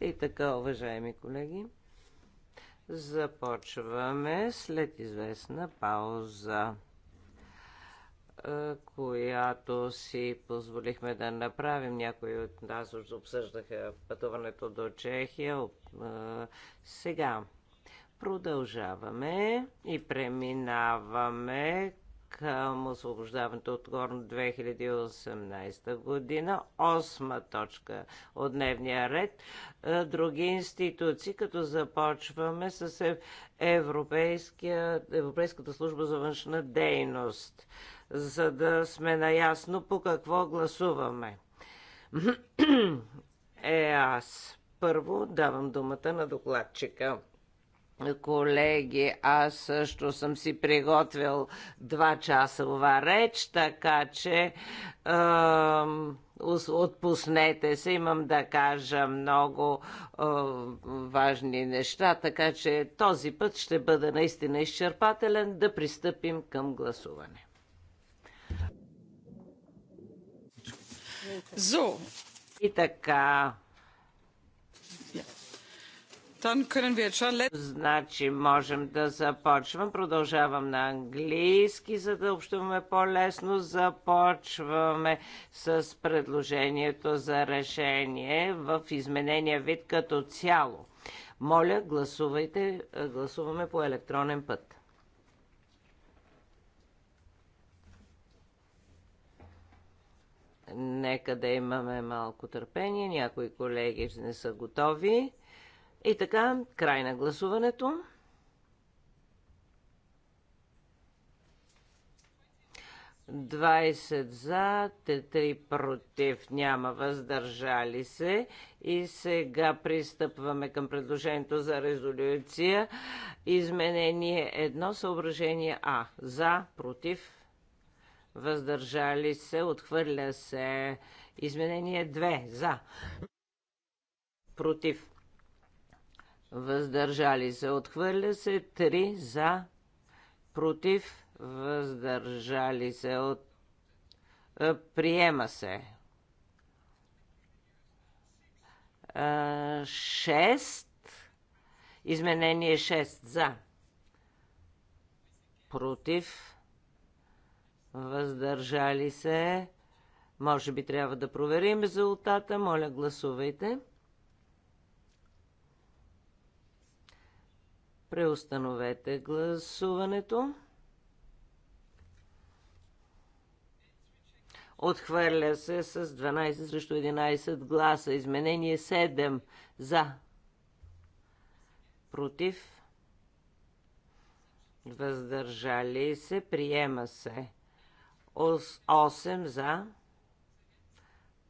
И така, уважаеми колеги, започваме след известна пауза, която си позволихме да направим. Някои от нас обсъждаха пътуването до Чехия. Сега продължаваме и преминаваме към освобождаването от горно 2018 година. Осма точка от дневния ред. Е, други институции, като започваме с Европейската служба за външна дейност, за да сме наясно по какво гласуваме. Е аз. Първо давам думата на докладчика. Колеги, аз също съм си приготвил два часова реч, така че отпуснете се, имам да кажа много е, важни неща, така че този път ще бъде наистина изчерпателен да пристъпим към гласуване. Зо, И така, Значи можем да започвам. Продължавам на английски, за да общуваме по-лесно. Започваме с предложението за решение в изменения вид като цяло. Моля, гласувайте, е, гласуваме по електронен път. Нека да имаме малко търпение. Някои колеги не са готови. И така, край на гласуването. 20 за, 3 против, няма въздържали се. И сега пристъпваме към предложението за резолюция. Изменение едно съображение А. За, против, въздържали се, отхвърля се. Изменение 2, за, против, въздържали се, отхвърля се 3 за, против, въздържали се, от... Е, приема се. 6, е, изменение 6 за, против, въздържали се, може би трябва да проверим резултата, моля гласувайте. Преустановете гласуването. Отхвърля се с 12 срещу 11 гласа. Изменение 7 за. Против. Въздържали се. Приема се. 8 за.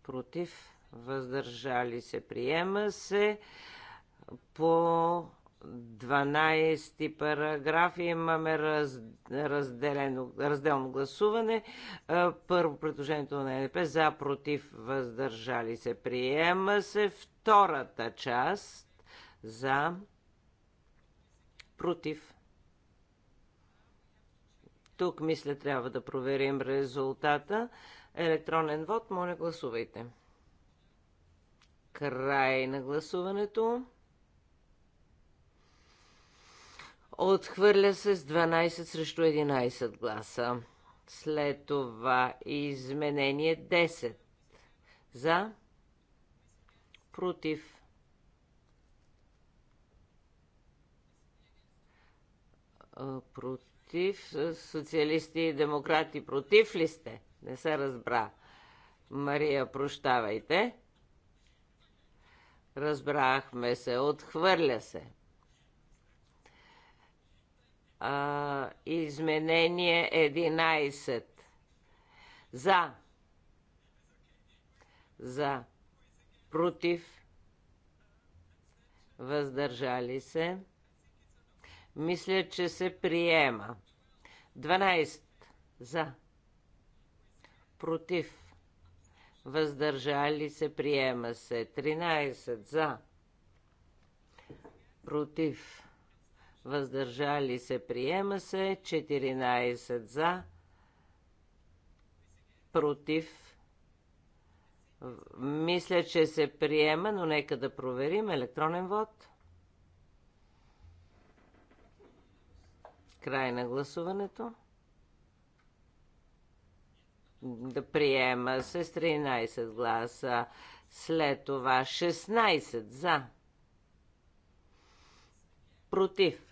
Против. Въздържали се. Приема се. По 12 ти параграф имаме раз, разделено, разделно гласуване. Първо предложението на НДП за против въздържали се. Приема се втората част за против. Тук мисля трябва да проверим резултата. Електронен вод, моля гласувайте. Край на гласуването. Отхвърля се с 12 срещу 11 гласа. След това изменение 10. За. Против. Против. Социалисти и демократи против ли сте? Не се разбра. Мария, прощавайте. Разбрахме се. Отхвърля се. А, изменение 11. За. За. Против. Въздържали се. Мисля, че се приема. 12. За. Против. Въздържали се. Приема се. 13. За. Против въздържали се, приема се, 14 за, против. Мисля, че се приема, но нека да проверим електронен вод. Край на гласуването. Да приема се с 13 гласа. След това 16 за. Против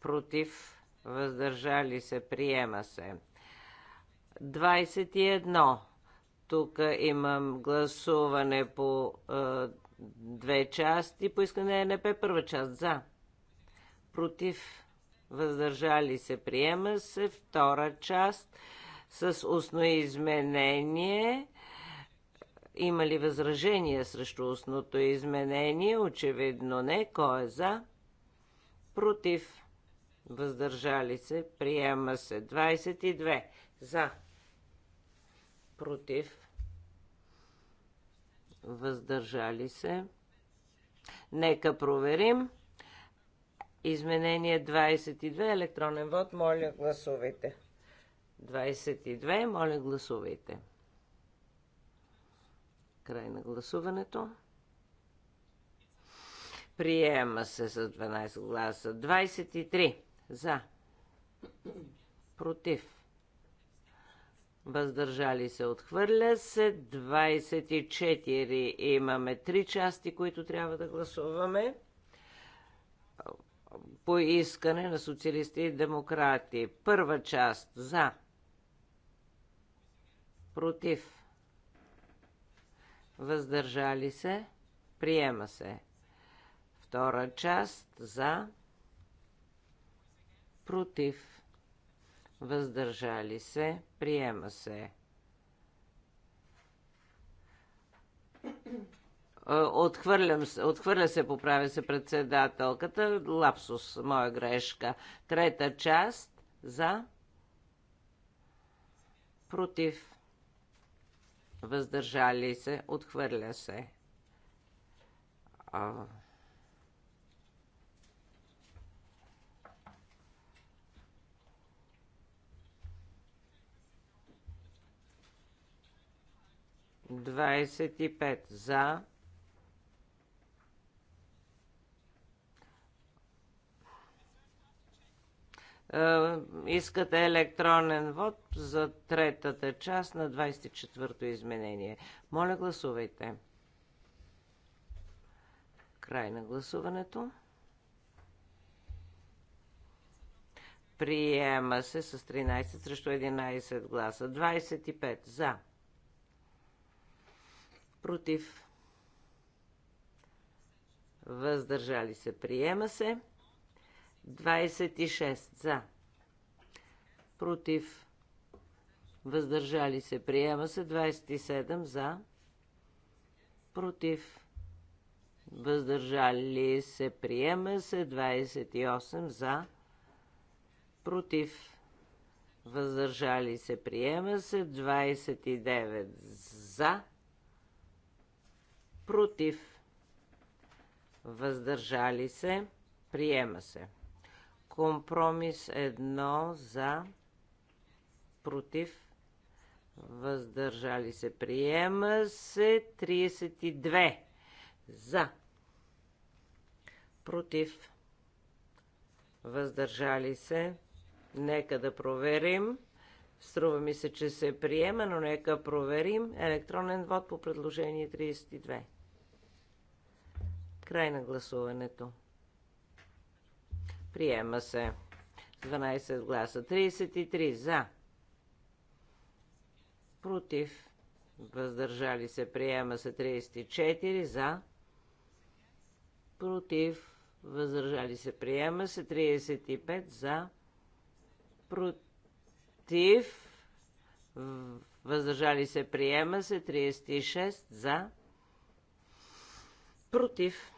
против, въздържали се, приема се. 21. Тук имам гласуване по е, две части. Поискане НП първа част за. Против. Въздържали се. Приема се. Втора част с устно изменение. Има ли възражение срещу устното изменение? Очевидно не. Кой е за? Против въздържали се, приема се. 22 за, против, въздържали се. Нека проверим. Изменение 22, електронен вод, моля гласувайте. 22, моля гласувайте. Край на гласуването. Приема се с 12 гласа. 23. За. Против. Въздържали се. Отхвърля се. 24. Имаме три части, които трябва да гласуваме. По искане на социалисти и демократи. Първа част. За. Против. Въздържали се. Приема се. Втора част. За против, въздържали се, приема се. Е, отхвърлям, отхвърля се, поправя се председателката. Лапсус, моя грешка. Трета част за против въздържали се, отхвърля се. А, 25 за, е, искате електронен вод за третата част на 24-то изменение. Моля, гласувайте. Край на гласуването. Приема се с 13 срещу 11 гласа. 25 за против, въздържали се, приема се. 26 за, против, въздържали се, приема се. 27 за, против, въздържали се, приема се. 28 за, против, въздържали се, приема се. 29 за, против, въздържали се, приема се. Компромис 1 за, против, въздържали се, приема се 32 за, против, въздържали се. Нека да проверим. Струва ми се, че се приема, но нека проверим. Електронен вод по предложение 32. Край на гласуването. Приема се. 12 гласа. 33 за. Против. Въздържали се. Приема се. 34 за. Против. Въздържали се. Приема се. 35 за. Против. Въздържали се. Приема се. 36 за. Против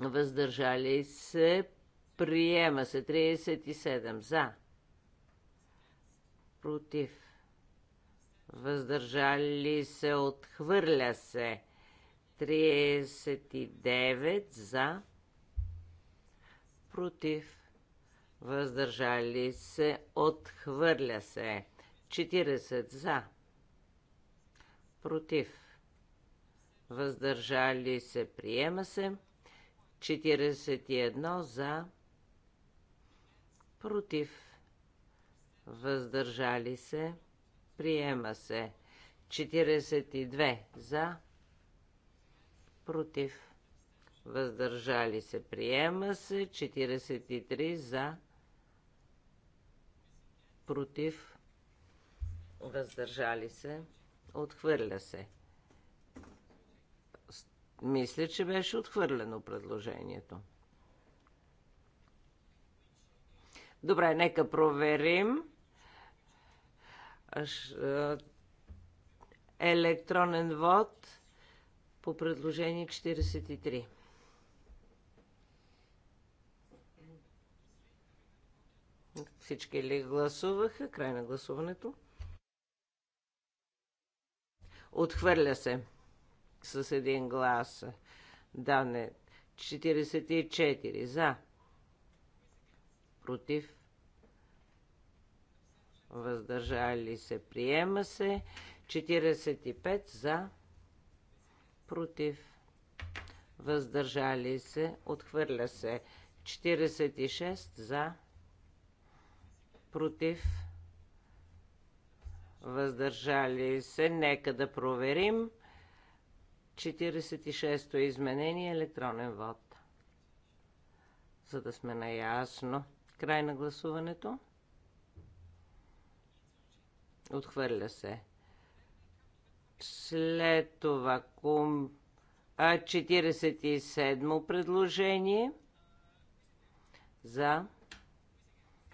въздържали се, приема се 37 за, против, въздържали се, отхвърля се 39 за, против, въздържали се, отхвърля се 40 за, против, въздържали се, приема се 41 за, против, въздържали се, приема се. 42 за, против, въздържали се, приема се. 43 за, против, въздържали се, отхвърля се. Мисля, че беше отхвърлено предложението. Добре, нека проверим. Електронен вод по предложение 43. Всички ли гласуваха? Край на гласуването. Отхвърля се с един глас. Да, не. 44 за. Против. Въздържали се. Приема се. 45 за. Против. Въздържали се. Отхвърля се. 46 за. Против въздържали се. Нека да проверим. 46-то изменение електронен вод. За да сме наясно. Край на гласуването. Отхвърля се. След това кум... 47-мо предложение за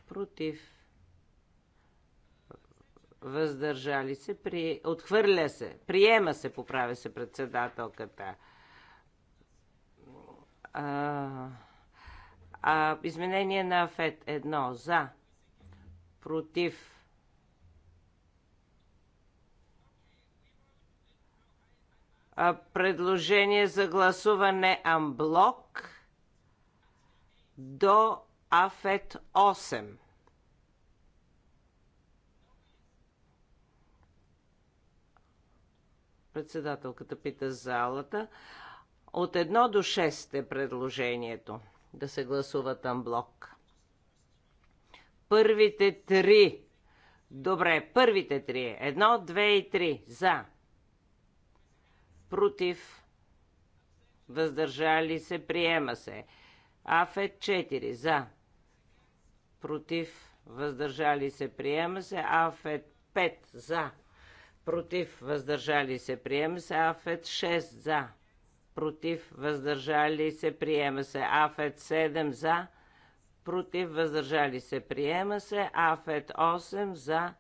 против въздържали се, при... отхвърля се, приема се, поправя се председателката. А, а изменение на ФЕД едно за, против, а, предложение за гласуване амблок до АФЕТ 8. Председателката пита залата. От едно до 6 е предложението да се гласуват анблок. Първите три. Добре, първите три. Едно, две и три. За. Против. Въздържали се. Приема се. Афет е 4. За. Против. Въздържали се. Приема се. Афет е 5. За против, въздържали се, приема се. Афет 6 за, против, въздържали се, приема се. Афет 7 за, против, въздържали се, приема се. Афет 8 за,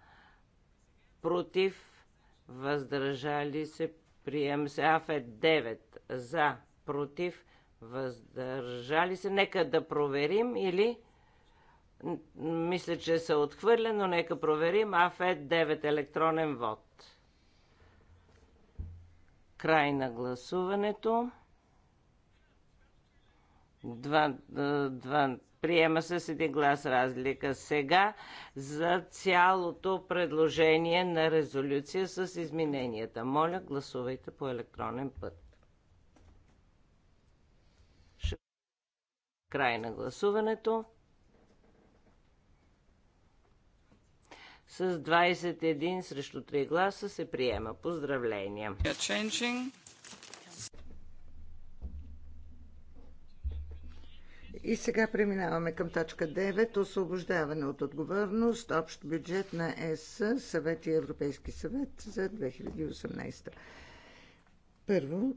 против, въздържали се, приема се. Афет 9 за, против, въздържали се. Нека да проверим или мисля, че се отхвърля, но нека проверим. Афет 9 електронен вод. Край на гласуването. Два, два, приема се с един глас разлика. Сега за цялото предложение на резолюция с измененията. Моля, гласувайте по електронен път. Край на гласуването. с 21 срещу 3 гласа се приема. Поздравления! И сега преминаваме към точка 9. Освобождаване от отговорност. Общ бюджет на ЕС, Съвет и Европейски съвет за 2018. Първо,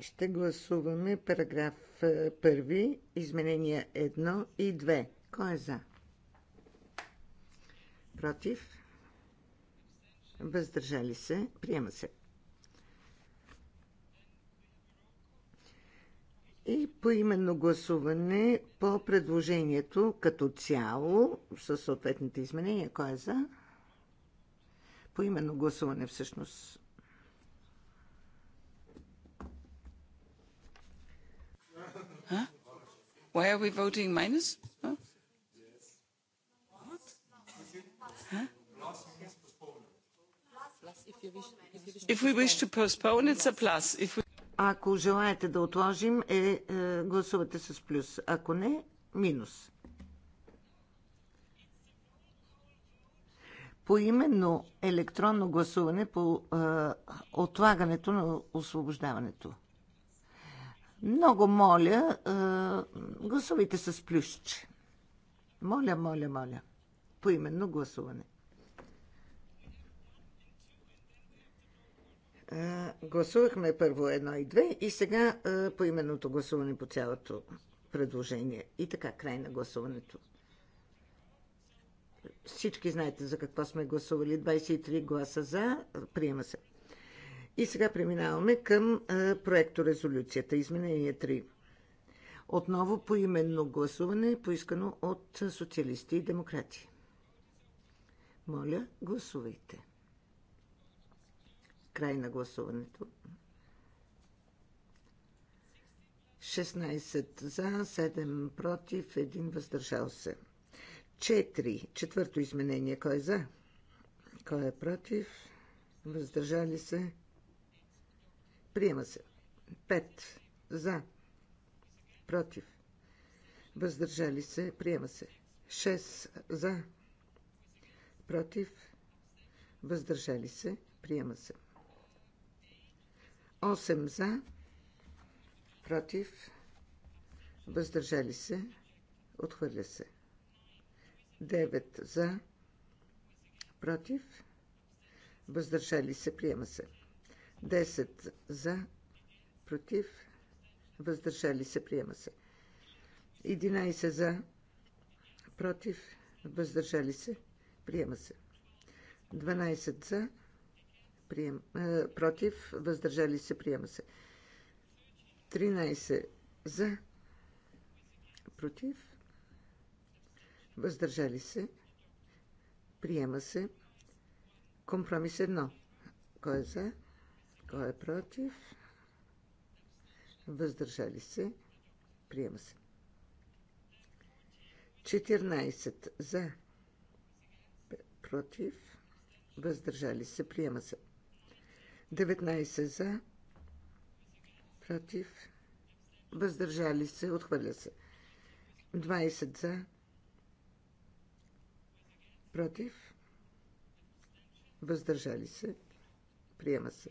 ще гласуваме параграф 1, е, изменения 1 и 2. Кой е за? Против? Въздържали се? Приема се. И по именно гласуване по предложението като цяло, със съответните изменения, кой е за? По именно гласуване всъщност Huh? Why are we voting minus? Huh? Huh? If we wish to postpone, it's a plus. If we... Ако желаете да отложим, е, е, гласувате с плюс. Ако не, минус. Поименно електронно гласуване по е, отлагането на освобождаването. Много моля, е, гласувайте с плюсче. Моля, моля, моля. Поименно гласуване. Е, гласувахме първо едно и две и сега е, по именното гласуване по цялото предложение. И така, край на гласуването. Всички знаете за какво сме гласували. 23 гласа за. Приема се. И сега преминаваме към проекто резолюцията, изменение 3. Отново по именно гласуване, поискано от социалисти и демократи. Моля, гласувайте. Край на гласуването. 16 за, 7 против, 1 въздържал се. 4. Четвърто изменение. Кой е за? Кой е против? Въздържали се? Приема се. 5. За. Против. Въздържали се. Приема се. 6. За. Против. Въздържали се. Приема се. 8. За. Против. Въздържали се. Отхвърля се. 9. За. Против. Въздържали се. Приема се. 10 за, против, въздържали се, приема се. 11 за, против, въздържали се, приема се. 12 за, прием, э, против, въздържали се, приема се. 13 за, против, въздържали се, приема се. Компромис 1. Кой е за? Кой е против? Въздържали се. Приема се. 14 за. Против. Въздържали се. Приема се. 19 за. Против. Въздържали се. Отхвърля се. 20 за. Против. Въздържали се. Приема се.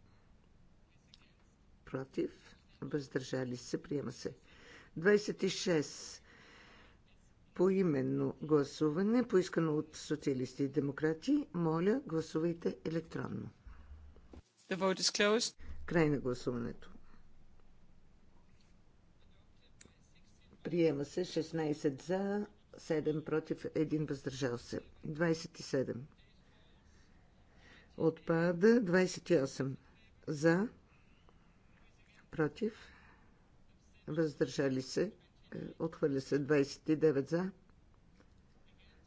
против, въздържали се, приема се. 26. Поименно гласуване, поискано от социалисти и демократи. Моля, гласувайте електронно. The vote is closed. Край на гласуването. Приема се 16 за, 7 против, 1 въздържал се. 27. Отпада 28 за, против, въздържали се, е, отхвърля се 29 за,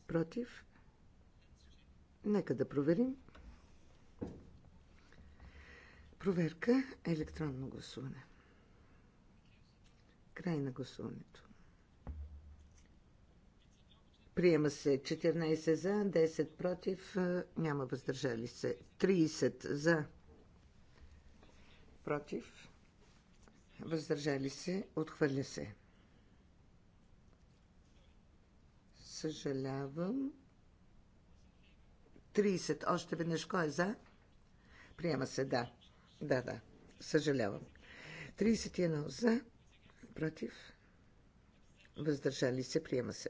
против. Нека да проверим. Проверка е електронно гласуване. Край на гласуването. Приема се 14 за, 10 против, е, няма въздържали се. 30 за, против, въздържали се, отхвърля се. Съжалявам. 30. Още веднъж кой е за? Приема се, да. Да, да. Съжалявам. 31 за, против, въздържали се, приема се.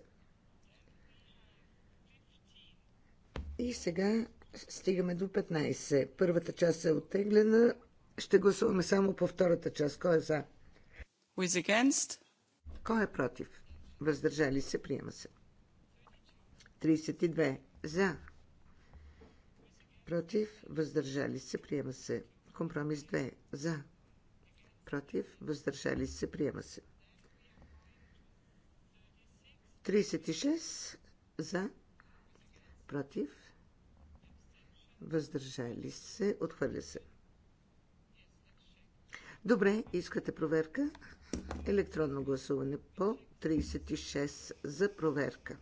И сега стигаме до 15. Първата част е оттеглена, ще гласуваме само по втората част. Кой е за? With against? Кой е против? Въздържали се, приема се. 32. За. Против, въздържали се, приема се. Компромис 2. За. Против, въздържали се, приема се. 36. За. Против, въздържали се, отхвърля се. 37. Добре, искате проверка. Електронно гласуване по 36 за проверка.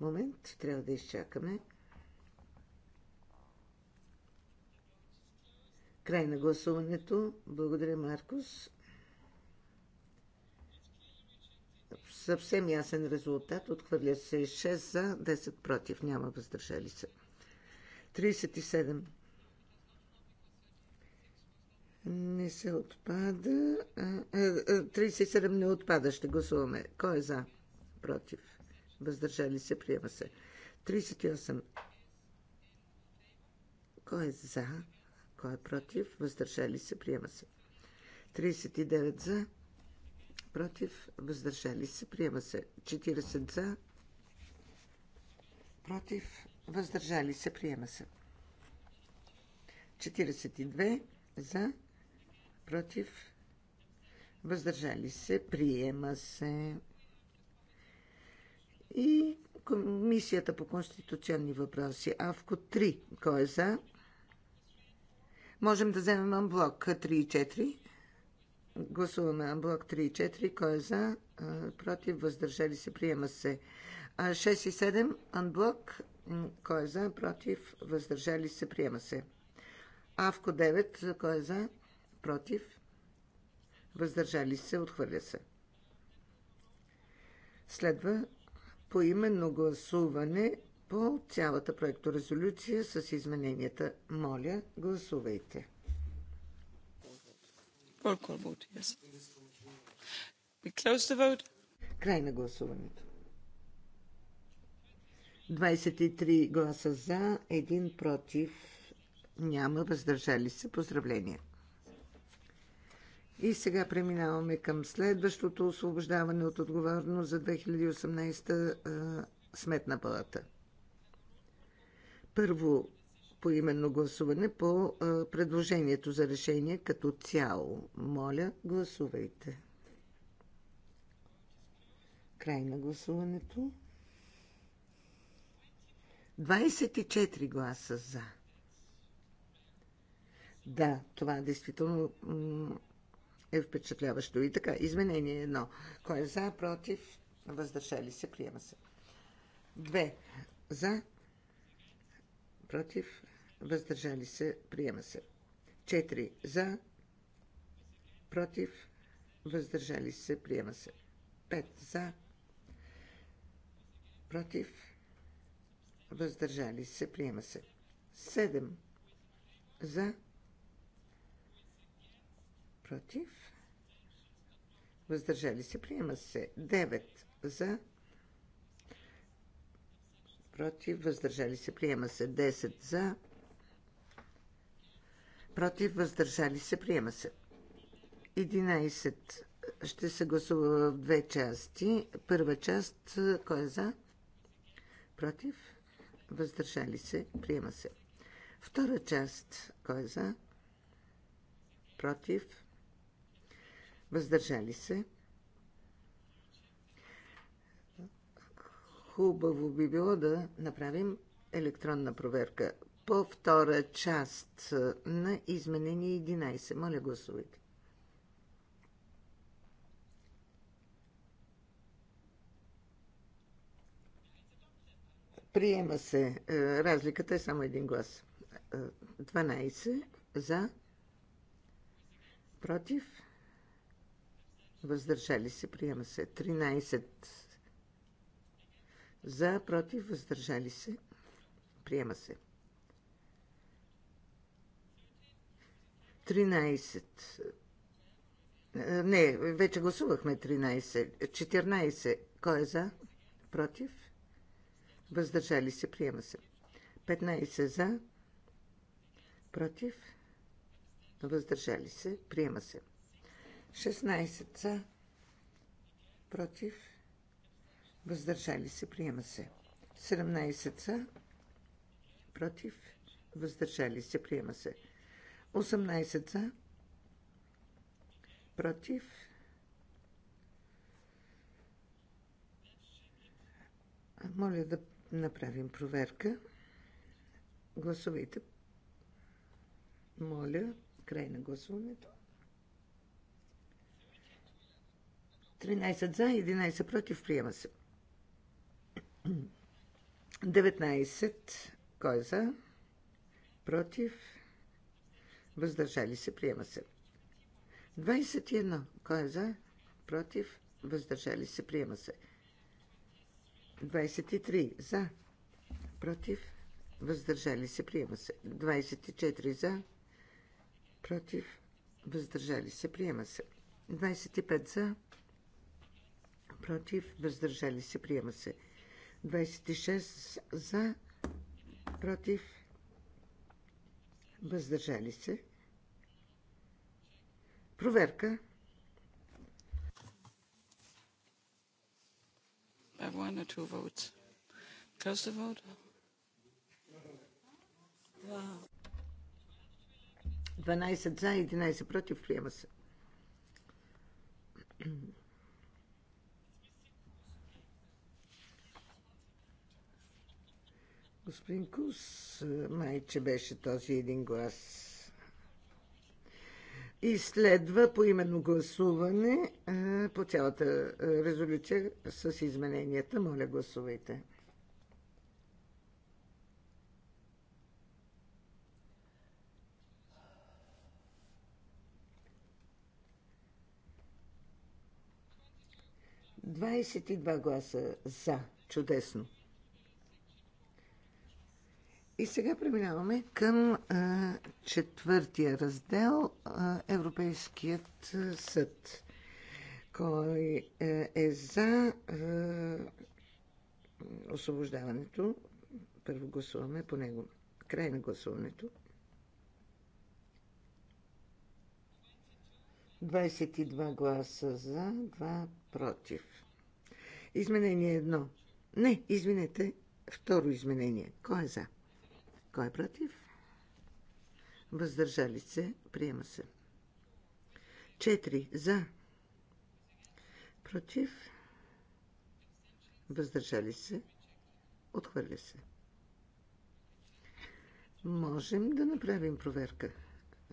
Момент, трябва да изчакаме. Край на гласуването. Благодаря, Маркус. Съвсем ясен резултат. Отхвърля се 6 за, 10 против. Няма въздържали се. 37 не се отпада. 37 не отпада. Ще гласуваме. Кой е за? Против. Въздържали се. Приема се. 38. Кой е за? Кой е против? Въздържали се. Приема се. 39 за. Против. Въздържали се. Приема се. 40 за. Против. Въздържали се. Приема се. 42 за против, въздържали се, приема се. И Комисията по конституционни въпроси, АВКО 3, кой е за? Можем да вземем блок 3 и 4. Гласуваме блок 3 и 4. Кой е за? Против? Въздържали се? Приема се. 6 и 7. Анблок. Кой е за? Против? Въздържали се? Приема се. Авко 9. Кой е за? против, въздържали се, отхвърля се. Следва поименно гласуване по цялата проекторезолюция с измененията. Моля, гласувайте. Край на гласуването. 23 гласа за, един против, няма въздържали се. Поздравления! И сега преминаваме към следващото освобождаване от отговорност за 2018 сметна палата. Първо по именно гласуване по предложението за решение като цяло. Моля, гласувайте. Край на гласуването. 24 гласа за. Да, това действително е впечатляващо. И така, изменение едно. Кой е за, против, въздържали се, приема се. Две. За, против, въздържали се, приема се. Четири. За, против, въздържали се, приема се. Пет. За, против, въздържали се, приема се. Седем. За, против, въздържали се, приема се. 9 за, против, въздържали се, приема се. 10 за, против, въздържали се, приема се. 11 ще се гласува в две части. Първа част, кой е за? Против? Въздържали се? Приема се. Втора част, кой е за? Против? въздържали се. Хубаво би било да направим електронна проверка по втора част на изменение 11. Моля, гласувайте. Приема се. Е, разликата е само един глас. 12 е, за, против, въздържали се, приема се. 13 за, против, въздържали се, приема се. 13. Е, не, вече гласувахме 13. 14. Кой е за? Против? Въздържали се, приема се. 15 за, против, въздържали се, приема се. 16 за, против, въздържали се, приема се. 17 за, против, въздържали се, приема се. 18 за, против, моля да направим проверка. Гласувайте. Моля, край на гласуването. 13 за, 11 против, приема се. 19. Кой е за? Против. Въздържали се. Приема се. 21. Кой е за? Против. Въздържали се. Приема се. 23. За. Против. Въздържали се. Приема се. 24. За. Против. Въздържали се. Приема се. 25. За против, въздържали се, приема се. 26 за, против, въздържали се. Проверка. By one or two votes. Close the vote. Wow. 12 за, 11 против, приема се. Господин Кус, майче беше този един глас. И следва по именно гласуване по цялата резолюция с измененията. Моля, гласувайте. Двадесет и два гласа за. Чудесно. И сега преминаваме към а, четвъртия раздел а, Европейският съд. Кой е, е за а, освобождаването? Първо гласуваме по него. Край на гласуването. 22 гласа за, 2 против. Изменение едно. Не, извинете, второ изменение. Кой е за? Кой е против? Въздържали се. Приема се. Четири. За. Против. Въздържали се. Отхвърля се. Можем да направим проверка.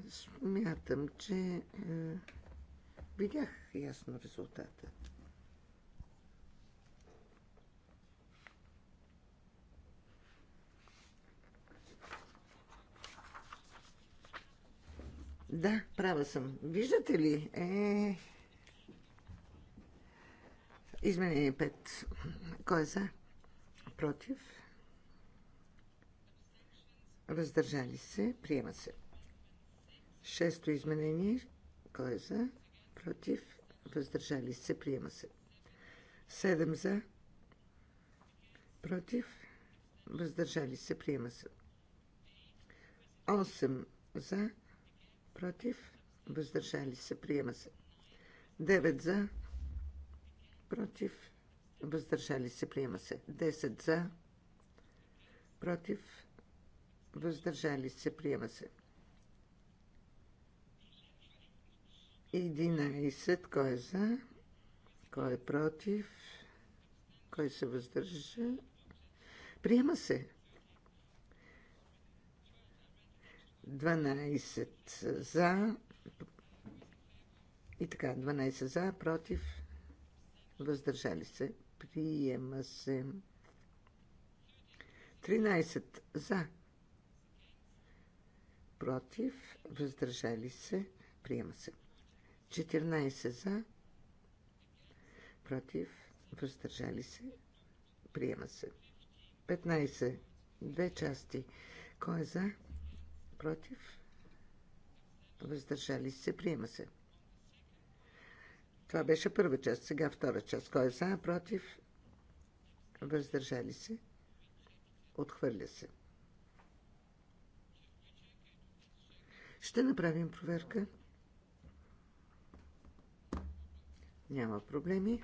Смятам, че е, видях ясно резултата. Да, права съм. Виждате ли? Е... Изменение 5. Кой е за? Против? Въздържали се. Приема се. Шесто изменение. Кой е за? Против? Въздържали се. Приема се. Седем за. Против? Въздържали се. Приема се. Осем за. Против? против, въздържали се, приема се. 9 за, против, въздържали се, приема се. 10 за, против, въздържали се, приема се. 11, кой е за, кой е против, кой се въздържа, приема се. 12 за и така, 12 за, против, въздържали се. Приема се. 13 за, против, въздържали се. Приема се. 14 за, против, въздържали се. Приема се. 15. Две части. Кой е за? против, въздържали се, приема се. Това беше първа част, сега втора част. Кой е за, против, въздържали се, отхвърля се. Ще направим проверка. Няма проблеми.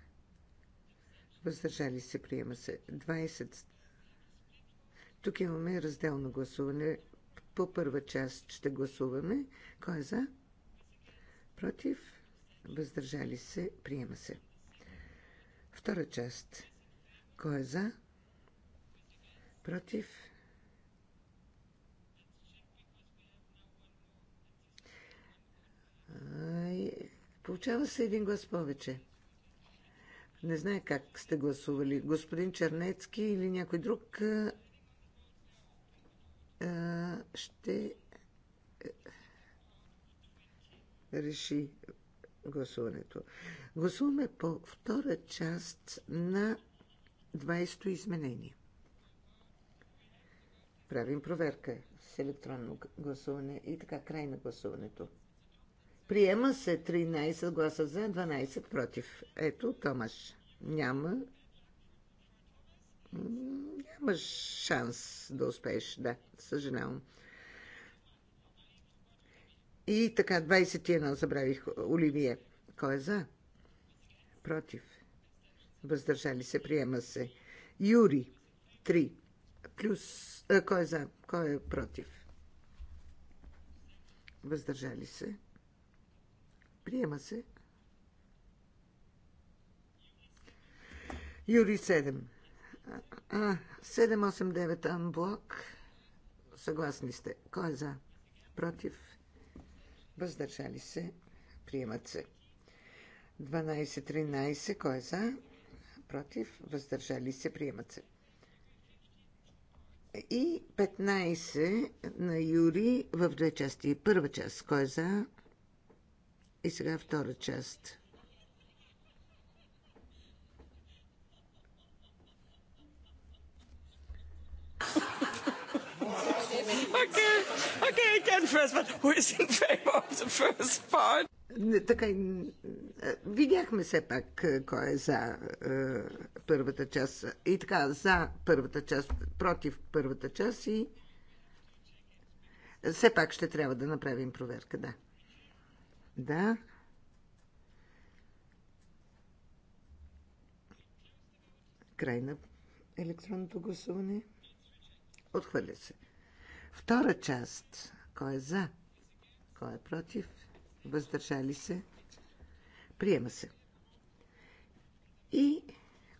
въздържали се, приема се. 20. Тук имаме разделно гласуване. По първа част ще гласуваме. Кой е за? Против? Въздържали се, приема се. Втора част. Кой е за? Против? Получава се един глас повече. Не знае как сте гласували. Господин Чернецки или някой друг ще е, реши гласуването. Гласуваме по втора част на 20-то изменение. Правим проверка с електронно гласуване и така край на гласуването. Приема се 13 гласа за, 12 против. Ето, Томаш. Няма. Нямаш шанс да успееш. Да, съжалявам. И така, 21 забравих. Оливие. Кой е за? Против. Въздържали се. Приема се. Юри. 3. Плюс. А, кой е за? Кой е против? Въздържали се. Приема се. Юри 7. А, 9 анблок. Съгласни сте. Кой е за? Против? Въздържали се? Приемат се. 12-13. Кой е за? Против? Въздържали се? Приемат се. И 15 на Юри в две части. Първа част. Кой е за? И сега втора част. Okay, okay, again first, but who is in favor of the first part? Така, е, видяхме все пак е, кой е за е, първата част. И така, за първата част, против първата част и е, все пак ще трябва да направим проверка, да. Да. Край на електронното гласуване. Отхвърля се. Втора част. Кой е за? Кой е против? Въздържали се? Приема се. И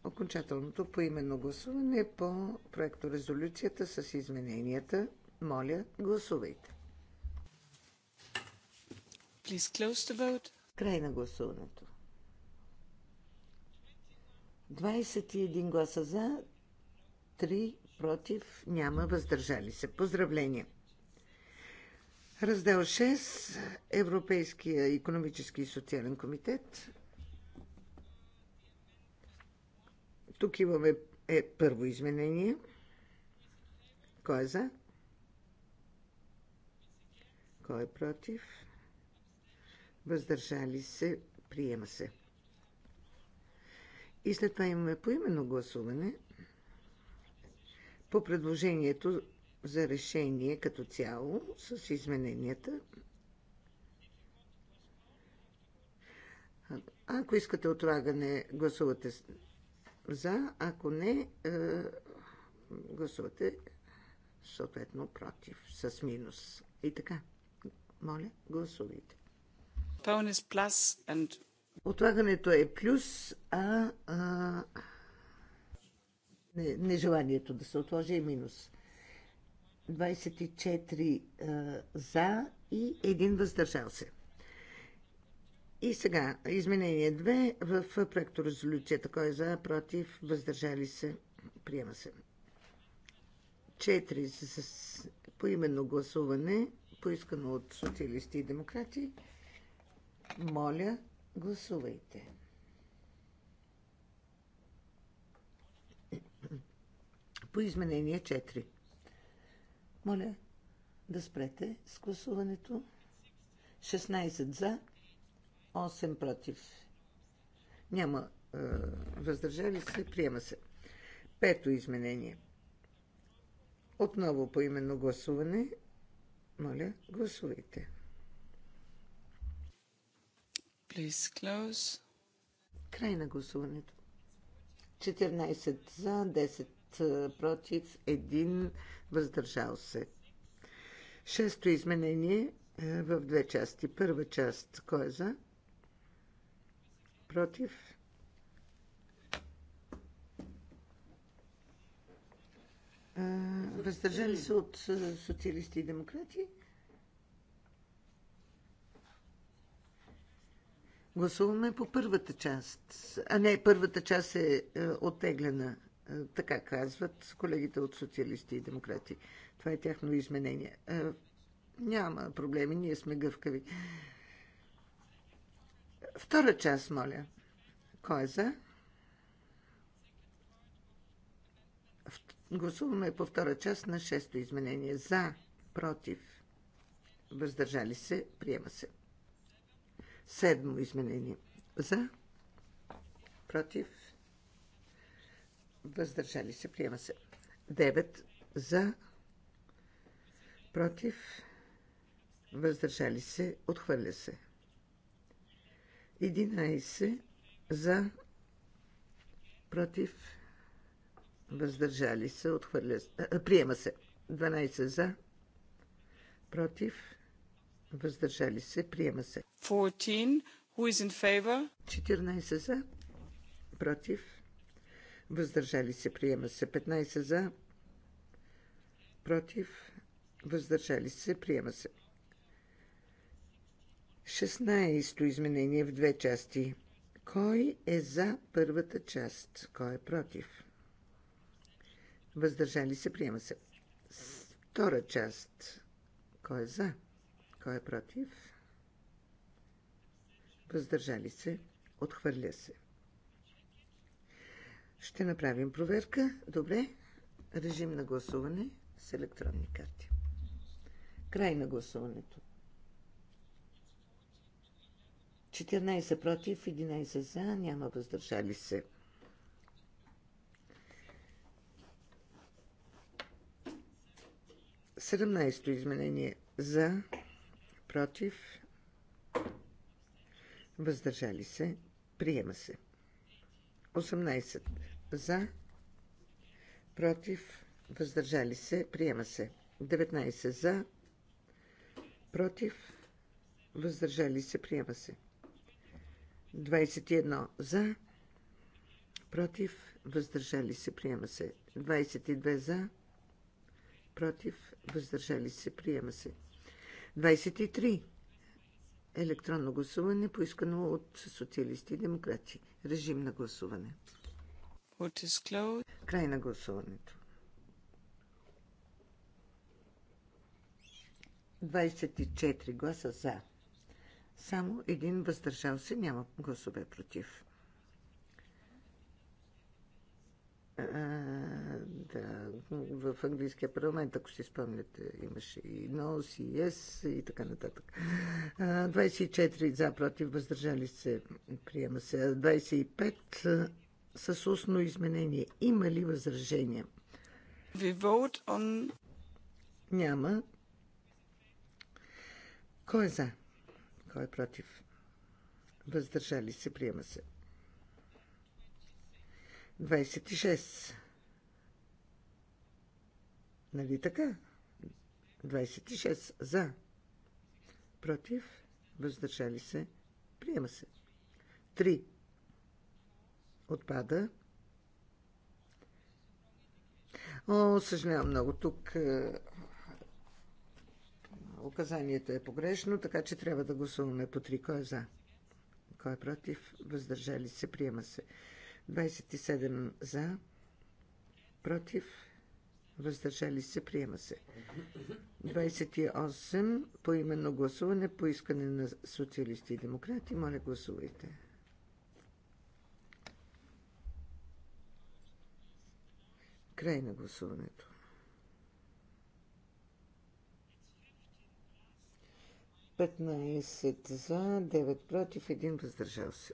окончателното поименно гласуване по резолюцията с измененията. Моля, гласувайте. Please close the vote. Край на гласуването. 21 гласа за, 3 против, няма въздържали се. Поздравления! Раздел 6. Европейския економически и социален комитет. Тук имаме е, първо изменение. Кой е за? Кой е против? въздържали се, приема се. И след това имаме поименно гласуване по предложението за решение като цяло с измененията. Ако искате отлагане, гласувате за, ако не, е, гласувате съответно против, с минус. И така, моля, гласувайте. Отлагането е плюс, а, а не, нежеланието да се отложи е минус. 24 а, за и един въздържал се. И сега, изменение 2 в резолюцията Кой е за, против, въздържали се, приема се. 4 с, с поименно гласуване, поискано от социалисти и демократи. Моля, гласувайте. По изменение 4. Моля да спрете с гласуването. 16 за, 8 против. Няма е, въздържали се, приема се. Пето изменение. Отново по именно гласуване. Моля, гласувайте. Please close. Край на гласуването. 14 за, 10 против, 1 въздържал се. Шесто изменение в две части. Първа част, кой е за? Против. Въздържали се от социалисти и демократи? Гласуваме по първата част. А не, първата част е, е оттеглена. Е, така казват колегите от социалисти и демократи. Това е тяхно изменение. Е, няма проблеми, ние сме гъвкави. Втора част, моля. Кой е за? Гласуваме по втора част на шесто изменение. За, против, въздържали се, приема се. Седмо изменение. За. Против. Въздържали се. Приема се. 9. За. Против. Въздържали се. Отхвърля се. 11. За. Против. Въздържали се. Отхвърля се. Е, е, приема се. 12 за. Против въздържали се, приема се. 14, who is in favor? 14 за, против, въздържали се, приема се. 15 за, против, въздържали се, приема се. 16 изменение в две части. Кой е за първата част? Кой е против? Въздържали се, приема се. Втора част. Кой е за? Кой е против? Въздържали се. Отхвърля се. Ще направим проверка. Добре. Режим на гласуване с електронни карти. Край на гласуването. 14 против, 11 за, няма въздържали се. Седемнайсто изменение за против, въздържали се, приема се. 18 за, против, въздържали се, приема се. 19 за, против, въздържали се, приема се. 21 за, против, въздържали се, приема се. 22 за, против, въздържали се, приема се. 23. Електронно гласуване, поискано от социалисти и демократи. Режим на гласуване. Край на гласуването. 24 гласа за. Само един въздържал се, няма гласове против. да, в английския парламент, ако си спомняте, имаше и НОС, и ЕС, и така нататък. 24 за, против, въздържали се, приема се. 25 с устно изменение. Има ли възражения? We vote on... Няма. Кой е за? Кой е против? Въздържали се, приема се. 26. Нали така? 26. За. Против. Въздържали се. Приема се. 3. Отпада. О, съжалявам много. Тук е, указанието е погрешно, така че трябва да гласуваме по 3. Кой е за? Кой е против? Въздържали се. Приема се. 27 за, против, въздържали се, приема се. 28 по именно гласуване по искане на социалисти и демократи. Моля, гласувайте. Край на гласуването. Петнадесет за, 9 против, 1 въздържал се.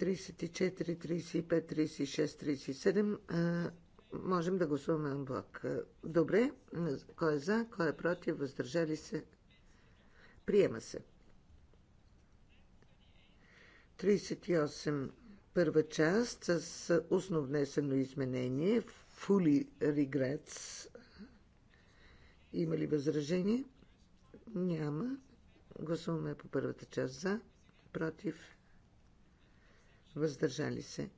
34, 35, 36, 37 можем да гласуваме анблок. Добре, кой е за, кой е против, въздържали се, приема се. 38 първа част с устно изменение Fully Regrets. Има ли възражение? Няма. Гласуваме по първата част за, против, въздържали се,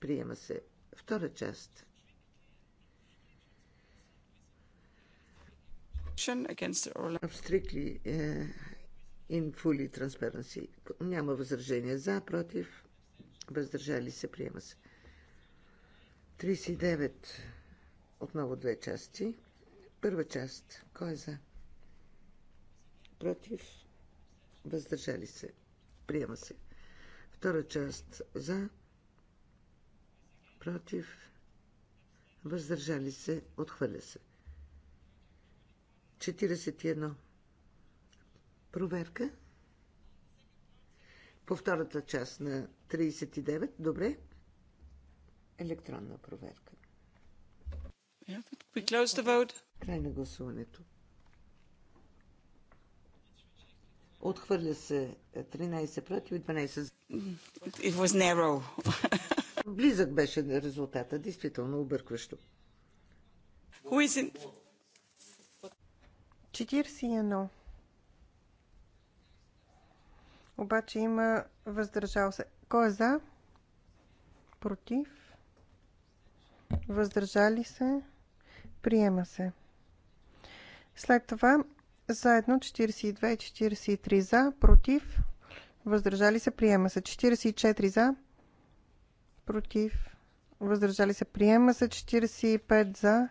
приема се. Втора част. Австрикли eh, in fully transparency. Няма възражение за, против, въздържали се, приема се. 39. Отново две части. Първа част. Кой е за? Против. Въздържали се. Приема се. Втора част за, против, въздържали се, отхвърля се. 41. Проверка. По втората част на 39. Добре. Електронна проверка. Край на гласуването. Отхвърля се 13 против и 12 за. It was narrow. Близък беше резултата, действително объркващо. 41. Обаче има въздържал се. Кой е за? Против? Въздържали се? Приема се. След това заедно 42 и 43 за, против, въздържали се, приема се. 44 за, против, въздържали се, приема се. 45 за,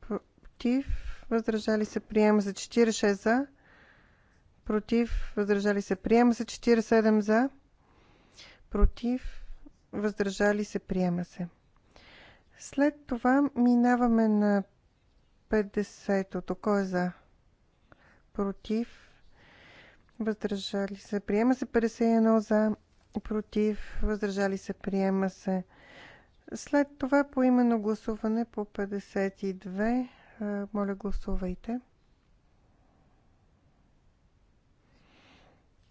против, въздържали се, приема се. 46 за, против, въздържали се, приема се. 47 за, против, въздържали се, приема се. След това минаваме на 50-то. Кой е за? Против, въздържали се, приема се 51 за, против, въздържали се, приема се. След това по именно гласуване по 52, моля гласувайте.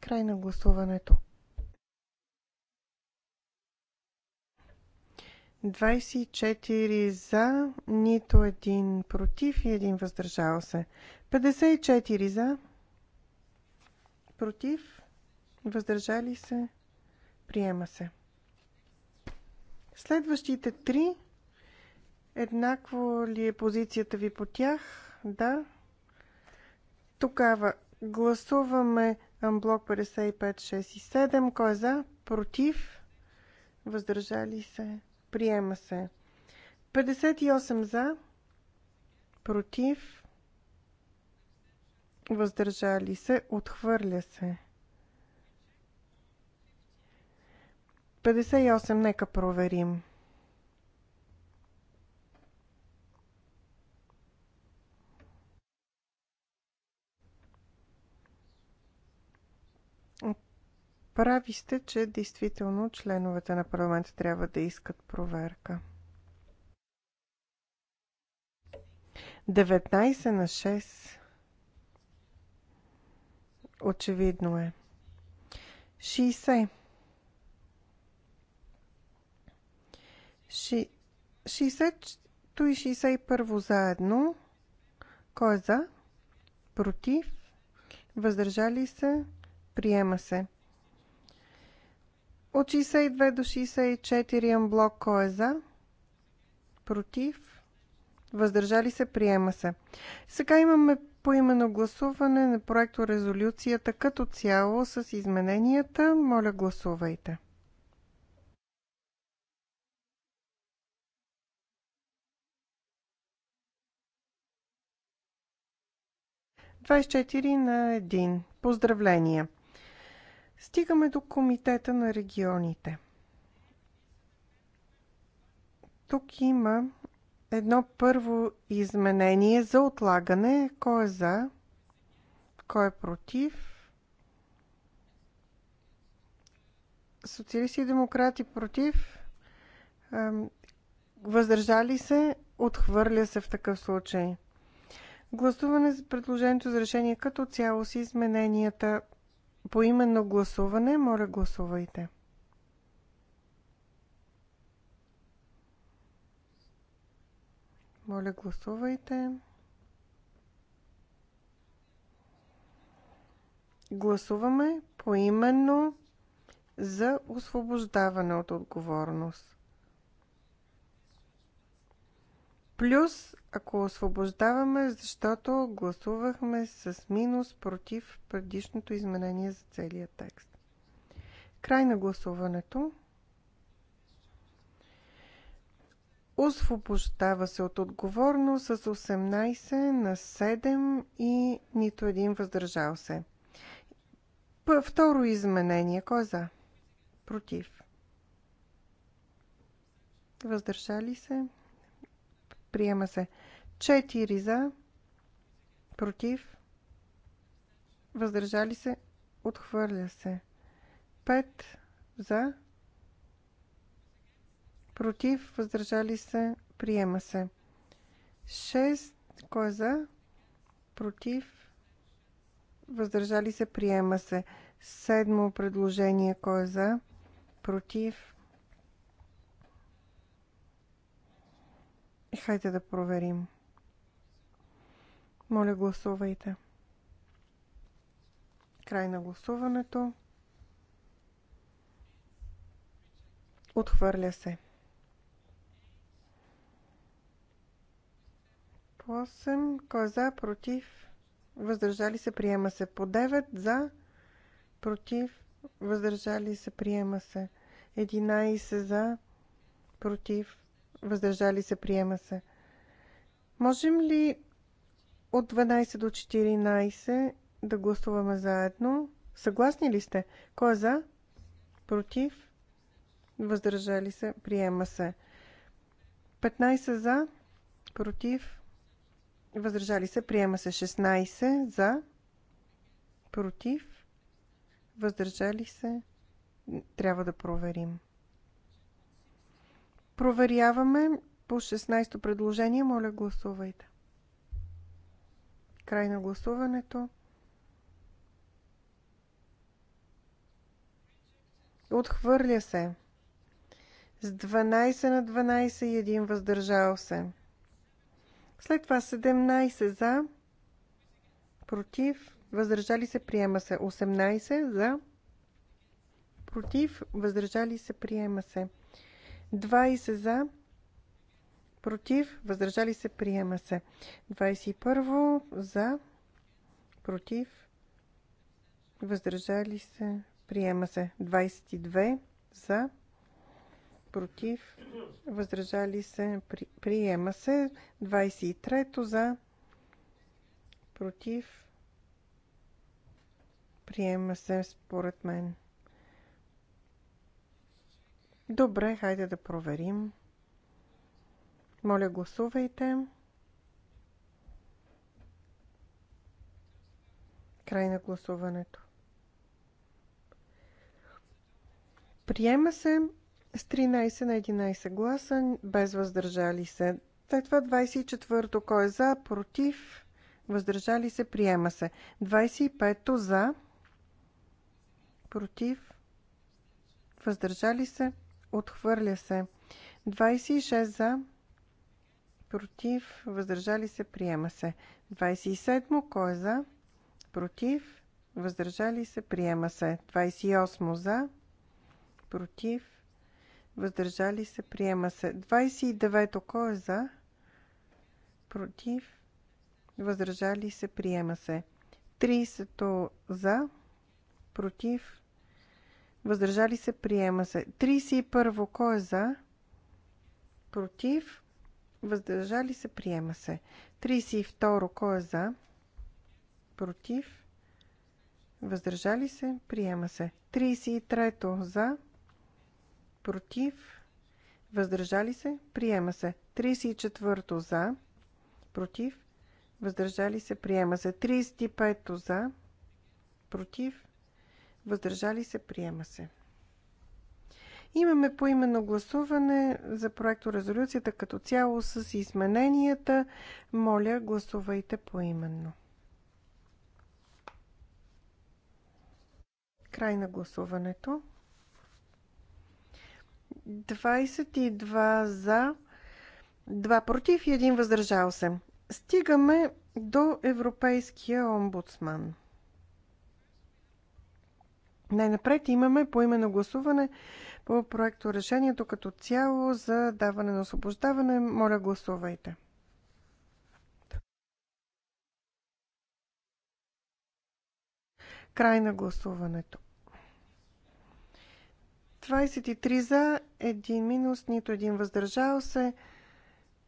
Край на гласуването. 24 за, нито един против и един въздържал се. 54 за, против, въздържали се, приема се. Следващите три, еднакво ли е позицията ви по тях? Да. Тогава гласуваме Амблок 55, 6 и 7. Кой е за? Против? Въздържали се? Приема се. 58 за? Против? въздържали се, отхвърля се. 58, нека проверим. Прави сте, че действително членовете на парламента трябва да искат проверка. 19 на 6. Очевидно е. 60. Ши... и 61 заедно. Кой е за? Против? Въздържали се? Приема се. От 62 до 64 амблок кой е за? Против? Въздържали се? Приема се. Сега имаме по гласуване на проекто резолюцията като цяло с измененията. Моля гласувайте. на 1. Поздравления! Стигаме до Комитета на регионите. Тук има Едно първо изменение за отлагане. Кой е за? Кой е против? Социалисти и демократи против. Въздържали се? Отхвърля се в такъв случай. Гласуване за предложението за решение като цяло с измененията по именно гласуване. Моля, гласувайте. Моля, гласувайте. Гласуваме поименно за освобождаване от отговорност. Плюс, ако освобождаваме, защото гласувахме с минус против предишното изменение за целия текст. Край на гласуването. Освобождава се от отговорност с 18 на 7 и нито един въздържал се. Второ изменение. Кой е за? Против. Въздържали се. Приема се. 4 за. Против. Въздържали се. Отхвърля се. 5 за против, въздържали се, приема се. 6, кой е за, против, въздържали се, приема се. Седмо предложение, кой е за, против. Хайде да проверим. Моля, гласувайте. Край на гласуването. Отхвърля се. 8. Кой е за? Против? Въздържали се? Приема се. По 9. За? Против? Въздържали се? Приема се. 11. За? Против? Въздържали се? Приема се. Можем ли от 12 до 14 да гласуваме заедно? Съгласни ли сте? Кой е за? Против? Въздържали се? Приема се. 15 за? Против? Въздържали се. Приема се 16 за. Против. Въздържали се. Трябва да проверим. Проверяваме по 16-то предложение. Моля, гласувайте. Край на гласуването. Отхвърля се. С 12 на 12 и един въздържал се. След това 17 за, против, въздържали се, приема се. 18 за, против, въздържали се, приема се. 20 за, против, въздържали се, приема се. 21 за, против, въздържали се, приема се. 22 за, против, против, въздържали се, при, приема се. 23-то за, против, приема се според мен. Добре, хайде да проверим. Моля, гласувайте. Край на гласуването. Приема се с 13 на 11 гласа, без въздържали се. След това 24-то, кой е за, против, въздържали се, приема се. 25-то за, против, въздържали се, отхвърля се. 26 за, против, въздържали се, приема се. 27 кой е за, против, въздържали се, приема се. 28 за, против, въздържали се, приема се. 29-то, кой е за, против, въздържали се, приема се. 30-то за, против, въздържали се, приема се. 31-во, кой е за, против, въздържали се, приема се. 32-ро, кой е за, против, въздържали се, приема се. 33-то за, против, против, въздържали се, приема се. 34 за, против, въздържали се, приема се. 35 за, против, въздържали се, приема се. Имаме поимено гласуване за проекто резолюцията като цяло с измененията. Моля, гласувайте поименно. Край на гласуването. 22 за, 2 против и 1 въздържал се. Стигаме до Европейския омбудсман. Най-напред имаме поименно гласуване по проекто решението като цяло за даване на освобождаване. Моля, гласувайте. Край на гласуването. 23 за, 1 минус, нито един въздържал се.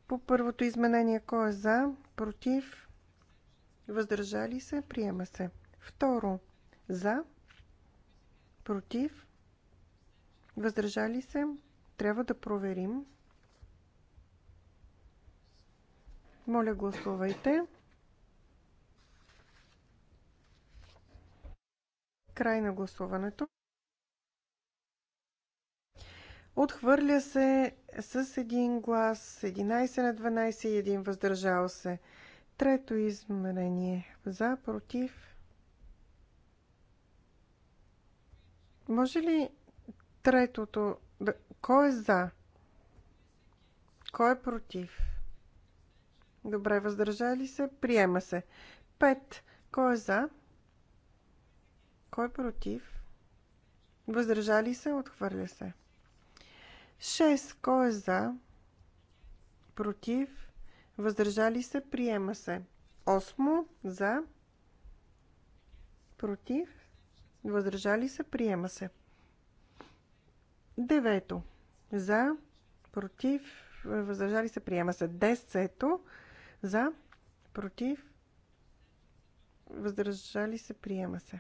По първото изменение кой е за, против, въздържали се, приема се. Второ, за, против, въздържали се, трябва да проверим. Моля, гласувайте. Край на гласуването. Отхвърля се с един глас, 11 на 12 и един въздържал се. Трето измерение. За, против. Може ли третото? Да, кой е за? Кой е против? Добре, въздържали се? Приема се. Пет. Кой е за? Кой е против? Въздържали се? Отхвърля се. 6. Кой е за? Против? Въздържали се? Приема се. 8. За? Против? Въздържали се? Приема се. 9. За? Против? Въздържали се? Приема се. 10. За? Против? Въздържали се? Приема се.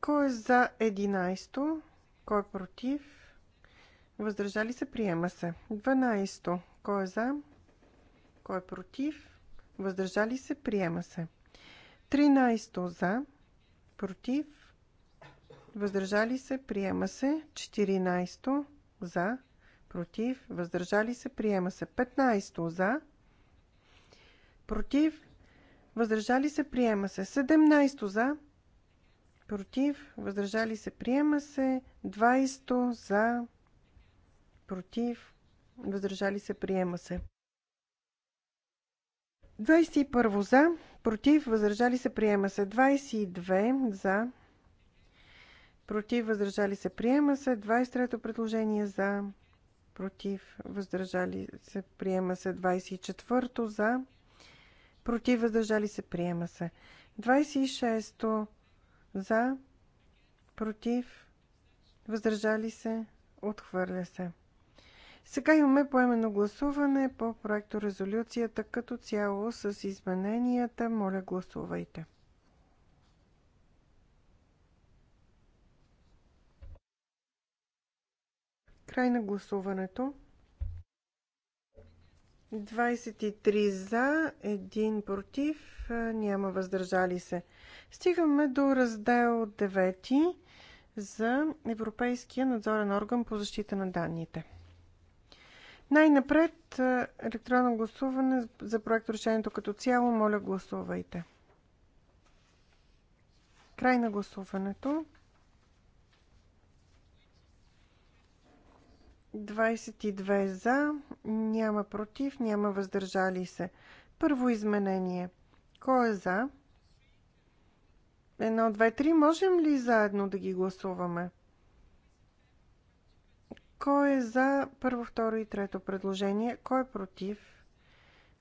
Кой е за 11? Кой е против? Въздържали се, приема се. 12. Кой е за? Кой е против? Въздържали се, приема се. 13. За? Против? Въздържали се, приема се. 14. За? Против? Въздържали се, приема се. 15. За? Против? Въздържали се, приема се. 17. За? Против? против, въздържали се, приема се. 20 за, против, въздържали се, приема се. 21 за, против, въздържали се, приема се. 22 за, против, въздържали се, приема се. 23 предложение за, против, въздържали се, приема се. 24 за, против, въздържали се, приема се. 26 за, против, въздържали се, отхвърля се. Сега имаме поемено гласуване по проекто резолюцията като цяло с измененията. Моля, гласувайте. Край на гласуването. 23 за, 1 против, няма въздържали се. Стигаме до раздел 9 за Европейския надзорен орган по защита на данните. Най-напред електронно гласуване за проект решението като цяло. Моля гласувайте. Край на гласуването. 22 за, няма против, няма въздържали се. Първо изменение. Кой е за? Едно, две, три. Можем ли заедно да ги гласуваме? Кой е за първо, второ и трето предложение? Кой е против?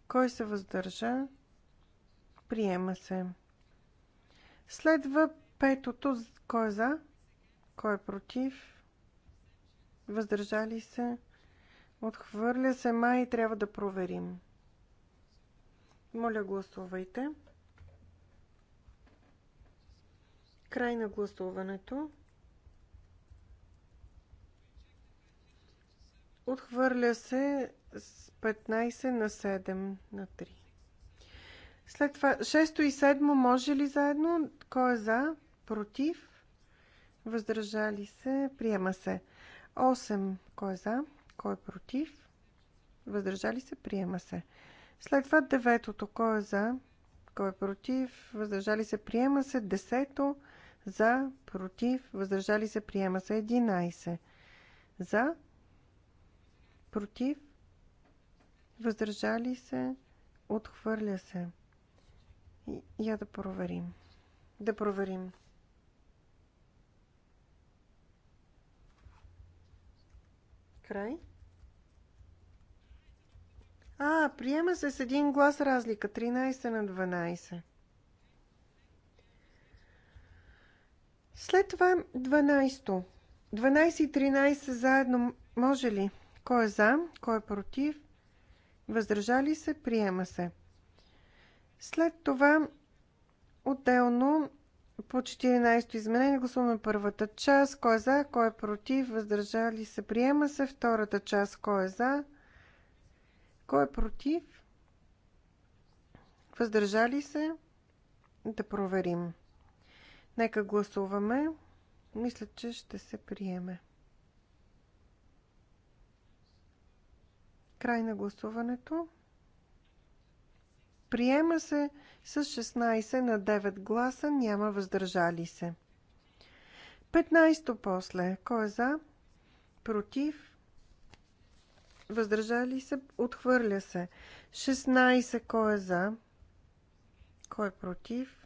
Кой се въздържа? Приема се. Следва петото. Кой е за? Кой е против? въздържали се, отхвърля се май, трябва да проверим. Моля, гласувайте. Край на гласуването. Отхвърля се с 15 на 7 на 3. След това 6 и 7 може ли заедно? Кой е за? Против? Въздържали се? Приема се. 8. Кой е за? Кой е против? Въздържали се? Приема се. След това деветото. Кой е за? Кой е против? Въздържали се? Приема се. Десето. За? Против? Въздържали се? Приема се. 11. За? Против? Въздържали се? Отхвърля се. И, я да проверим. Да проверим. Край. А, приема се с един глас разлика. 13 на 12. След това 12 12 и 13 заедно може ли? Кой е за, кой е против? Въздържали се, приема се. След това отделно по 14-то изменение гласуваме първата част. Кой е за, кой е против, въздържали се, приема се. Втората част, кой е за, кой е против, въздържали се, да проверим. Нека гласуваме. Мисля, че ще се приеме. Край на гласуването. Приема се с 16 на 9 гласа, няма въздържали се. 15 после. Кой е за? Против? Въздържали се? Отхвърля се. 16. Кой е за? Кой е против?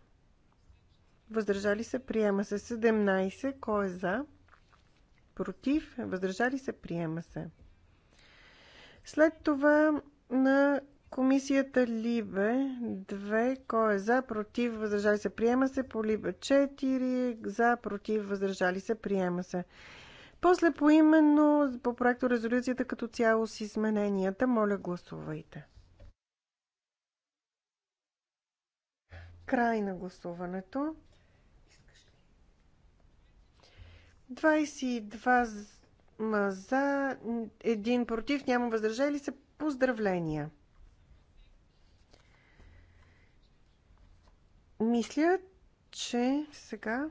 Въздържали се? Приема се. 17. Кой е за? Против? Въздържали се? Приема се. След това на Комисията Либе 2, кой е за, против, въздържали се, приема се. По Либе 4, за, против, въздържали се, приема се. После поименно по проекто резолюцията като цяло с измененията, моля гласувайте. Край на гласуването. 22 за, 1 против, няма възражали се. Поздравления! Мисля, че сега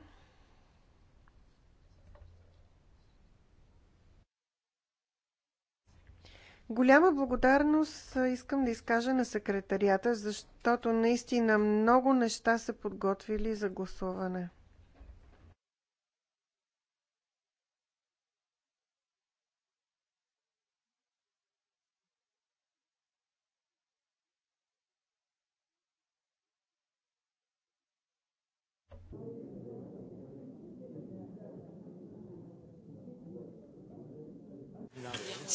Голяма благодарност искам да изкажа на секретарията, защото наистина много неща са подготвили за гласуване.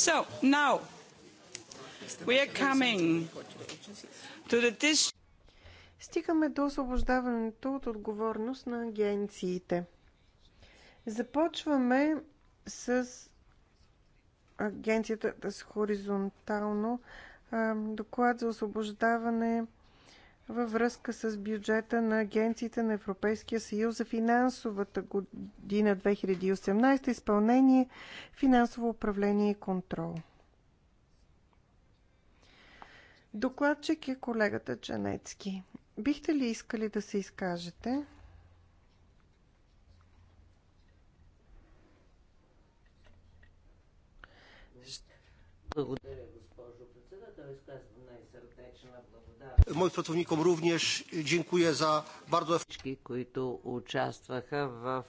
So, now we are coming to the Стигаме до освобождаването от отговорност на агенциите. Започваме с агенцията с хоризонтално доклад за освобождаване във връзка с бюджета на агенциите на Европейския съюз за финансовата година 2018, изпълнение, финансово управление и контрол. Докладчик е колегата Чанецки. Бихте ли искали да се изкажете? Благодаря, госпожо председател. Изказвам Моят противник również dziękuję за бардо. Всички, които участваха в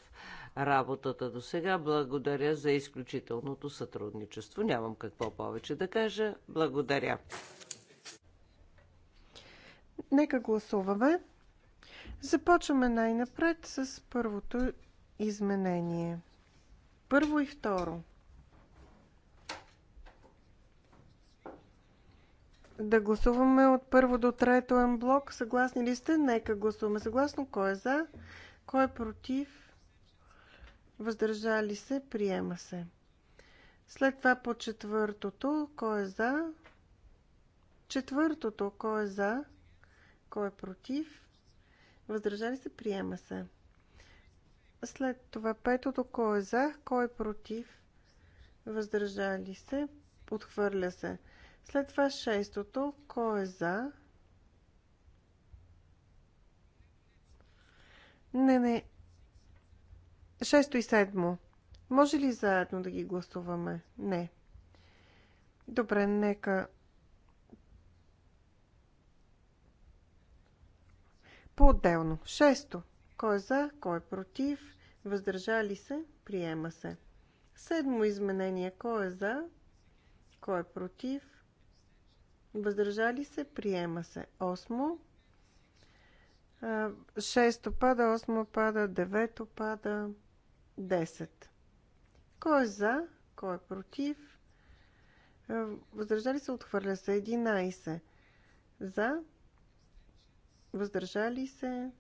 работата до сега, благодаря за изключителното сътрудничество. Нямам какво повече да кажа. Благодаря. Нека гласуваме. Започваме най-напред с първото изменение. Първо и второ. Да гласуваме от първо до трето М блок. Съгласни ли сте? Нека гласуваме. Съгласно кой е за, кой е против, въздържали се, приема се. След това по четвъртото, кой е за? Четвъртото, кой е за? Кой е против? Въздържали се, приема се. След това петото, кой е за? Кой е против? Въздържали се, отхвърля се. След това шестото. Кой е за? Не, не. Шесто и седмо. Може ли заедно да ги гласуваме? Не. Добре, нека. По-отделно. Шесто. Кой е за, кой е против, въздържали се, приема се. Седмо изменение. Кой е за, кой е против, въздържали се, приема се. Осмо, шесто пада, осмо пада, девето пада, десет. Кой е за, кой е против? Въздържали се, отхвърля се, единайсе. За, въздържали се,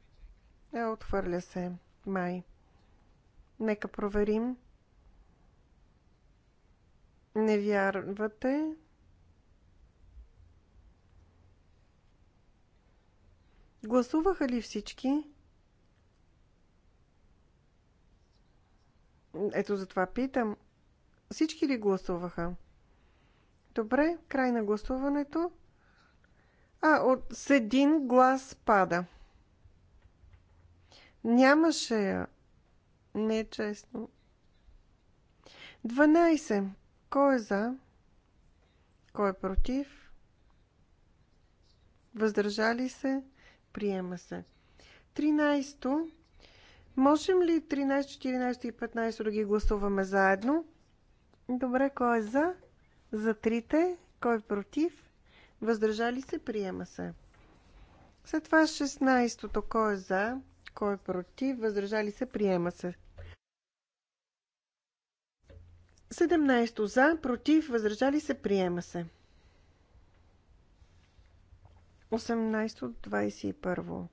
е, отхвърля се, май. Нека проверим. Не вярвате. Гласуваха ли всички? Ето за това питам. Всички ли гласуваха? Добре, край на гласуването. А, от, с един глас пада. Нямаше я. Не е честно. 12. Кой е за? Кой е против? Въздържали се? Приема се. 13. Можем ли 13, 14 и 15 да ги гласуваме заедно? Добре, кой е за? За трите. Кой е против? Въздържали се? Приема се. След това 16-то. Кой е за? Кой е против? Въздържали се? Приема се. 17 за, против, въздържали се, приема се. 18 21.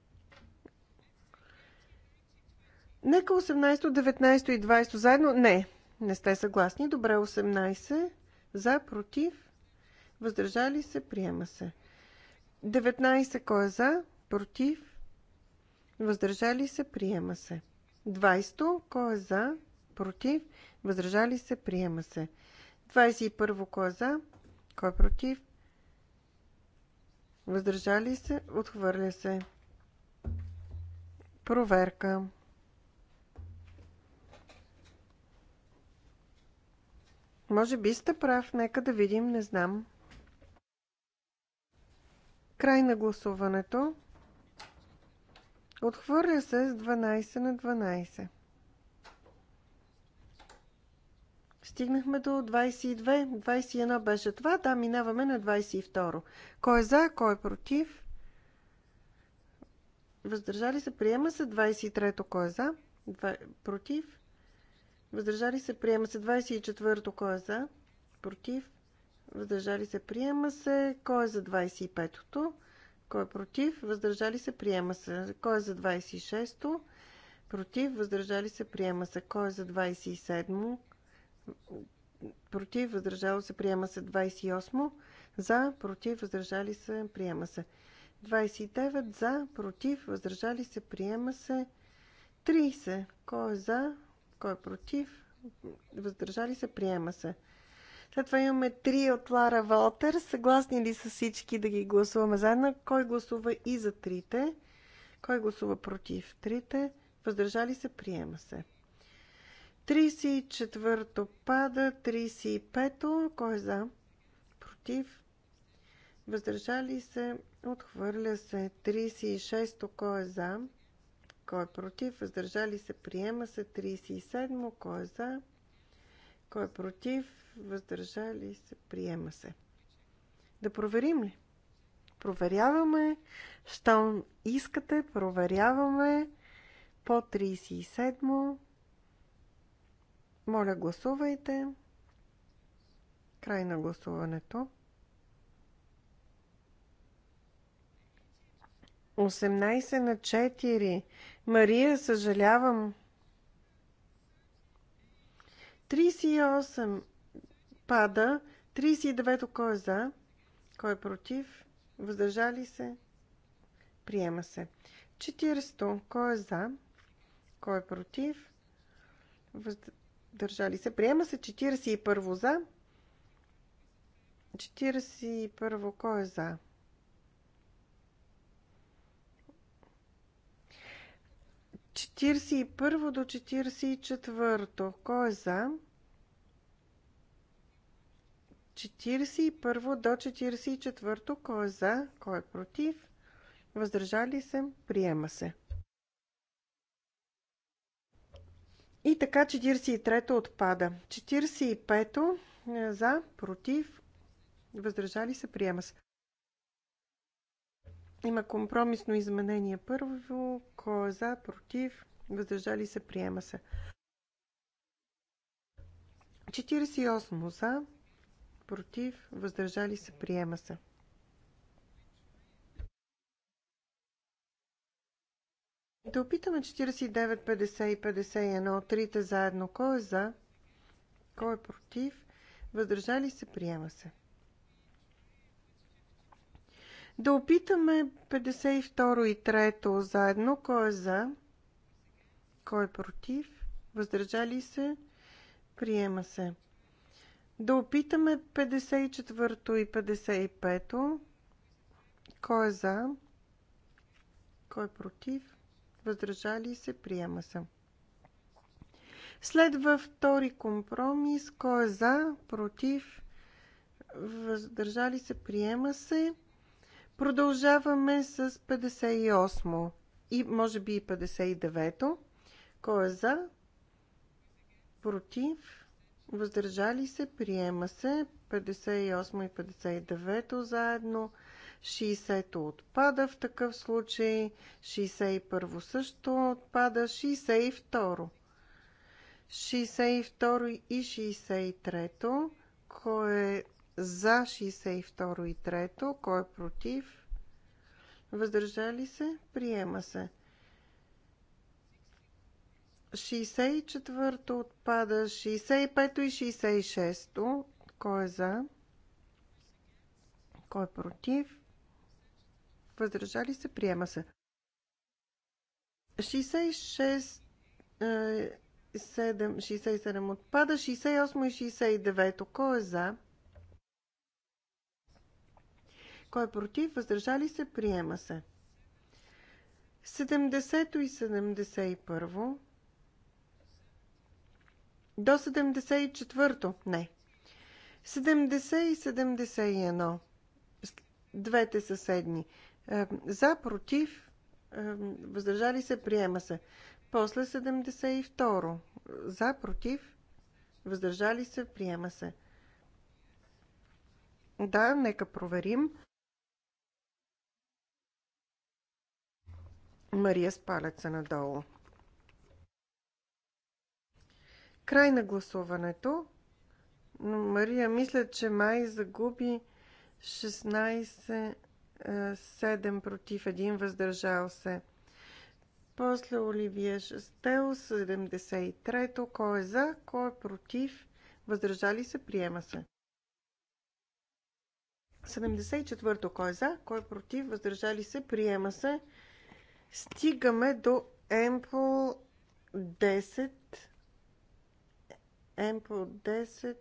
Нека 18, 19 и 20 заедно. Не, не сте съгласни. Добре, 18. За, против. Въздържали се, приема се. 19. Кой е за? Против. Въздържали се, приема се. 20. Кой е за? Против. Въздържали се, приема се. 21. Кой е за? Кой е против? Въздържали се, отхвърля се. Проверка. Може би сте прав, нека да видим, не знам. Край на гласуването. Отхвърля се с 12 на 12. Стигнахме до 22. 21 беше това. Да, минаваме на 22. Кой е за, кой е против? Въздържали се, приема се 23-то. Кой е за? Два... Против? Въздържали се, приема се 24-то. Кой е за? Против? Въздържали се, приема се. Кой е за 25-то? Кой е против? Въздържали се, приема се. Кой е за 26-то? Против? Въздържали се, приема се. Кой е за 27-то? против, въздържало се, приема се 28, за, против, въздържали се, приема се 29, за, против, въздържали се, приема се 30, кой е за, кой е против, въздържали се, приема се. След това имаме 3 от Лара Валтер. Съгласни ли са всички да ги гласуваме заедно? Кой гласува и за трите? Кой гласува против трите? Въздържали се, приема се. 34-то пада, 35-то, кой е за? Против. Въздържали се, отхвърля се. 36-то, кой е за? Кой е против? Въздържали се, приема се. 37-то, кой е за? Кой е против? Въздържали се, приема се. Да проверим ли? Проверяваме. Щом искате, проверяваме по 37-то. Моля, гласувайте. Край на гласуването. 18 на 4. Мария, съжалявам. 38 пада. 39-то кой е за? Кой е против? Въздържали се? Приема се. 40 кой е за? Кой е против? Въздържали Държали се. Приема се 41 за. 41 кой е за? Четиридесет и първо до четиридесет и четвърто. Кой е за? 41 до 44, кой е за, кой е против, въздържали се, приема се. И така 43-то отпада. 45-то е, за, против, въздържали се, приема се. Има компромисно изменение първо, кой е за, против, въздържали се, приема се. 48 за, против, въздържали се, приема се. Да опитаме 49, 50 и 51, трите заедно. Кой е за? Кой е против? Въздържали се, приема се. Да опитаме 52 и 3 заедно. Кой е за? Кой е против? Въздържали се? Приема се. Да опитаме 54 и 55. Кой е за? Кой е против? въздържали се, приема се. Следва втори компромис, кой е за, против, въздържали се, приема се. Продължаваме с 58 и може би и 59-то. Кой е за? Против? Въздържали се? Приема се. 58 и 59 заедно. 60-то отпада в такъв случай, 61-во също отпада, 62-ро. 62 и 63, кой е за 62 и 3, кой е против, въздържали се, приема се. 64-то отпада, 65-то и 66-то, кой е за, кой е против, въздържали се, приема се. 66 7, 67 отпада, 68 и 69. Кой е за? Кой е против? Въздържали се? Приема се. 70 и 71. До 74. Не. 70 и 71. Двете съседни. Е, за, против, е, въздържали се, приема се. После 72. За, против, въздържали се, приема се. Да, нека проверим. Мария с палеца е надолу. Край на гласуването. Мария мисля, че май загуби 16 7 против 1 въздържал се. После Оливие Шестел, 73-то. Кой е за, кой е против? Въздържали се, приема се. 74-то. Кой е за, кой е против? Въздържали се, приема се. Стигаме до Емпл 10. Емпл 10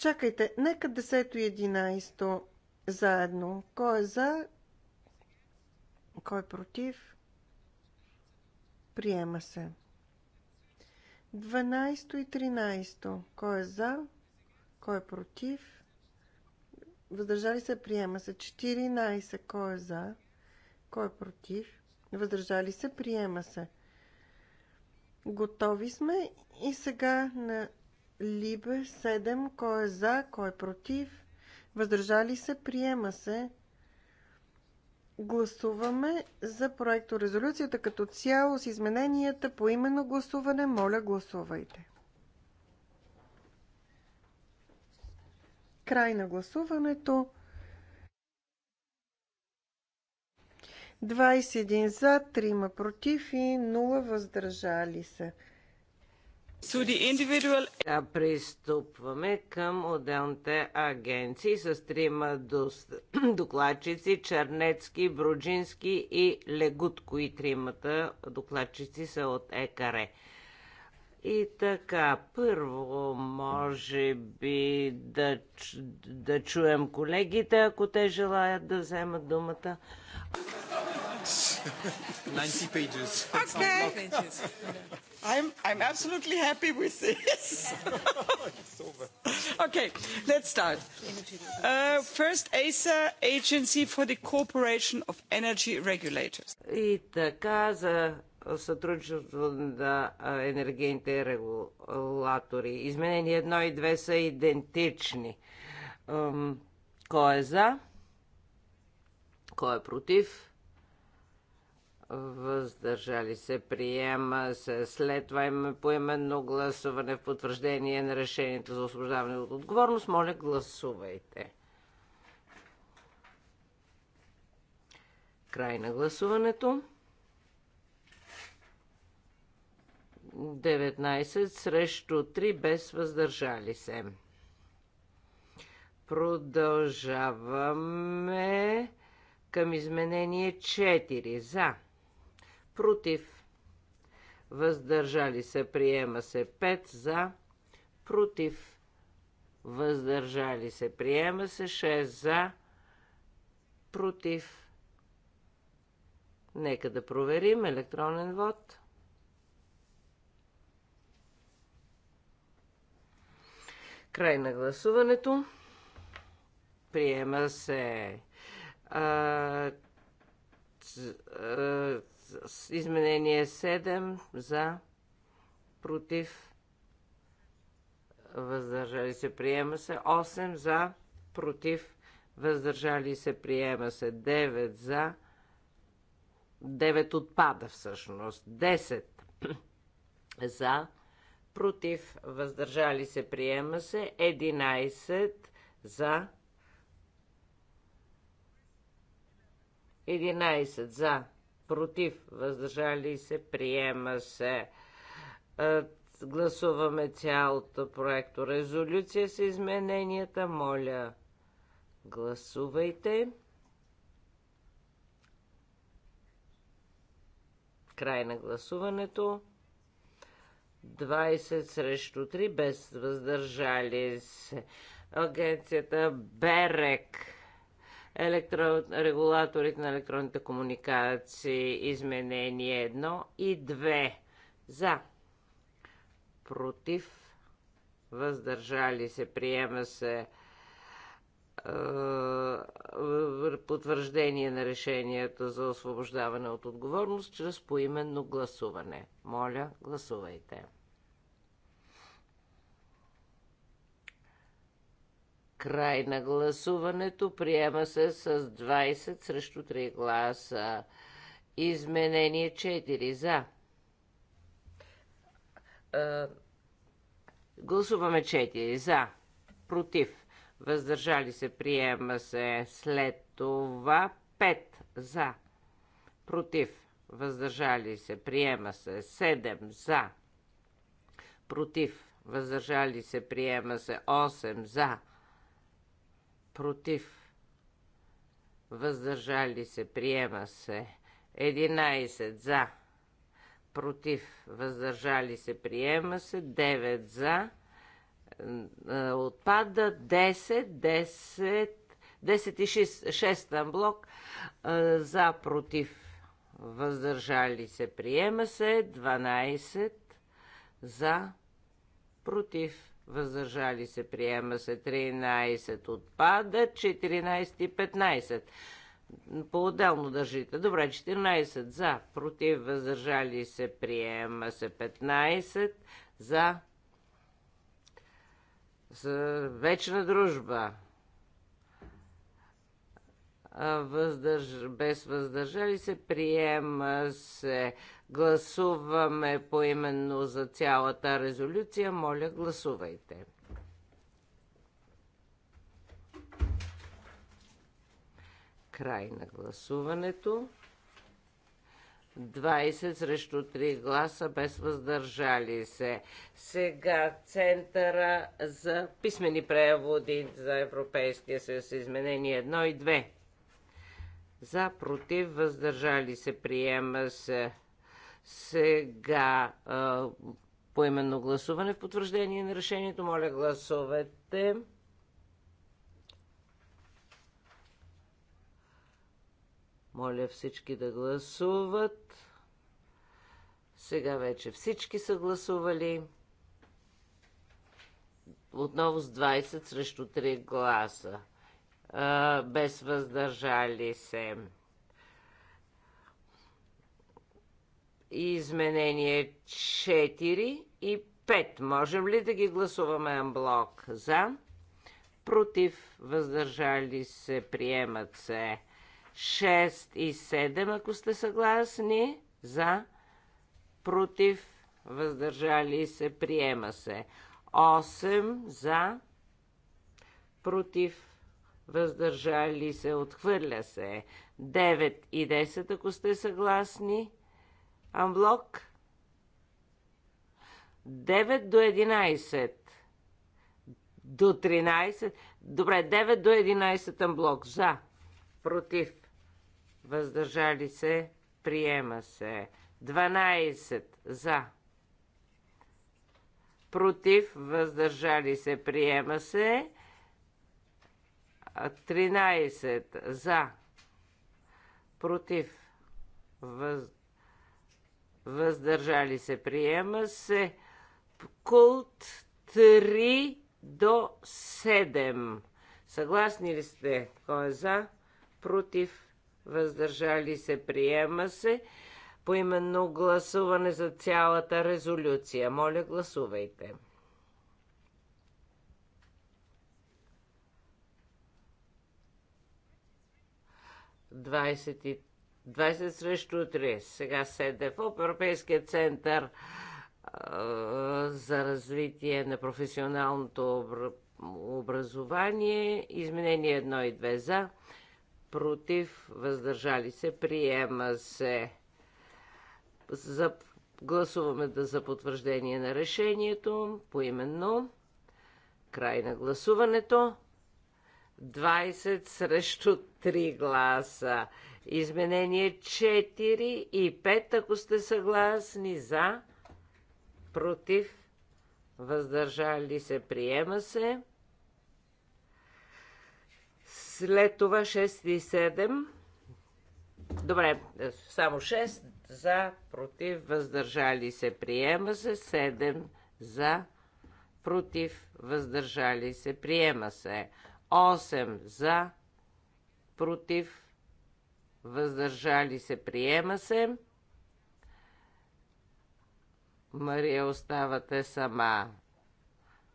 Чакайте, нека 10 и 11 заедно. Кой е за? Кой е против? Приема се. 12 и 13. Кой е за? Кой е против? Въздържали се, приема се. 14. Кой е за? Кой е против? Въздържали се, приема се. Готови сме и сега на Либе 7. Кой е за, кой е против? Въздържали се, приема се. Гласуваме за проекто резолюцията като цяло с измененията по именно гласуване. Моля, гласувайте. Край на гласуването. 21 за, 3 против и 0 въздържали се. Пристъпваме приступваме към отделните агенции с трима докладчици Чернецки, Бруджински и Легутко и тримата докладчици са от ЕКАРЕ. И така, първо може би да, да чуем колегите, ако те желаят да вземат думата. 90 pages. Okay. I'm, I'm absolutely happy with this. okay, let's start. Uh, first, ASA, Agency for the Cooperation of Energy Regulators. И така за сътрудничеството на енергийните регулатори. Изменения 1 и 2 са идентични. Кой е за? Кой е против? въздържали се, приема се. След това имаме поименно гласуване в потвърждение на решението за освобождаване от отговорност. Моля, гласувайте. Край на гласуването. 19 срещу 3 без въздържали се. Продължаваме към изменение 4 за против, въздържали се, приема се 5 за, против, въздържали се, приема се 6 за, против. Нека да проверим електронен вод. Край на гласуването. Приема се а, Изменение 7 за, против, въздържали се, приема се. 8 за, против, въздържали се, приема се. 9 за, 9 отпада всъщност. 10 за, против, въздържали се, приема се. 11 за, 11 за, против, въздържали се, приема се. Гласуваме цялото проекто резолюция с измененията. Моля, гласувайте. Край на гласуването. 20 срещу 3 без въздържали се. Агенцията Берек Електрорегулаторите на електронните комуникации, изменение 1 и 2. За. Против. Въздържали се. Приема се е, потвърждение на решенията за освобождаване от отговорност чрез поименно гласуване. Моля, гласувайте. Край на гласуването. Приема се с 20 срещу 3 гласа. Изменение 4 за. Гласуваме 4 за. Против. Въздържали се. Приема се. След това 5 за. Против. Въздържали се. Приема се. 7 за. Против. Въздържали се. Приема се. 8 за против, въздържали се, приема се. 11 за, против, въздържали се, приема се. 9 за, отпада. 10, 10, 10 и 6, 6 блок, за, против, въздържали се, приема се. 12 за, против, въздържали се, приема се 13, отпада 14 и 15. По-отделно държите. Добре, 14 за, против, въздържали се, приема се 15 за, за вечна дружба. Въздърж... Без въздържали се, приема се Гласуваме поименно за цялата резолюция. Моля, гласувайте. Край на гласуването. 20 срещу 3 гласа без въздържали се. Сега Центъра за писмени преводи за Европейския съюз. Изменение 1 и 2. За, против, въздържали се, приема се. Сега поименно гласуване в потвърждение на решението. Моля, гласовете. Моля всички да гласуват. Сега вече всички са гласували. Отново с 20 срещу 3 гласа. без въздържали се. Изменение 4 и 5. Можем ли да ги гласуваме анблок? За. Против. Въздържали се. Приемат се. 6 и 7, ако сте съгласни. За. Против. Въздържали се. Приема се. 8 за. Против. Въздържали се. Отхвърля се. 9 и 10, ако сте съгласни. Амблок 9 до 11. До 13. Добре, 9 до 11 амблок. За. Против. Въздържали се. Приема се. 12. За. Против. Въздържали се. Приема се. 13. За. Против. Въздържали въздържали се, приема се. Култ 3 до 7. Съгласни ли сте? Кой е за? Против? Въздържали се? Приема се. Поименно гласуване за цялата резолюция. Моля, гласувайте. Двадесет 20 срещу 3. Сега в Европейския център за развитие на професионалното образование. Изменение 1 и 2 за. Против, въздържали се, приема се. За, гласуваме да за потвърждение на решението, поименно. Край на гласуването. 20 срещу 3 гласа. Изменение 4 и 5, ако сте съгласни, за, против, въздържали се, приема се. След това 6 и 7. Добре, само 6 за, против, въздържали се, приема се. 7 за, против, въздържали се, приема се. 8 за, против, въздържали се, приема се. Мария, оставате сама.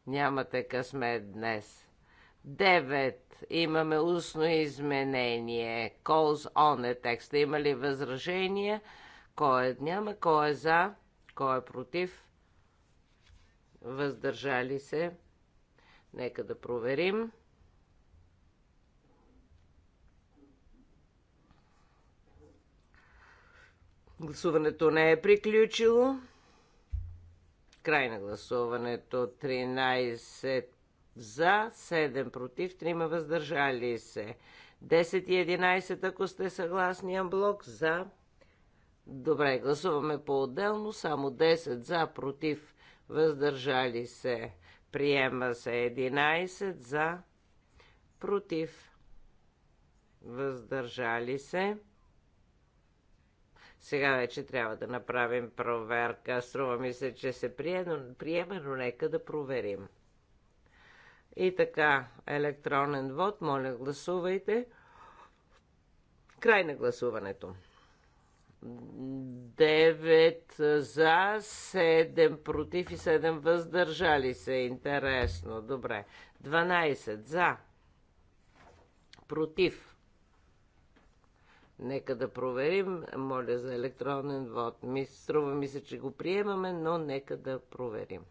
Нямате късмет днес. Девет Имаме устно изменение. Calls on е текста. Има ли възражения? Кой е няма? Кой е за? Кой е против? Въздържали се? Нека да проверим. Гласуването не е приключило. Край на гласуването 13 за, 7 против, 3 въздържали се. 10 и 11, ако сте съгласни, блок за. Добре, гласуваме по-отделно, само 10 за, против, въздържали се. Приема се 11 за, против, въздържали се. Сега вече трябва да направим проверка. Струва ми се, че се приема, но нека да проверим. И така, електронен вод, моля гласувайте. Край на гласуването. 9 за, 7 против и 7 въздържали се. Интересно, добре. 12 за, против, Нека да проверим. Моля за електронен вод. Ми, струва ми се, че го приемаме, но нека да проверим.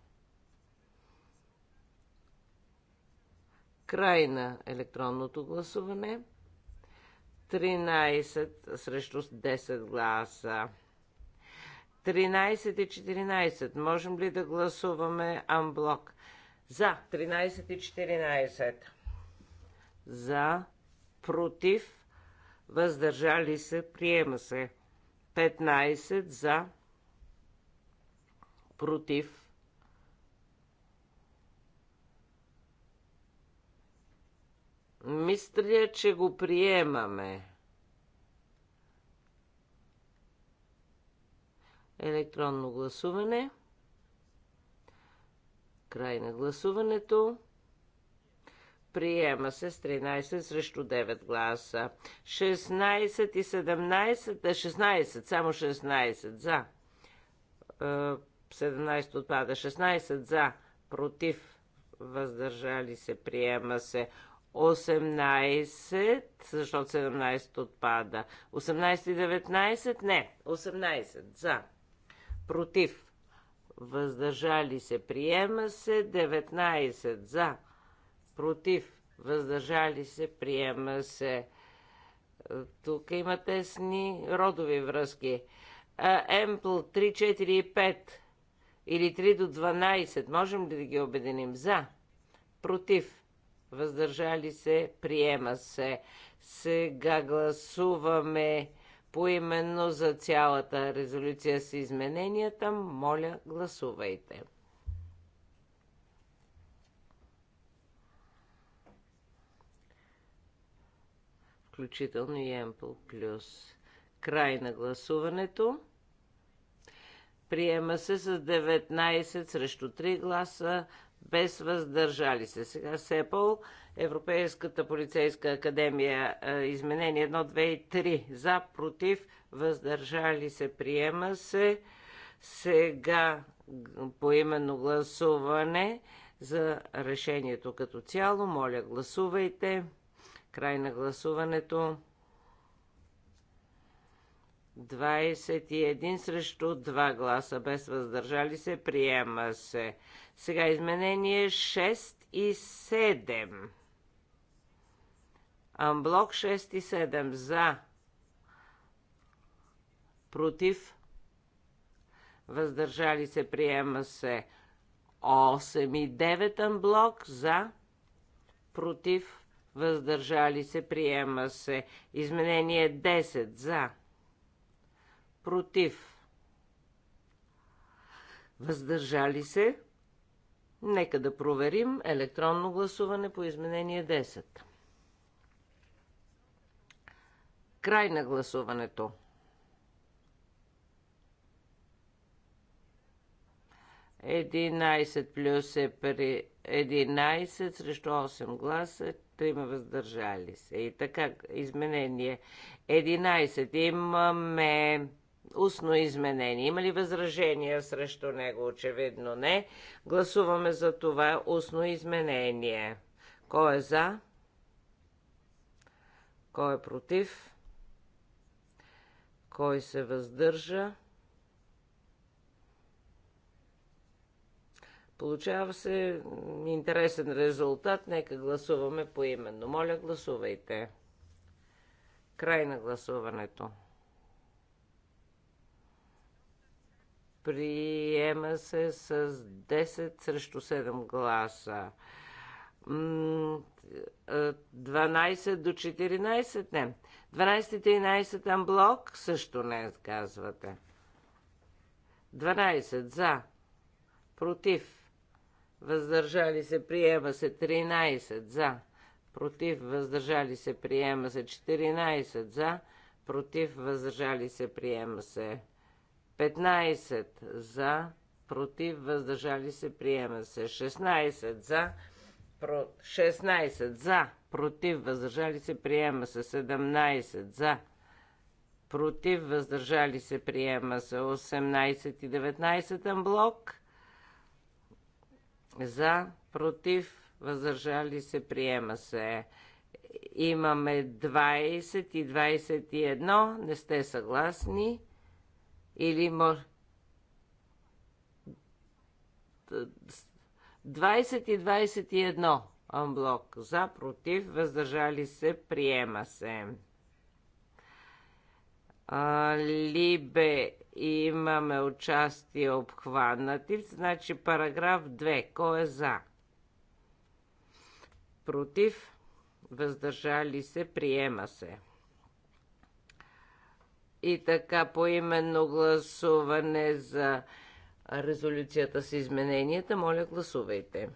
Край на електронното гласуване. 13 срещу 10 гласа. 13 и 14. Можем ли да гласуваме амблок? За 13 и 14. За, против въздържали се, приема се. 15 за, против, Мисля, че го приемаме. Електронно гласуване. Край на гласуването. Приема се с 13 срещу 9 гласа. 16 и 17, 16, е, само 16 за. 17 е, отпада. 16 за, против, въздържали се, приема се. 18, защото 17 отпада. 18 и 19, не. 18 за, против, въздържали се, приема се. 19 за, против, въздържали се, приема се. Тук има тесни родови връзки. Емпл 3, 4 5 или 3 до 12. Можем ли да ги обединим? За. Против. Въздържали се. Приема се. Сега гласуваме поименно за цялата резолюция с измененията. Моля, гласувайте. включително и Емпл плюс. Край на гласуването. Приема се с 19 срещу 3 гласа, без въздържали се. Сега СЕПОЛ, Европейската полицейска академия, е, изменение 1, 2 и 3. За, против, въздържали се. Приема се. Сега по именно гласуване за решението като цяло. Моля, гласувайте. Край на гласуването. 21 срещу 2 гласа без въздържали се. Приема се. Сега изменение 6 и 7. Амблок 6 и 7 за. Против. Въздържали се. Приема се. 8 и 9 амблок за. Против въздържали се, приема се. Изменение 10 за, против, въздържали се. Нека да проверим електронно гласуване по изменение 10. Край на гласуването. Единайсет плюс е при 11 срещу 8 гласа трима въздържали се. И така, изменение 11. Имаме устно изменение. Има ли възражения срещу него? Очевидно не. Гласуваме за това устно изменение. Кой е за? Кой е против? Кой се въздържа? Получава се интересен резултат. Нека гласуваме по именно. Моля, гласувайте. Край на гласуването. Приема се с 10 срещу 7 гласа. 12 до 14 не. 12-13 амблок също не казвате. 12 за. Против въздържали се, приема се 13 за, против, въздържали се, приема се 14 за, против, въздържали се, приема се 15 за, против, въздържали се, приема се 16 за, про... 16 за, против, въздържали се, приема се 17 за, против, въздържали се, приема се 18 и 19 блок за, против, въздържали се, приема се. Имаме 20 и 21. Не сте съгласни? Или може... 20 и 21. Анблок. За, против, въздържали се, приема се. А, либе Имаме участие обхванати. Значи параграф 2. Кой е за? Против? Въздържали се? Приема се. И така по именно гласуване за резолюцията с измененията. Моля, гласувайте.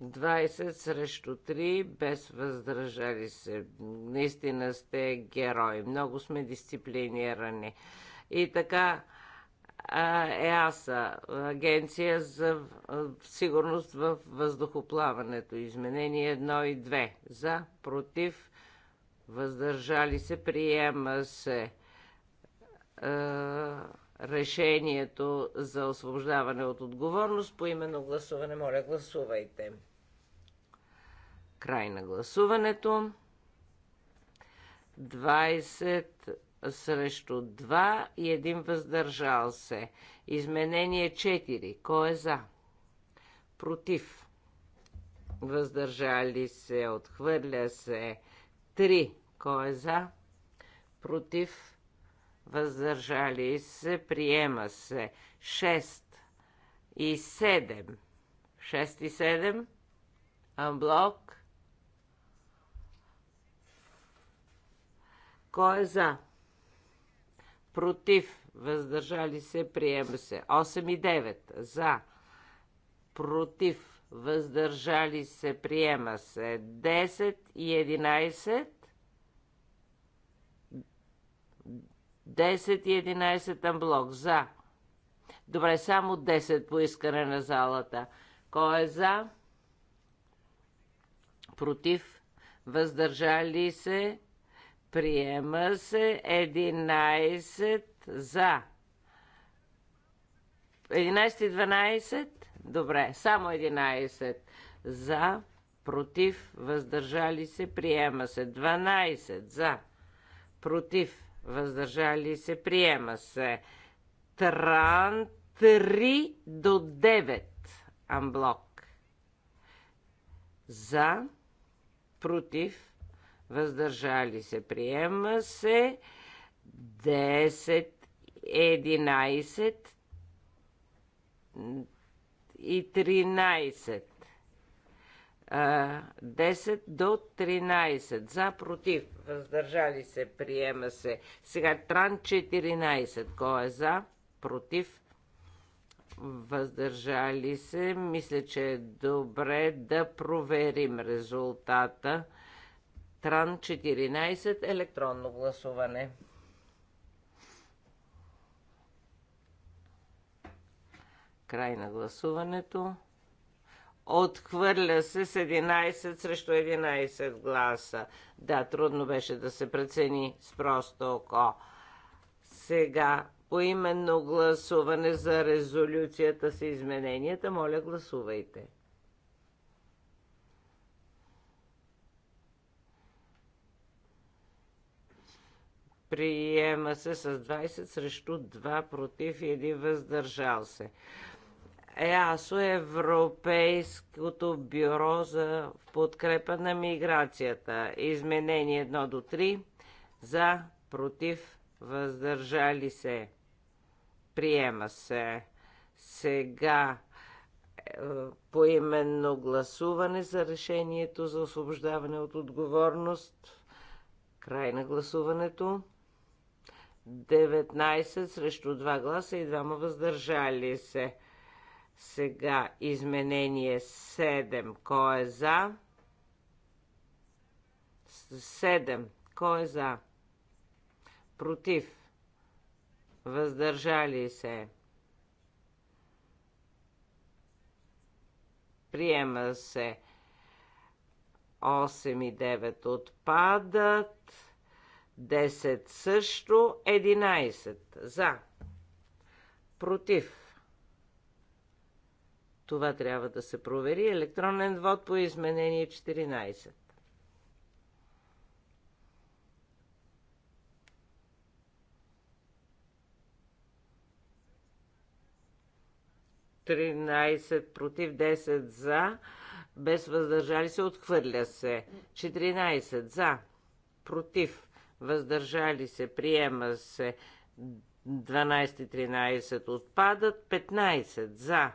20 срещу 3, без въздържали се. Наистина сте герои. Много сме дисциплинирани. И така, ЕАСА, Агенция за сигурност в въздухоплаването. Изменение 1 и 2. За, против, въздържали се, приема се е, решението за освобождаване от отговорност. По именно гласуване, моля, гласувайте. Край на гласуването. 20 срещу 2 и 1 въздържал се. Изменение 4. Кой е за? Против. Въздържали се. Отхвърля се. 3. Кой е за? Против. Въздържали се. Приема се. 6 и 7. 6 и 7. Амблок. Кой е за? Против. Въздържали се. Приема се. 8 и 9. За. Против. Въздържали се. Приема се. 10 и 11. 10 и 11 амблок. За. Добре, само 10 по искане на залата. Кой е за? Против? Въздържали се? Приема се 11 за. 11 и 12? Добре, само 11 за. Против, въздържали се, приема се. 12 за. Против, въздържали се, приема се. Тран 3 до 9 амблок. За, против, въздържали се, приема се 10, 11 и 13. 10 до 13. За, против, въздържали се, приема се. Сега Тран 14. Кой е за, против, въздържали се. Мисля, че е добре да проверим резултата. Тран 14 електронно гласуване. Край на гласуването. Отхвърля се с 11 срещу 11 гласа. Да, трудно беше да се прецени с просто око. Сега поименно гласуване за резолюцията с измененията. Моля, гласувайте. Приема се с 20 срещу 2 против и един въздържал се. ЕАСО е Европейското бюро за подкрепа на миграцията. Изменение 1 до 3 за против въздържали се. Приема се. Сега е, поименно гласуване за решението за освобождаване от отговорност. Край на гласуването. 19 срещу 2 гласа и двама въздържали се. Сега изменение 7. Кой е за? 7. Кой е за? Против. Въздържали се. Приема се. 8 и 9 отпадат. 10 също, 11 за, против. Това трябва да се провери. Електронен вод по изменение 14. 13 против 10 за, без въздържали се, отхвърля се. 14 за, против въздържали се, приема се 12-13 отпадат, 15 за,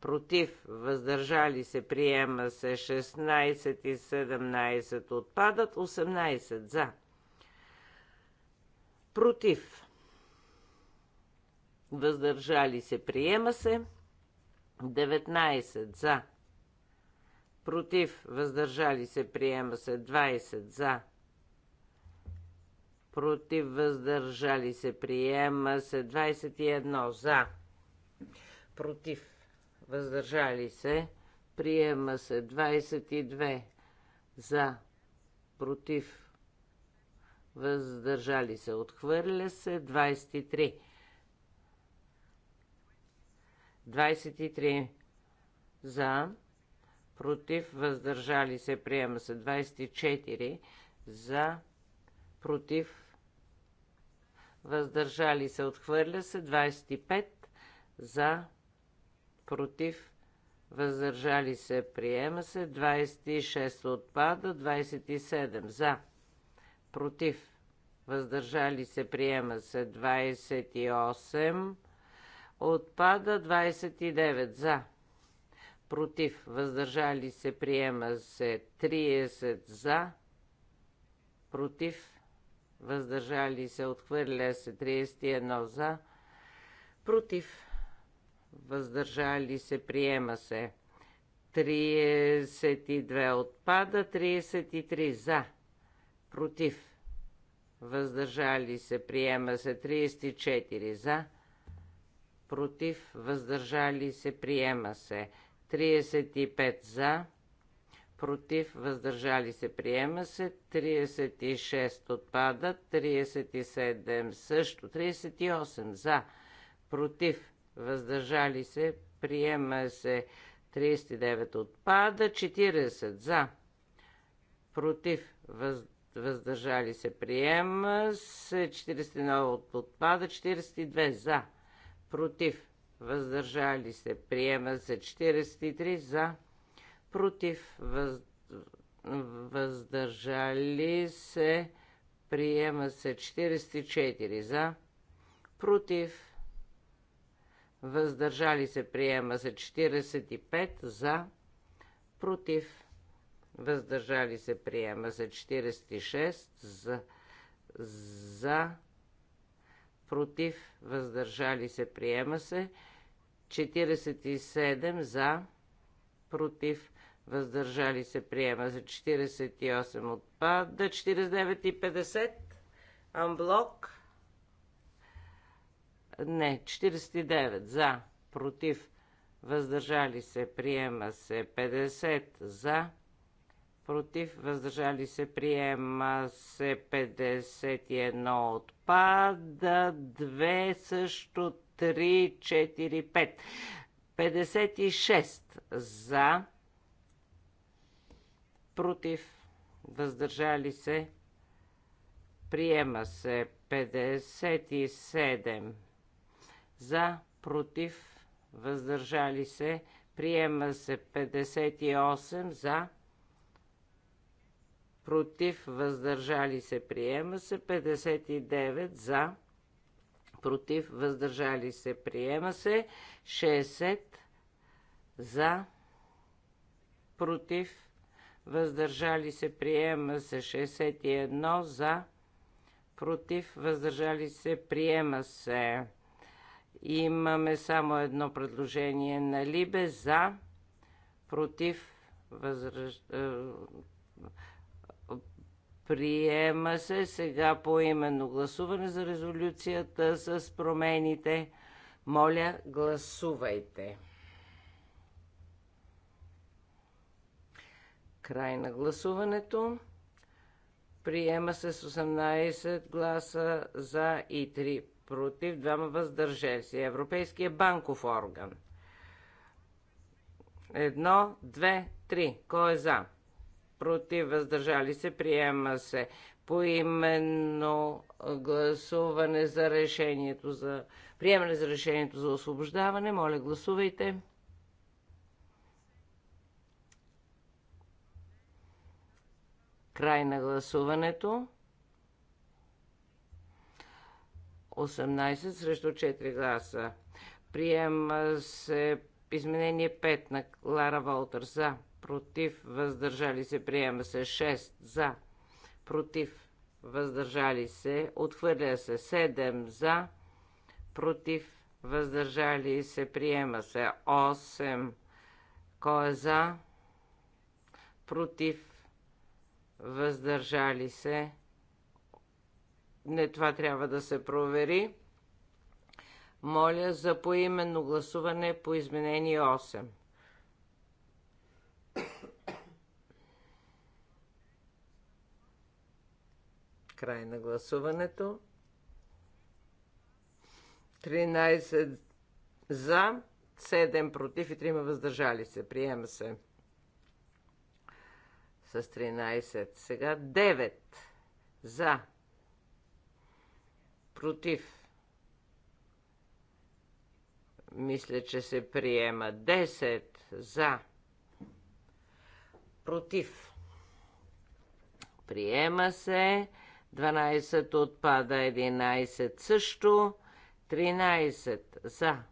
против, въздържали се, приема се 16 и 17 отпадат, 18 за, против, въздържали се, приема се 19 за, против, въздържали се, приема се 20 за, против, въздържали се, приема се 21 за, против, въздържали се, приема се 22 за, против, въздържали се, отхвърля се 23. 23 за, против, въздържали се, приема се 24 за, против, въздържали се, отхвърля се, 25 за, против, въздържали се, приема се, 26 отпада, 27 за, против, въздържали се, приема се, 28 отпада, 29 за, против, въздържали се, приема се, 30 за, против, въздържали се, отхвърля се 31 за, против, въздържали се, приема се 32 отпада, 33 за, против, въздържали се, приема се 34 за, против, въздържали се, приема се 35 за, против, въздържали се, приема се, 36 отпада, 37 също, 38 за, против, въздържали се, приема се, 39 отпада, 40 за, против, въздържали се, приема се, 41 отпада, 42 за, против, въздържали се, приема се, 43 за, против, въз... въздържали се, приема се 44 за, против, въздържали се, приема се 45 за, против, въздържали се, приема се 46 за, за, против, въздържали се, приема се 47 за, против, въздържали се, приема за 48 отпада, 49 и 50, амблок. Не, 49 за, против, въздържали се, приема се. 50 за, против, въздържали се, приема се 51 отпада, 2 също, 3, 4, 5. 56 за, против, въздържали се, приема се 57 за, против, въздържали се, приема се 58 за, против, въздържали се, приема се 59 за, против, въздържали се, приема се 60 за, против, въздържали се, приема се 61 за, против, въздържали се, приема се. Имаме само едно предложение на Либе за, против, въздържали е, приема се сега по именно гласуване за резолюцията с промените. Моля, гласувайте. Край на гласуването. Приема се с 18 гласа за и 3 против, 2 въздържали се. Европейския банков орган. Едно, две, три. Кой е за? Против, въздържали се. Приема се поименно гласуване за решението за приемане за решението за освобождаване. Моля, гласувайте. Край на гласуването. 18 срещу 4 гласа. Приема се изменение 5 на Лара Волтер за, против, въздържали се. Приема се 6 за, против, въздържали се. Отхвърля се 7 за, против, въздържали се. Приема се 8. Кой е за? Против, въздържали се. Не това трябва да се провери. Моля за поименно гласуване по изменение 8. Край на гласуването. 13 за, 7 против и 3 въздържали се. Приема се с 13. Сега 9 за, против. Мисля, че се приема 10 за, против. Приема се. 12 отпада, 11 също, 13 за,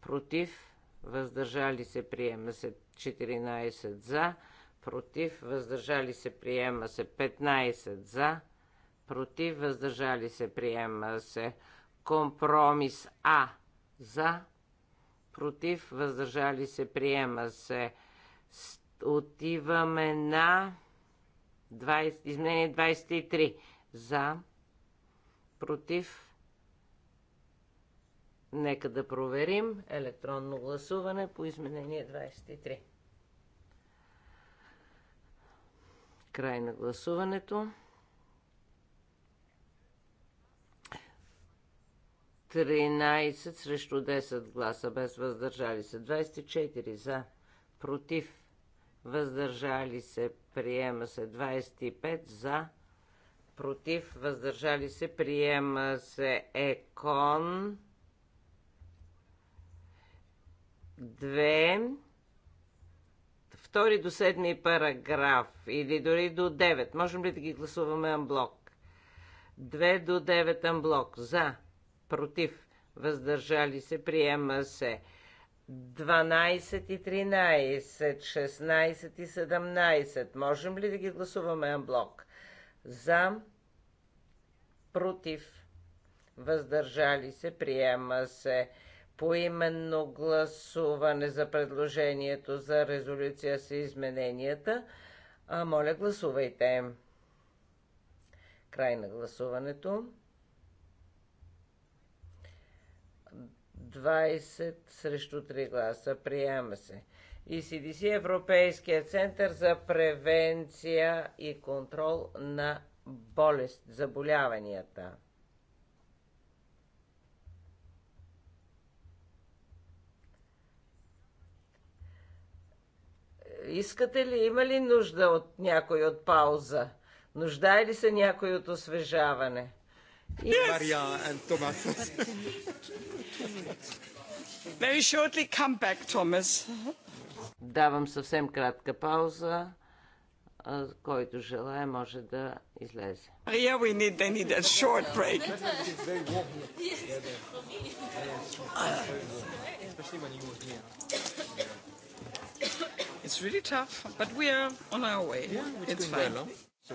против, въздържали се, приема се 14 за, против, въздържали се, приема се 15 за, против, въздържали се, приема се компромис А за, против, въздържали се, приема се. Отиваме на 20, изменение 23 за, против, Нека да проверим електронно гласуване по изменение 23. Край на гласуването. 13 срещу 10 гласа без въздържали се. 24 за, против, въздържали се, приема се. 25 за, против, въздържали се, приема се. Екон. 2 2 до 7 параграф или дори до 9. Можем ли да ги гласуваме амблок? 2 до 9 амблок. За. Против. Въздържали се. Приема се. 12 и 13, 16 и 17. Можем ли да ги гласуваме амблок? За. Против. Въздържали се. Приема се поименно гласуване за предложението за резолюция с измененията. А, моля, гласувайте. Край на гласуването. 20 срещу 3 гласа. Приема се. ECDC Европейския център за превенция и контрол на болест, заболяванията. Искате ли, има ли нужда от някой от пауза? Нуждае ли се някой от освежаване? Yes. Мария Very shortly come back, Thomas. Давам съвсем кратка пауза. Който желая, може да излезе. we need, they need a short break. It's really tough, but we are on our way. Yeah, it's, it's fine. Well, huh? so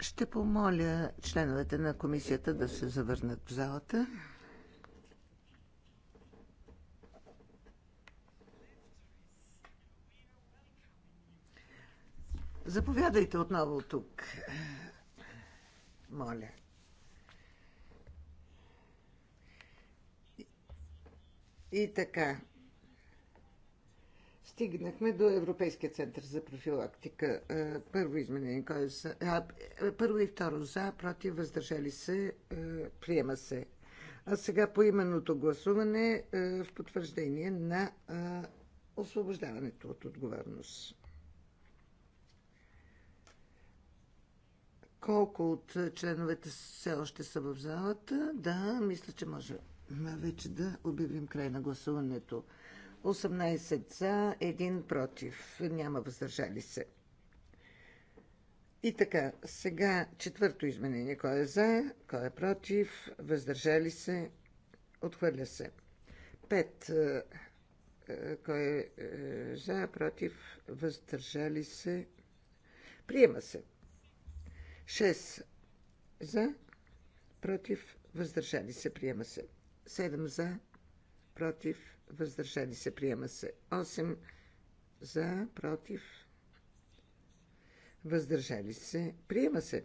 Ще помоля членовете на комисията да се завърнат в залата. Заповядайте отново тук. Моля. И така, стигнахме до Европейския център за профилактика. Е, първо изменение, кой са... Е а, е, първо и второ за, против, въздържали се, приема се. А сега по именното гласуване в потвърждение на освобождаването от отговорност. Колко от членовете все още са в залата? Да, мисля, че може вече да обявим край на гласуването. 18 за, 1 против. Няма въздържали се. И така, сега четвърто изменение. Кой е за, кой е против, въздържали се, отхвърля се. Пет. Е, е, кой е, е за, против, въздържали се, приема се. Шест. За, против, въздържали се, приема се. Седем за, против, въздържали се, приема се. 8 за, против, въздържали се, приема се.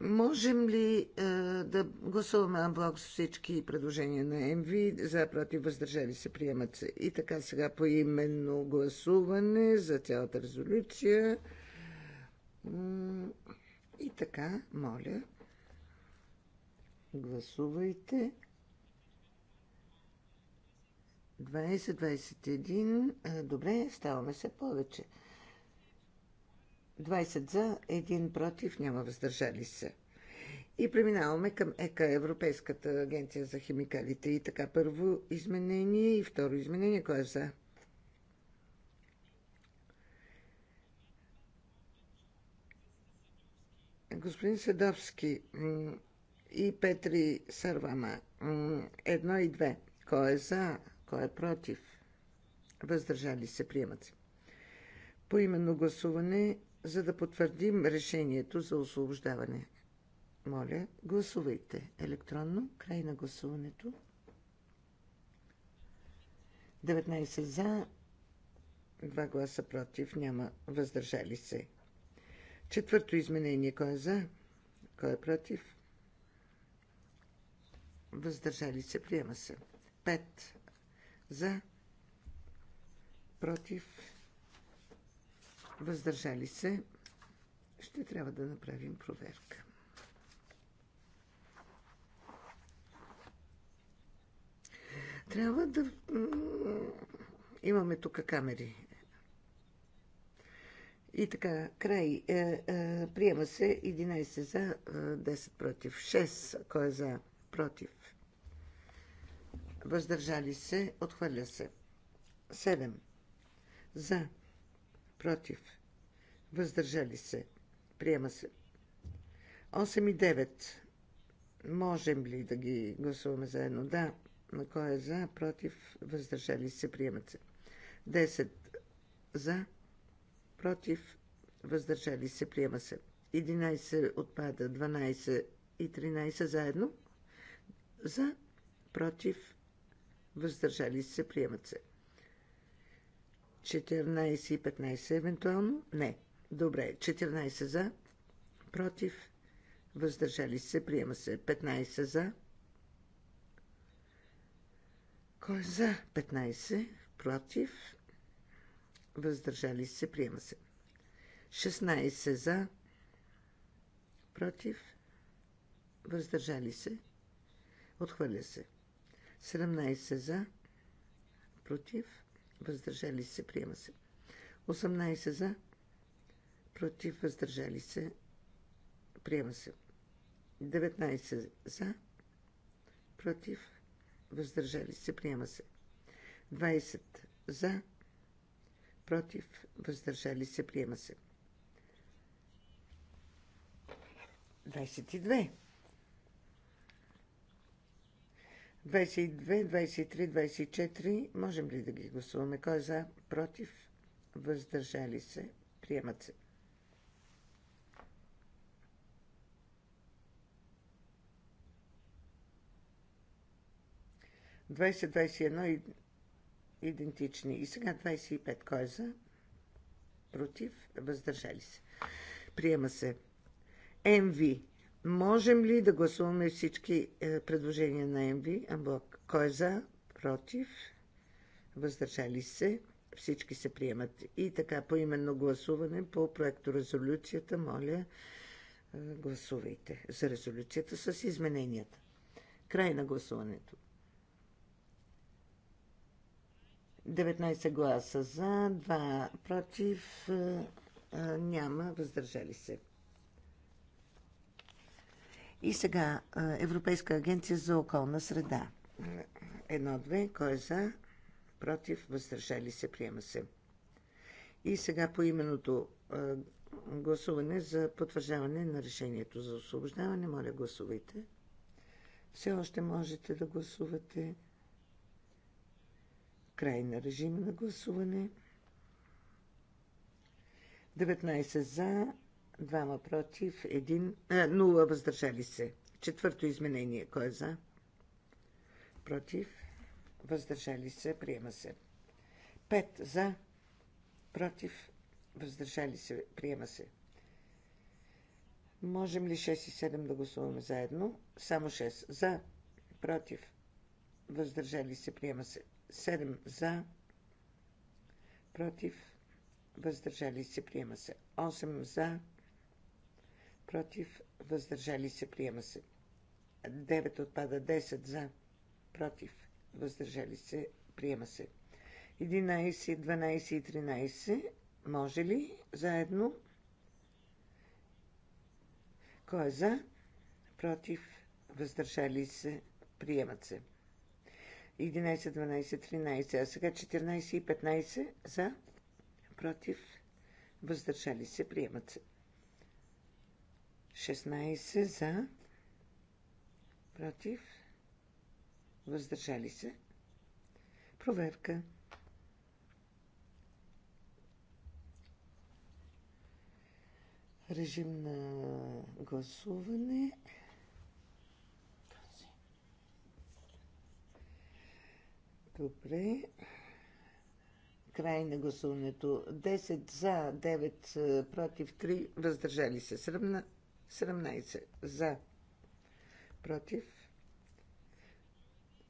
Можем ли е, да гласуваме анблок всички предложения на МВ? За, против, въздържали се, приемат се. И така сега по именно гласуване за цялата резолюция. И така, моля. Гласувайте. 12-21. Добре, ставаме се повече. 20 за, 1 против, няма въздържали се. И преминаваме към ЕКА, Европейската агенция за химикалите. И така, първо изменение и второ изменение. Кой е за? Господин Седовски, и Петри Сарвама. Едно и две. Кой е за, кой е против? Въздържали се, приемат се. По именно гласуване, за да потвърдим решението за освобождаване. Моля, гласувайте електронно. Край на гласуването. 19 за, 2 гласа против, няма въздържали се. Четвърто изменение. Кой е за? Кой е против? въздържали се, приема се. 5 за, против, въздържали се, ще трябва да направим проверка. Трябва да... Имаме тук камери. И така, край. Е, е, приема се 11 за, 10 е, против. 6, кой е за, против въздържали се, отхвърля се. 7. За, против, въздържали се, приема се. 8 и 9. Можем ли да ги гласуваме заедно? Да. На кой е за, против, въздържали се, приемат се. 10. За, против, въздържали се, приема се. 11 отпада, 12 и 13 заедно. За, против, въздържали се, приемат се. 14 и 15 евентуално? Не. Добре, 14 за, против, въздържали се, приема се. 15 за. Кой е за? 15, против, въздържали се, приема се. 16 за, против, въздържали се, отхвърля се. 17 за, против, въздържали се, приема се. 18 за, против, въздържали се, приема се. 19 за, против, въздържали се, приема се. 20 за, против, въздържали се, приема се. 22 22, 23, 24. Можем ли да ги гласуваме? Кой е за? Против? Въздържали се? Приемат се. Двадесет, 21. идентични. И сега 25. Кой е за? Против? Въздържали се. Приема се. МВ. Можем ли да гласуваме всички е, предложения на МВ? Амблок. Кой е за? Против? Въздържали се? Всички се приемат. И така, по именно гласуване по проекто резолюцията, моля, е, гласувайте за резолюцията с измененията. Край на гласуването. 19 гласа за, 2 против, е, няма, въздържали се. И сега Европейска агенция за околна среда. Едно-две. Кой е за? Против? Въздържали се? Приема се. И сега по именото гласуване за потвърждаване на решението за освобождаване. Моля, гласувайте. Все още можете да гласувате. Край на режима на гласуване. 19 за, Двама против, един, а, нула въздържали се. Четвърто изменение. Кой е за? Против. Въздържали се. Приема се. Пет за. Против. Въздържали се. Приема се. Можем ли 6 и 7 да гласуваме заедно? Само 6. За. Против. Въздържали се. Приема се. 7 за. Против. Въздържали се. Приема се. 8 за против, въздържали се, приема се. 9 отпада, 10 за, против, въздържали се, приема се. 11, 12 и 13, може ли заедно? Кой е за? Против, въздържали се, приемат се. 11, 12, 13, а сега 14 и 15 за, против, въздържали се, приемат се. 16 за, против, въздържали се. Проверка. Режим на гласуване. Добре. Край на гласуването. 10 за, 9 против, 3 въздържали се. 17. 17 за, против.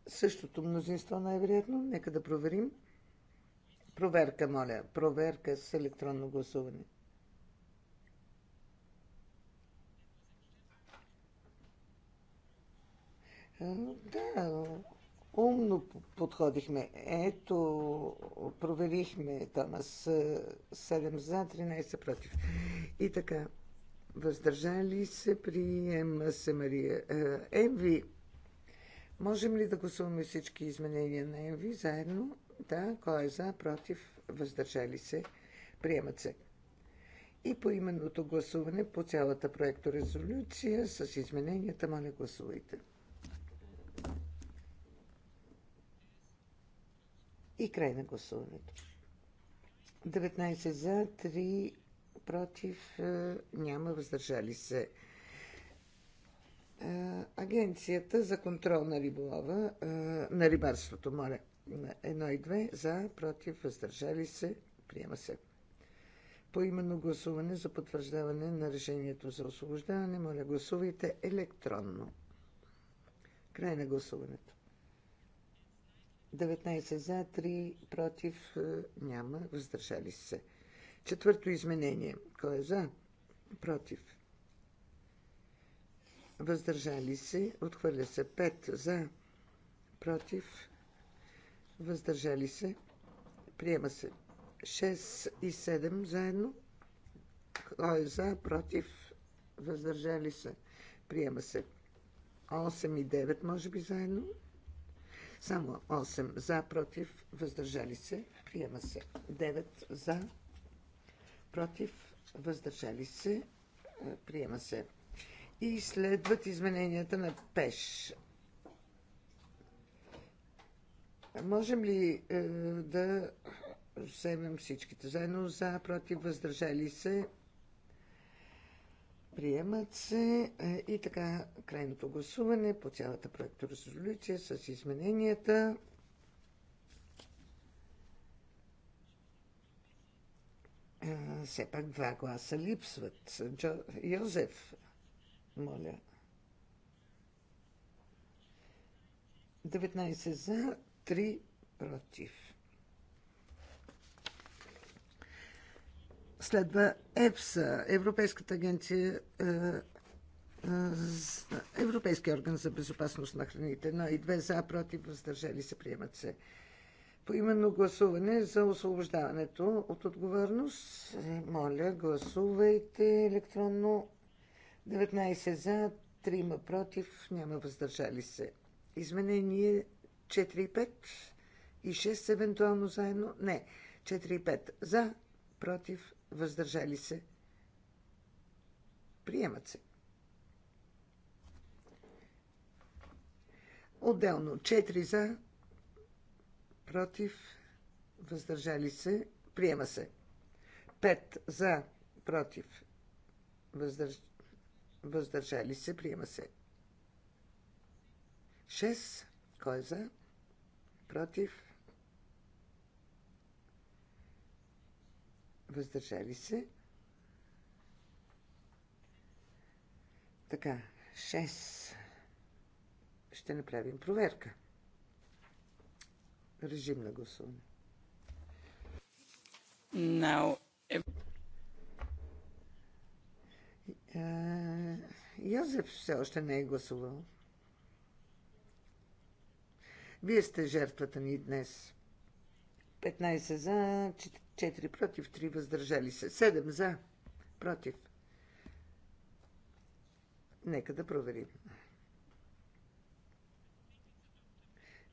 Същото мнозинство най-вероятно. Нека да проверим. Проверка, моля. Проверка с електронно гласуване. Да, умно подходихме. Ето, проверихме, Томас, 7 за, 13 против. И така, Въздържали се, приема се Мария. Енви, можем ли да гласуваме всички изменения на Енви заедно? Да, кой е за, против, въздържали се, приемат се. И по именното гласуване по цялата проекторезолюция с измененията, моля гласувайте. И край на гласуването. 19 за, 3 против, е, няма въздържали се. Е, агенцията за контрол на риболова, е, на рибарството, моля, едно и две, за, против, въздържали се, приема се. По именно гласуване за потвърждаване на решението за освобождаване, моля, гласувайте електронно. Край на гласуването. 19 за, 3 против, няма, въздържали се. Четвърто изменение. Кой е за? Против. Въздържали се. Отхвърля се. Пет за. Против. Въздържали се. Приема се. 6 и 7 заедно. Кой е за? Против. Въздържали се. Приема се. 8 и 9 може би заедно. Само 8 за, против, въздържали се. Приема се. 9 за, против, въздържали се, е, приема се. И следват измененията на ПЕШ. Можем ли е, да вземем всичките заедно за, против, въздържали се? Приемат се е, и така крайното гласуване по цялата резолюция с измененията. все пак два гласа липсват. Джо, Йозеф, моля. 19 за, 3 против. Следва ЕФСА, Европейската агенция, е, е, Европейски орган за безопасност на храните. Но и две за, против, въздържали се, приемат се. По именно гласуване за освобождаването от отговорност. Моля, гласувайте електронно. 19 за, 3 против, няма въздържали се. Изменение 4 и 5 и 6 евентуално заедно. Не, 4 и 5 за, против, въздържали се. Приемат се. Отделно 4 за, против, въздържали се, приема се. 5 за, против, въздърж... въздържали се, приема се. 6. Кой е за? Против. Въздържали се. Така, 6. Ще направим проверка. 6. Режим на гласуване. Now, е, Йозеф все още не е гласувал. Вие сте жертвата ни днес. 15 за, 4 против, 3 въздържали се. 7 за, против. Нека да проверим.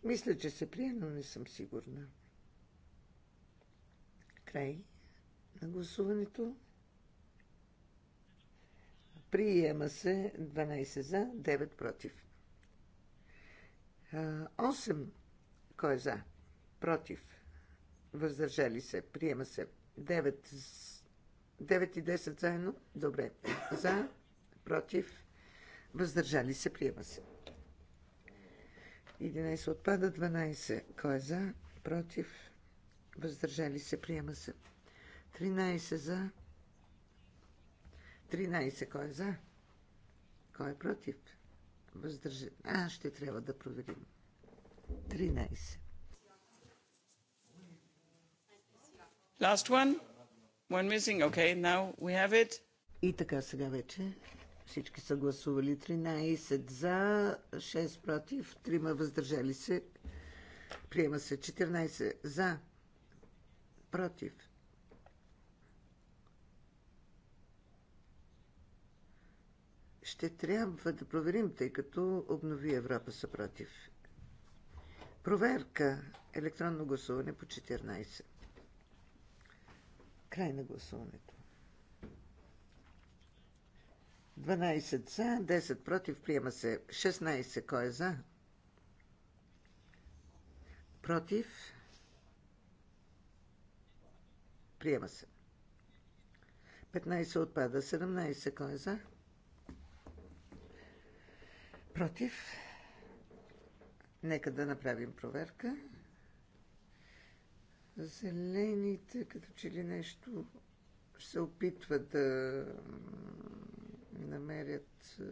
Мисля, че се прие, но не съм сигурна. Край на гласуването. Приема се 12 за, 9 против. 8. Кой е за? Против. Въздържали се. Приема се. 9, 9 и 10 заедно. Добре. За. Против. Въздържали се. Приема се. 11 отпада, 12. Кой е за? Против? Въздържали се, приема се. 13 за. 13. Кой е за? Кой е против? Въздържа. А, ще трябва да проверим. 13. Last one. One missing. Okay, now we have it. И така сега вече всички са гласували 13 за, 6 против, 3 въздържали се. Приема се 14 за, против. Ще трябва да проверим, тъй като обнови Европа са против. Проверка. Електронно гласуване по 14. Край на гласуването. 12 за, 10 против, приема се 16. Кой е за? Против. Приема се. 15 отпада, 17. Кой е за? Против. Нека да направим проверка. Зелените, като че ли нещо се опитват да намерят е,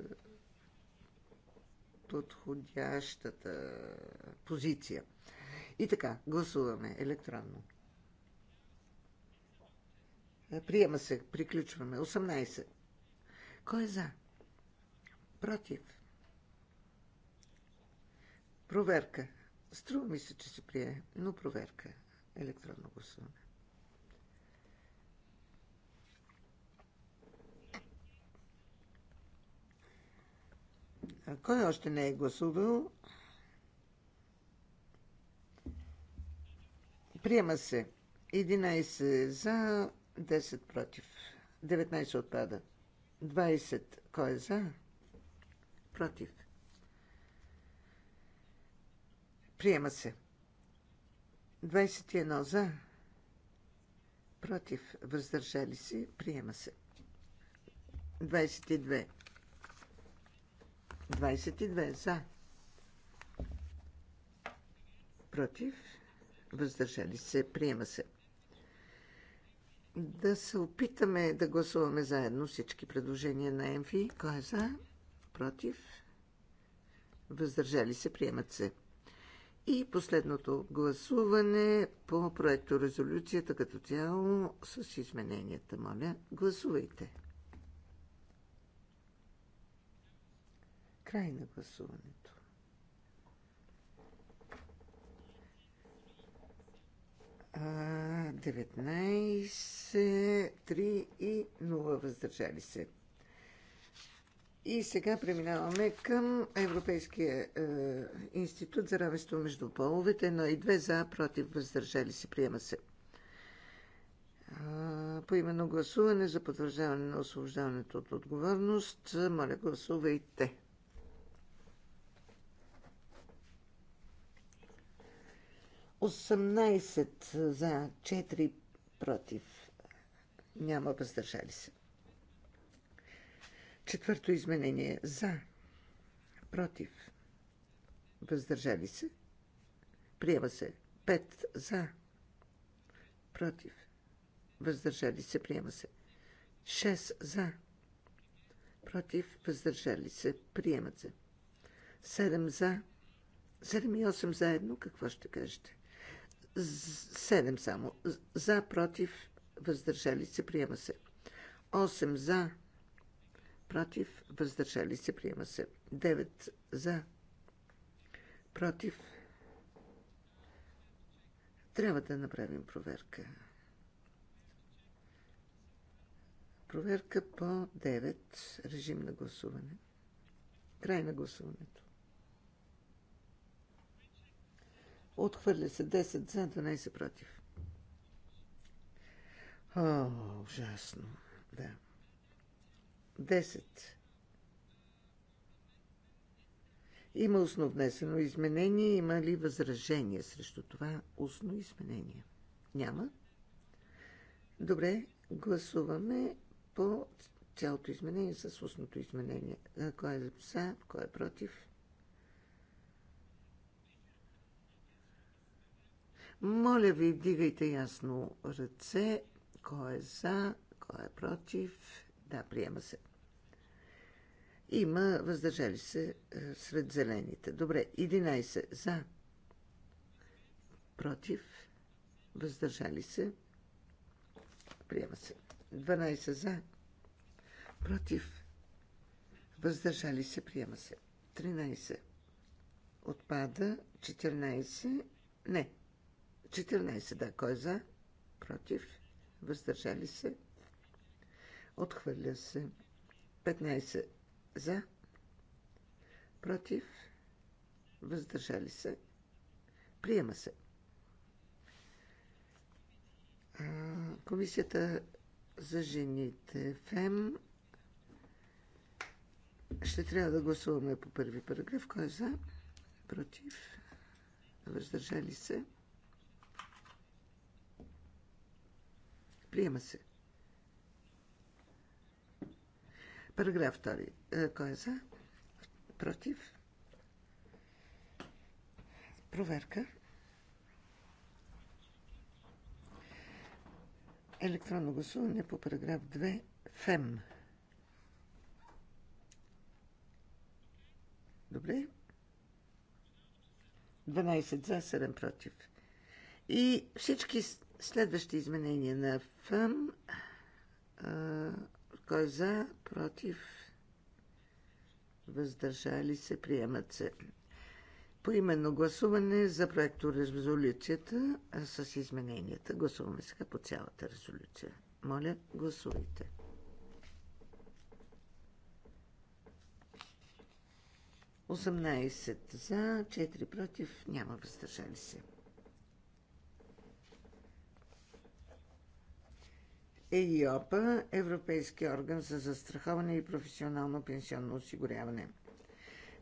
подходящата позиция. И така, гласуваме електронно. Е, приема се, приключваме. 18. Кой е за? Против. Проверка. Струва ми се, че се прие, но проверка. Електронно гласуване. Кой още не е гласувал? Приема се. 11 за, 10 против. 19 отпада. 20. Кой е за? Против. Приема се. 21 за. Против. Въздържали си, Приема се. 22 22 за. Против. Въздържали се. Приема се. Да се опитаме да гласуваме заедно всички предложения на МФИ. Кой е за? Против. Въздържали се. Приемат се. И последното гласуване по проекто резолюцията като цяло с измененията. Моля, гласувайте. Край на гласуването. А, 19, 3 и 0 въздържали се. И сега преминаваме към Европейския е, институт за равенство между половете. но и две за, против, въздържали се, приема се. А, по именно гласуване за потвърждаване на освобождаването от отговорност. Моля, гласувайте. 18 за 4 против. Няма въздържали се. Четвърто изменение за против. Въздържали се. Приема се. 5 за против. Въздържали се. Приема се. 6 за против. Въздържали се. Приемат се. 7 за 7 и 8 заедно. Какво ще кажете? 7 само. За, против, въздържали се, приема се. 8 за, против, въздържали се, приема се. 9 за, против. Трябва да направим проверка. Проверка по 9. Режим на гласуване. Край на гласуването. Отхвърля се 10 за 12 против. О, ужасно. Да. 10. Има устно внесено изменение. Има ли възражение срещу това устно изменение? Няма. Добре, гласуваме по цялото изменение с устното изменение. Кой е за, кой е против? Моля ви, вдигайте ясно ръце. Кой е за, кой е против? Да, приема се. Има въздържали се е, сред зелените. Добре, 11 за, против, въздържали се. Приема се. 12 за, против, въздържали се. Приема се. 13 отпада, 14 не, 14, да, кой е за? Против. Въздържали се. Отхвърля се. 15 за. Против. Въздържали се. Приема се. комисията за жените ФЕМ ще трябва да гласуваме по първи параграф. Кой е за? Против? Въздържали се? Приема се. Параграф 2. Е, кой е за? Против? Проверка. Електронно гласуване по параграф 2. ФЕМ. Добре. 12 за, 7 против. И всички Следващи изменения на ФАМ. Кой е за, против, въздържали се, приемат се. По именно гласуване за проекто резолюцията с измененията. Гласуваме сега по цялата резолюция. Моля, гласувайте. Осемнайсет за, 4 против, няма въздържали се. ЕИОПА, Европейския орган за застраховане и професионално пенсионно осигуряване.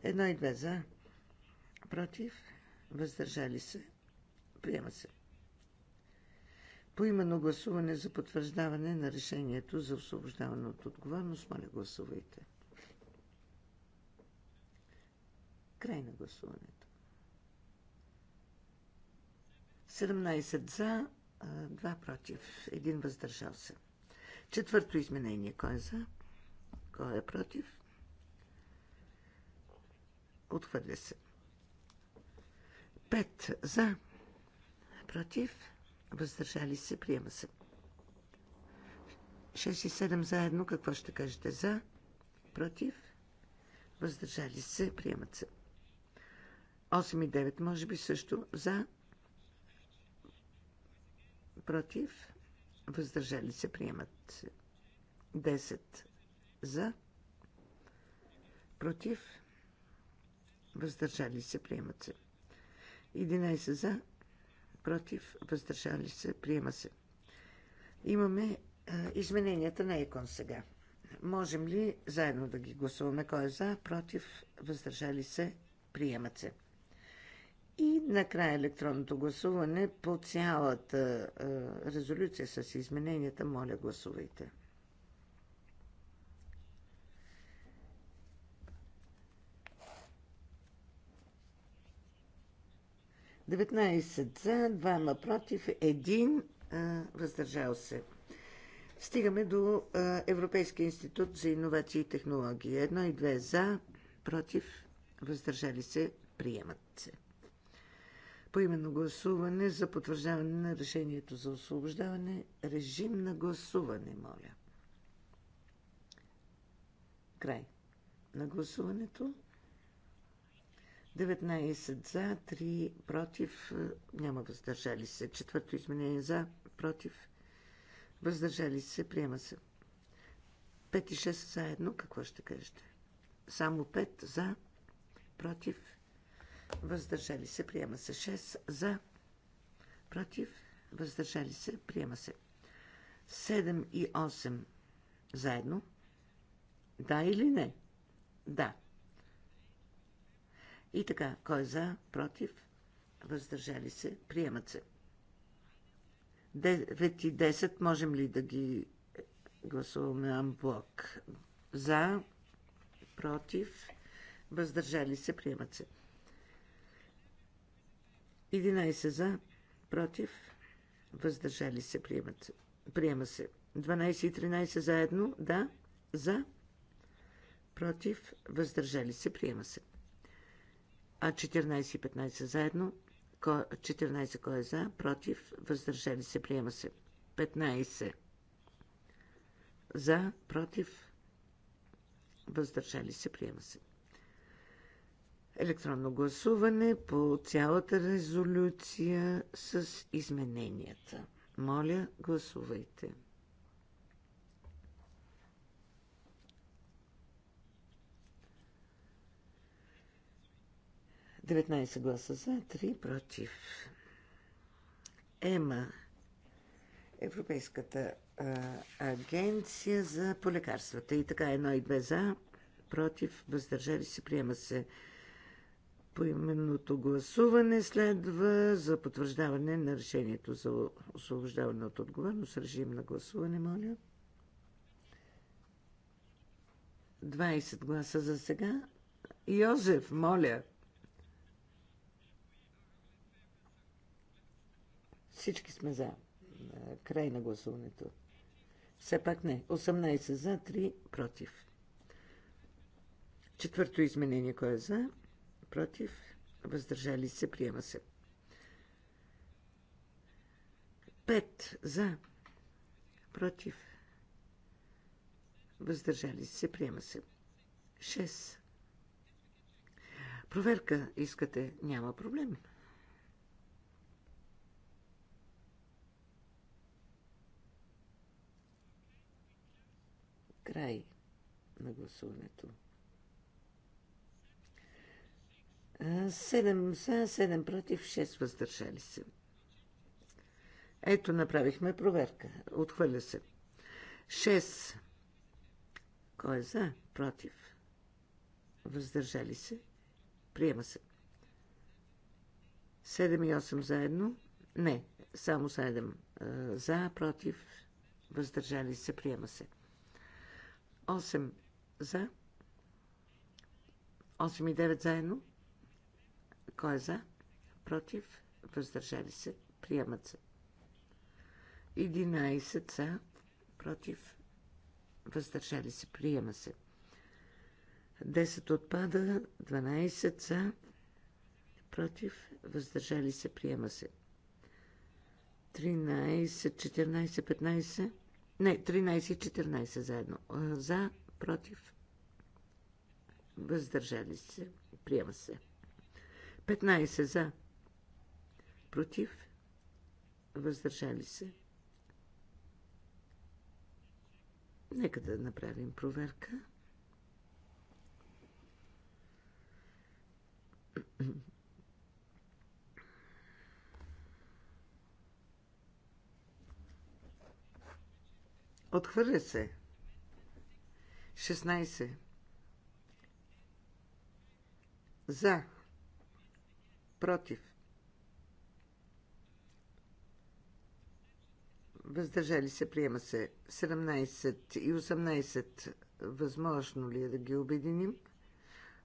Едно и две за, против, въздържали се, приема се. Поименно гласуване за потвърждаване на решението за освобождаване от отговорност. Моля, гласувайте. Край на гласуването. 17 за, 2 против, 1 въздържал се. Четвърто изменение. Кой е за? Кой е против? Отхвърля се. Пет за. Против. Въздържали се. Приема се. 6 и 7 заедно. Какво ще кажете? За. Против. Въздържали се. Приемат се. 8 и 9 може би също. За. Против въздържали се, приемат 10 за, против, въздържали се, приемат се. 11 за, против, въздържали се, приема се. Имаме а, измененията на ЕКОН сега. Можем ли заедно да ги гласуваме? Кой е за, против, въздържали се, приемат се. И накрая електронното гласуване по цялата е, резолюция с измененията. Моля, гласувайте. Деветнайсет за, двама против, един е, въздържал се. Стигаме до е, Европейския институт за иновации и технологии. Едно и две за, против, въздържали се, приемат се. Поименно гласуване за потвърждаване на решението за освобождаване. Режим на гласуване, моля. Край на гласуването. 19 за, 3 против, няма въздържали се. Четвърто изменение за, против, въздържали се, приема се. 5 и 6 заедно, какво ще кажете? Само 5 за, против, въздържали се, приема се 6 за, против, въздържали се, приема се 7 и 8 заедно. Да или не? Да. И така, кой е за, против, въздържали се, приемат се. 9 и 10 можем ли да ги гласуваме амблок? За, против, въздържали се, приемат се. 11 за, против, въздържали се, приемат. Приема се. 12 и 13 заедно, да, за, против, въздържали се, приема се. А 14 и 15 заедно, 14 кой е за, против, въздържали се, приема се. 15 за, против, въздържали се, приема се електронно гласуване по цялата резолюция с измененията. Моля, гласувайте. Деветнайсет гласа за, три против. Ема, Европейската а, агенция за по лекарствата. И така, едно и две за, против, въздържали се, приема се. Поименното гласуване следва за потвърждаване на решението за освобождаване от отговорност. Режим на гласуване, моля. 20 гласа за сега. Йозеф, моля. Всички сме за. Край на гласуването. Все пак не. 18 за, 3 против. Четвърто изменение, кое е за? против, въздържали се, приема се. Пет за, против, въздържали се, приема се. Шест. Проверка искате, няма проблем. Край на гласуването. 7 за, 7 против, 6 въздържали се. Ето, направихме проверка. Отхвърля се. 6. Кой е за? Против. Въздържали се. Приема се. 7 и 8 заедно. Не, само 7. За, против, въздържали се, приема се. 8 за. 8 и 9 заедно. Кой е за? Против? Въздържали се? Приемат се. 11 за. Против? Въздържали се? Приема се. 10 отпада. 12 за. Против? Въздържали се? Приема се. 13, 14, 15. Не, 13 14 заедно. За, против, въздържали се, приема се. 15 за. Против. Въздържали се. Нека да направим проверка. Отхвърля се. 16. За против, въздържали се, приема се 17 и 18. Възможно ли е да ги обединим?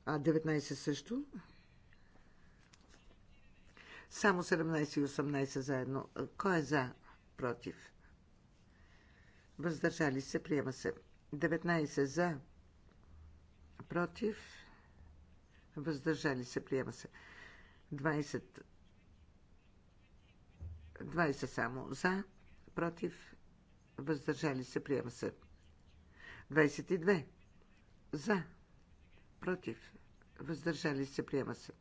А 19 също? Само 17 и 18 заедно. Кой е за? Против. Въздържали се, приема се. 19 за. Против. Въздържали се, приема се. 20. 20 само за, против, въздържали се, приема се. 22. За, против, въздържали се, приема се.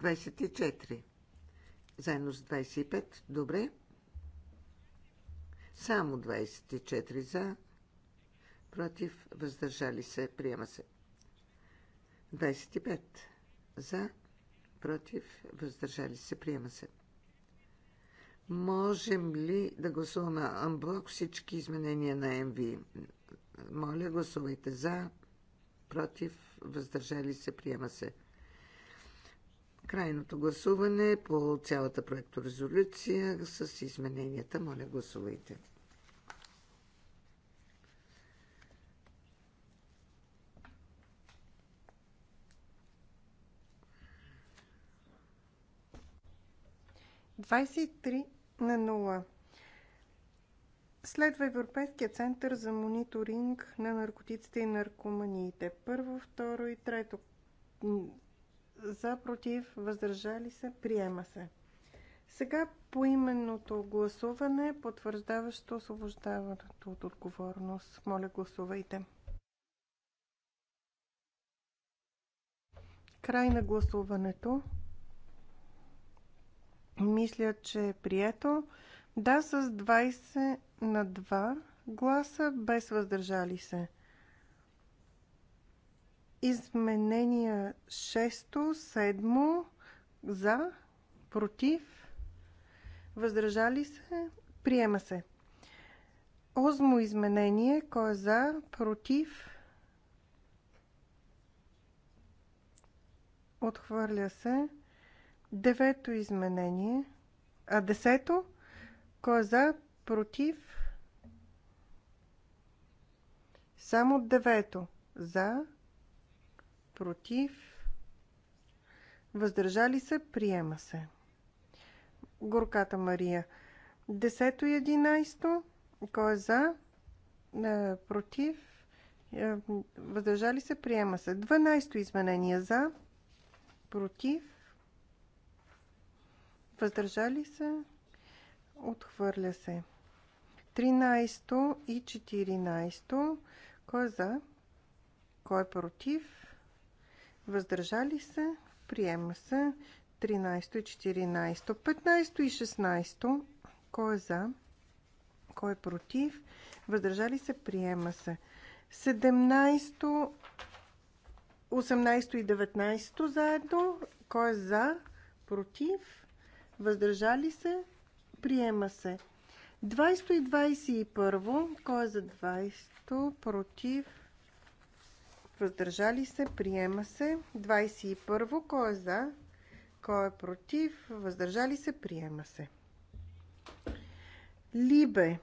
24. Заедно с 25. Добре. Само 24 за, против, въздържали се, приема се. 25. За, против, въздържали се, приема се. Можем ли да гласуваме анблок всички изменения на МВ? Моля, гласувайте за, против, въздържали се, приема се. Крайното гласуване по цялата проекторезолюция с измененията. Моля, гласувайте. 23 на 0. Следва Европейския център за мониторинг на наркотиците и наркоманиите. Първо, второ и трето. За, против, въздържали се, приема се. Сега по именното гласуване, потвърждаващо освобождаването от отговорност. Моля, гласувайте. Край на гласуването. Мисля, че е прието. Да, с 20 на 2 гласа, без въздържали се. Изменения 6, 7 за, против, въздържали се, приема се. Осмо изменение, кой е за, против, отхвърля се. Девето изменение. А десето? Кой е за? Против? Само девето. За? Против? Въздържали се? Приема се. Горката Мария. Десето и единайсто. Кой е за? Е, против? Е, въздържали се? Приема се. Дванайсто изменение. За? Против? въздържали се, отхвърля се. 13 и 14, кой е за, кой е против, въздържали се, приема се. 13 и 14, 15 и 16, кой е за, кой е против, въздържали се, приема се. 17, 18 и 19 заедно, кой е за, против, въздържали се, приема се. 20 и 21, кой е за 20, против, въздържали се, приема се. 21, кой е за, кой е против, въздържали се, приема се. Либе.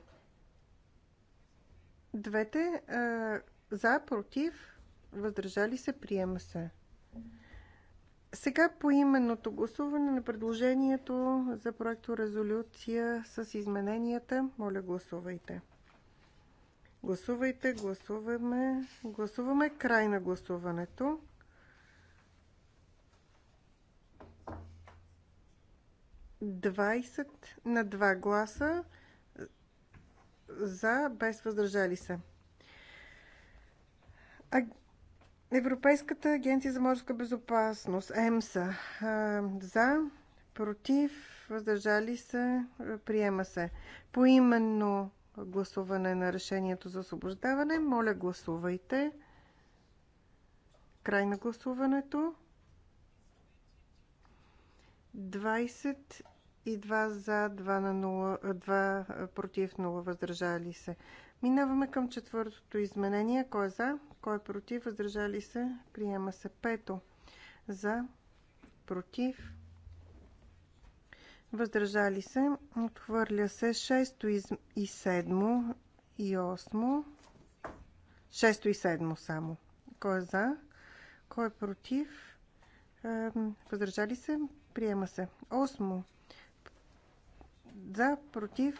Двете е, за, против, въздържали се, приема се. Сега по именното гласуване на предложението за проекто резолюция с измененията. Моля, гласувайте. Гласувайте, гласуваме. Гласуваме край на гласуването. Двадесет на два гласа за без въздържали се. Европейската агенция за морска безопасност, ЕМСА, за, против, въздържали се, приема се. Поименно гласуване на решението за освобождаване. Моля, гласувайте. Край на гласуването. 22 за, 2, на 0, 2 против, 0 въздържали се. Минаваме към четвъртото изменение. Кой е за? Кой е против? Въздържали се? Приема се. Пето. За. Против. Въздържали се. Отхвърля се. Шесто и седмо. И осмо. Шесто и седмо само. Кой е за? Кой е против? Въздържали се? Приема се. Осмо. За. Против.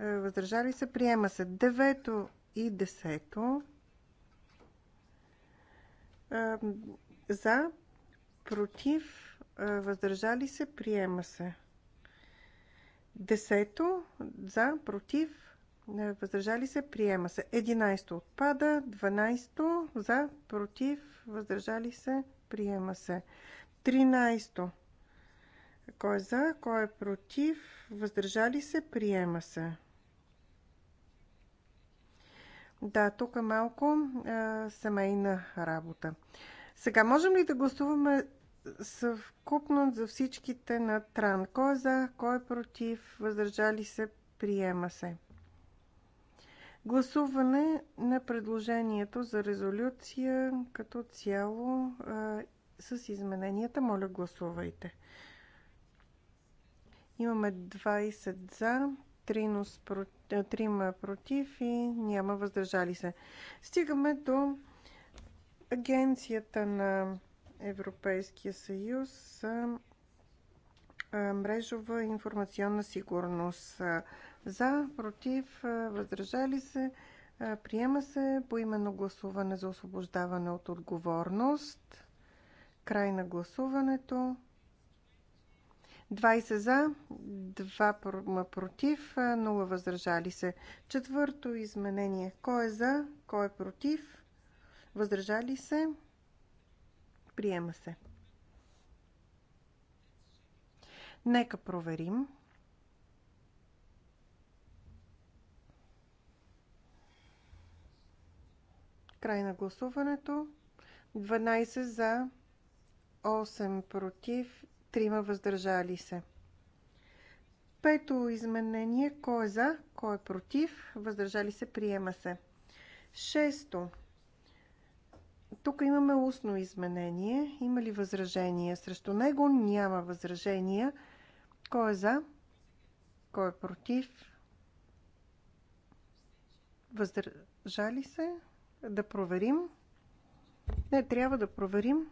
Е, въздържали се? Приема се. Девето и десето за, против, въздържали се, приема се. Десето, за, против, въздържали се, приема се. Единайсто отпада, дванайсто, за, против, въздържали се, приема се. Тринайсто, кой е за, кой е против, въздържали се, приема се. Да, тук е малко а, семейна работа. Сега, можем ли да гласуваме съвкупно за всичките на Тран? Кой е за, кой е против, въздържали се, приема се. Гласуване на предложението за резолюция като цяло а, с измененията. Моля, гласувайте. Имаме 20 за, е, трима против и няма въздържали се. Стигаме до Агенцията на Европейския съюз за е, мрежова информационна сигурност. За, против, е, въздържали се. Приема се по именно гласуване за освобождаване от отговорност. Край на гласуването. 20 за, 2 против, 0 въздържали се. Четвърто изменение. Кой е за, кой е против, въздържали се, приема се. Нека проверим. Край на гласуването. 12 за, 8 против трима въздържали се. Пето изменение. Кой е за? Кой е против? Въздържали се? Приема се. Шесто. Тук имаме устно изменение. Има ли възражение? Срещу него няма възражения. Кой е за? Кой е против? Въздържали се? Да проверим. Не, трябва да проверим.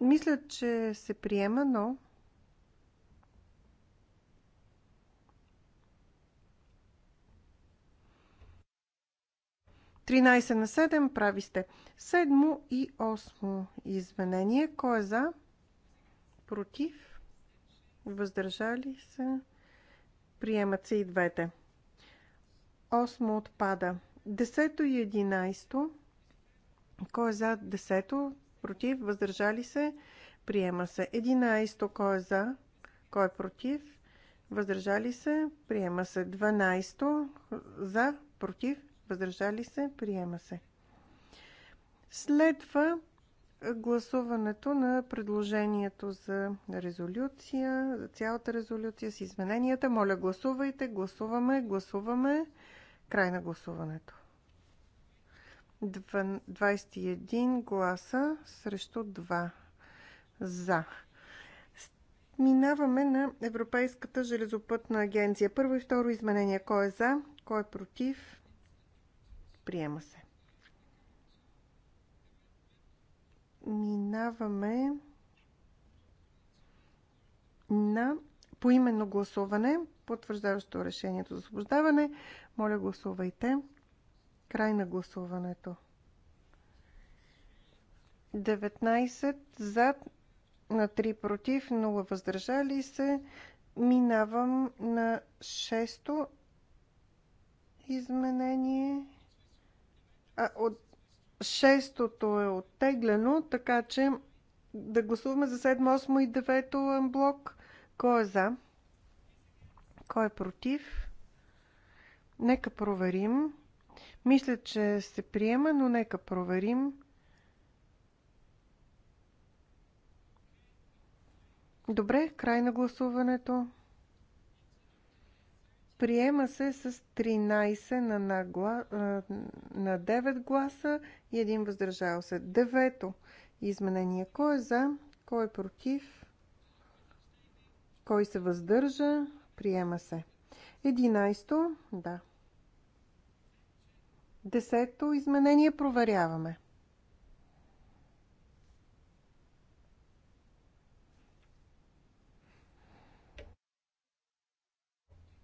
Мисля, че се приема, но... Тринайсет на 7 прави сте. Седмо и осмо изменение. Кой е за? Против? Въздържали се? Приемат се и двете. Осмо отпада. Десето и единайсто. Кой е за десето? против, въздържали се, приема се. 11 кой е за, кой е против, въздържали се, приема се. 12 за, против, въздържали се, приема се. Следва гласуването на предложението за резолюция, за цялата резолюция с измененията. Моля, гласувайте, гласуваме, гласуваме. Край на гласуването. 21 гласа срещу 2 за. Минаваме на Европейската железопътна агенция. Първо и второ изменение. Кой е за? Кой е против? Приема се. Минаваме на поименно гласуване, потвърждаващо решението за освобождаване. Моля, гласувайте. Край на гласуването. 19 за, на 3 против, 0 въздържали се. Минавам на 6-то изменение. А, от 6-тото е оттеглено, така че да гласуваме за 7, 8 и 9 то блок. Кой е за? Кой е против? Нека проверим. Мисля, че се приема, но нека проверим. Добре, край на гласуването. Приема се с 13 на, нагла, на 9 гласа и един въздържал се. Девето изменение. Кой е за? Кой е против? Кой се въздържа? Приема се. Единайсто. Да. Десето изменение проверяваме.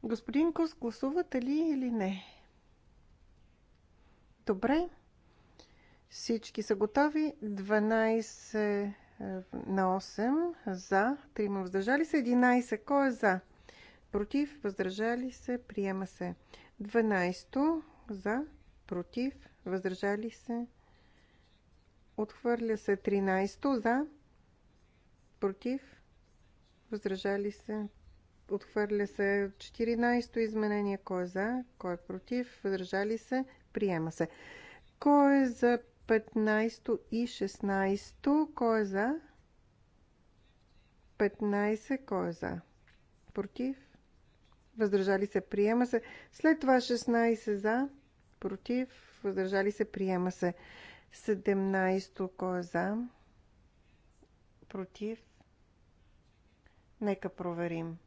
Господин Кус, гласувате ли или не? Добре. Всички са готови. 12 на 8 за, 3 въздържали се, 11 кой е за? Против, въздържали се, приема се. 12 за, против, въздържали се, отхвърля се 13 за, против, въздържали се, отхвърля се 14 изменение, кой е за, кой е против, въздържали се, приема се. Кой е за 15 и 16, кой е за? 15, кой е за? Против? Въздържали се, приема се. След това 16 за, против, въздържали се, приема се. 17 кой е за, против, нека проверим.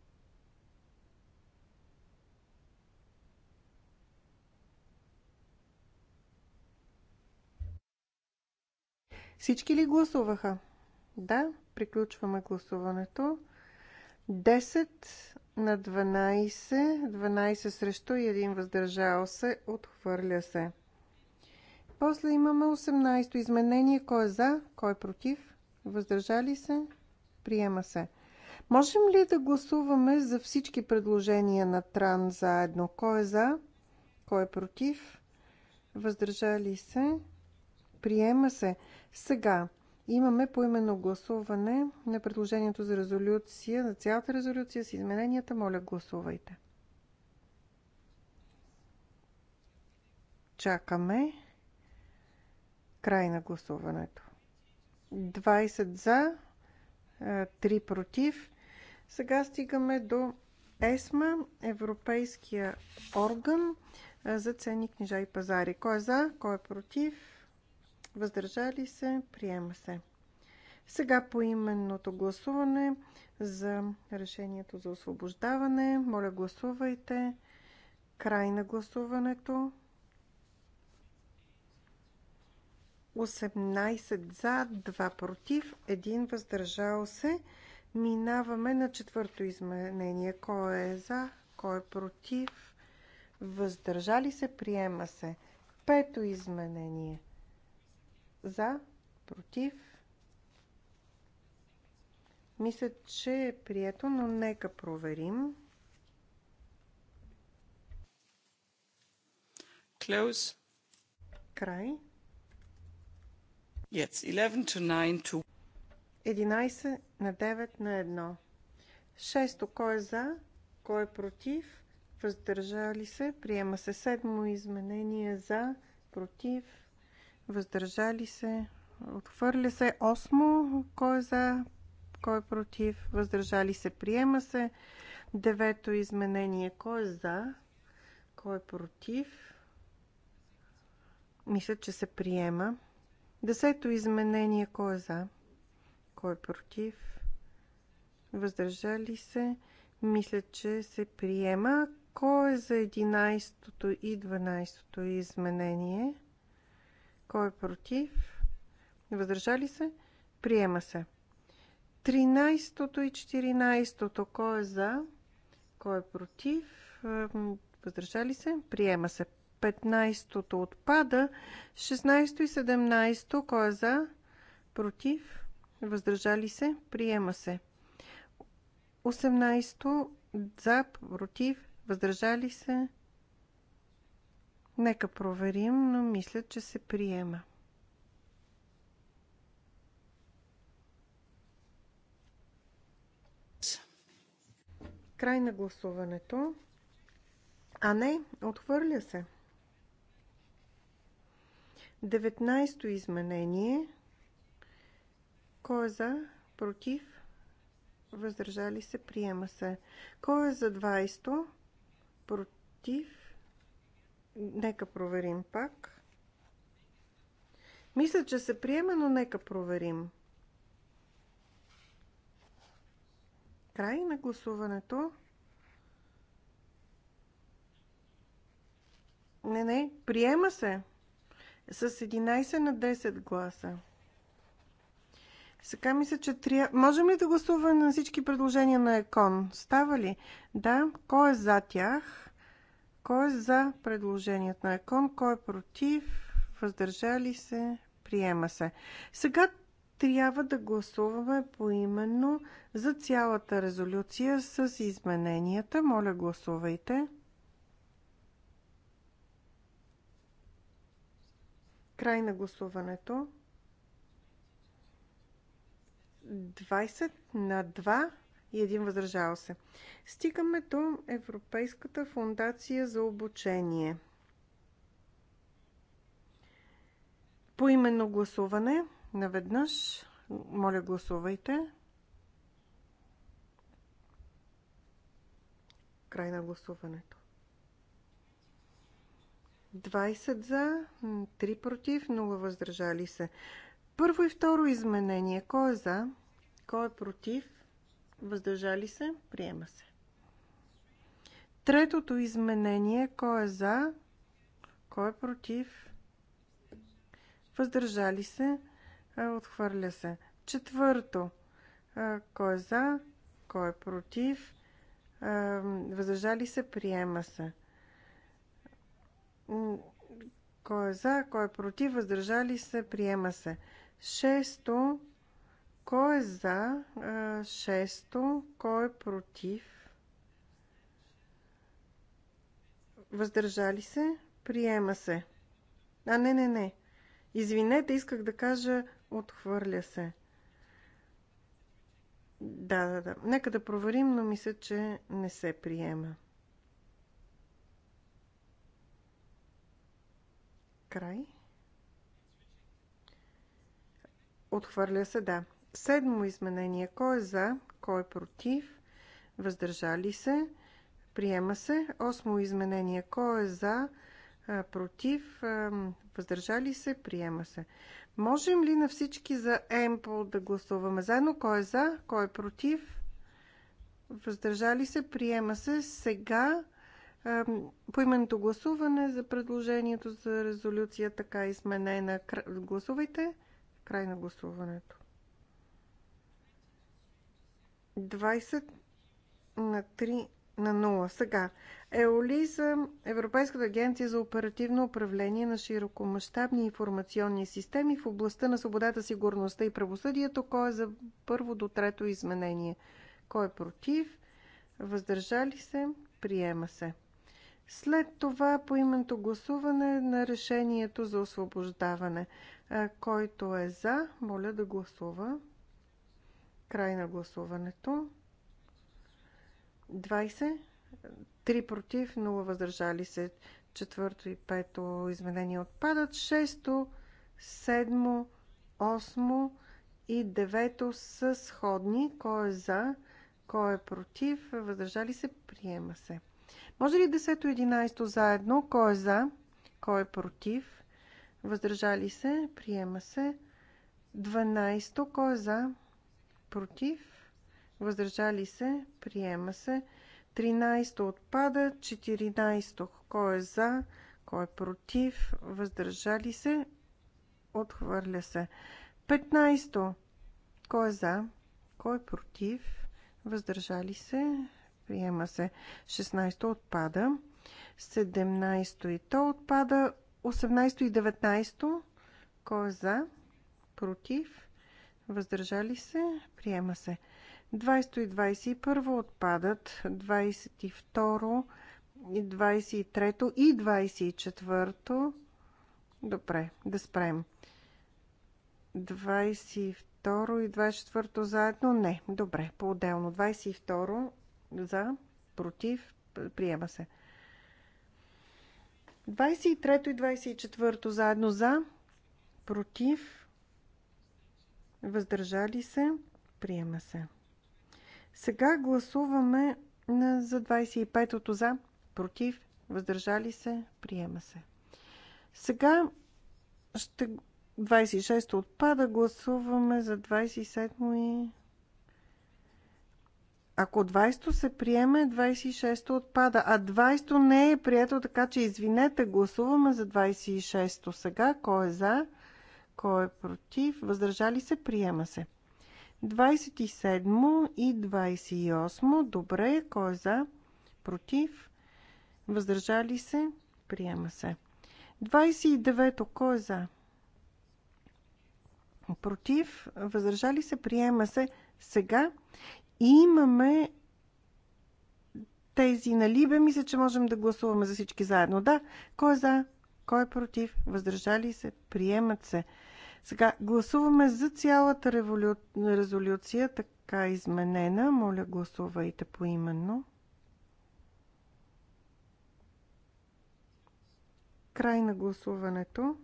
Всички ли гласуваха? Да, приключваме гласуването. 10 на 12, 12 срещу и един въздържал се, отхвърля се. После имаме 18-то изменение, кой е за, кой е против, въздържали се, приема се. Можем ли да гласуваме за всички предложения на Тран заедно? Кой е за, кой е против, въздържали се, приема се. Сега Имаме поименно гласуване на предложението за резолюция, на цялата резолюция с измененията. Моля, гласувайте. Чакаме. Край на гласуването. 20 за, 3 е, против. Сега стигаме до ЕСМА, Европейския орган е, за ценни книжа и пазари. Кой е за, кой е против? въздържали се, приема се. Сега по именното гласуване за решението за освобождаване. Моля, гласувайте. Край на гласуването. 18 за, 2 против, 1 въздържал се. Минаваме на четвърто изменение. Кой е за, кой е против? Въздържали се, приема се. Пето изменение – за, против. Мисля, че е прието, но нека проверим. Close. Край. Yes, 11 to 9 to... 11 на 9 на 1. Шесто, кой е за, кой е против, въздържали се, приема се седмо изменение за, против, въздържали се, отхвърля се. Осмо, кой е за, кой е против, въздържали се, приема се. Девето изменение, кой е за, кой е против, мисля, че се приема. Десето изменение, кой е за, кой е против, въздържали се, мисля, че се приема. Кой е за 11-то и 12-то изменение? Кой е против? Въздържали се? Приема се. 13-то и 14-то. Кой е за? Кой е против? Въздържали се? Приема се. 15-то отпада. 16-то и 17-то. Кой е за? Против? Въздържали се? Приема се. 18-то за, против, въздържали се, Нека проверим, но мисля, че се приема. Край на гласуването. А не, отхвърля се. 19-то изменение. Кой е за? Против? Въздържали се? Приема се. Кой е за 20-то? Против? Нека проверим пак. Мисля, че се приема, но нека проверим. Край на гласуването. Не, не, приема се с 11 на 10 гласа. Сега мисля, че три... можем ли да гласуваме на всички предложения на ЕКОН? Става ли? Да. Кой е за тях? Кой е за предложението на Екон? Кой е против? Въздържали се? Приема се. Сега трябва да гласуваме поименно за цялата резолюция с измененията. Моля, гласувайте. Край на гласуването. 20 на 2 и един въздържал се. Стигаме до Европейската фундация за обучение. По именно гласуване, наведнъж, моля гласувайте. Край на гласуването. 20 за, 3 против, 0 въздържали се. Първо и второ изменение. Кой е за? Кой е против? Въздържали се? Приема се. Третото изменение. Кой е за? Кой е против? Въздържали се? Отхвърля се. Четвърто. Кой е за? Кой е против? Въздържали се? Приема се. Кой е за? Кой е против? Въздържали се? Приема се. Шесто кой е за а, шесто? Кой е против? Въздържали се? Приема се. А, не, не, не. Извинете, исках да кажа отхвърля се. Да, да, да. Нека да проверим, но мисля, че не се приема. Край. Отхвърля се, да. Седмо изменение. Кой е за? Кой е против? Въздържали се? Приема се. Осмо изменение. Кой е за? Против? Въздържали се? Приема се. Можем ли на всички за МПО да гласуваме заедно? Кой е за? Кой е против? Въздържали се? Приема се. Сега поименното гласуване за предложението за резолюция така изменена. Гласувайте. Край на гласуването. 20 на 3 на 0. Сега, Еолиза, Европейската агенция за оперативно управление на широкомащабни информационни системи в областта на свободата, сигурността и правосъдието, кой е за първо до трето изменение, кой е против, въздържали се, приема се. След това по именто гласуване на решението за освобождаване. Който е за, моля да гласува. Край на гласуването. 20. 3 против, 0 въздържали се. Четвърто и пето изменение отпадат. Шесто, седмо, осмо и девето са сходни. Кой е за, кой е против, въздържали се, приема се. Може ли 10 и 11 заедно? Кой е за, кой е против, въздържали се, приема се. 12 кой е за, против, въздържали се, приема се. 13 отпада, 14 кой е за, кой е против, въздържали се, отхвърля се. 15 кой е за, кой е против, въздържали се, приема се. 16 отпада, 17 и то отпада, 18 и 19 кой е за, против, въздържали се, приема се. 20 и 21 отпадат, 22 и 23 и 24. Добре, да спрем. 22 и 24 заедно? Не. Добре, по-отделно. 22 за, против, приема се. 23 и 24 заедно за, против, въздържали се, приема се. Сега гласуваме за 25-тото за, против, въздържали се, приема се. Сега ще 26-то отпада, гласуваме за 27-то и... Ако 20-то се приеме, 26-то отпада, а 20-то не е прието, така че извинете, гласуваме за 26-то сега. Кой е за? Кой е против? Въздържали се? Приема се. 27 и 28. Добре. Кой е за? Против? Въздържали се? Приема се. 29. Кой е за? Против? Въздържали се? Приема се. Сега имаме тези на Либе. Мисля, че можем да гласуваме за всички заедно. Да. Кой е за? Кой е против? Въздържали се? Приемат се. Сега гласуваме за цялата револю... резолюция, така изменена. Моля, гласувайте поименно. Край на гласуването.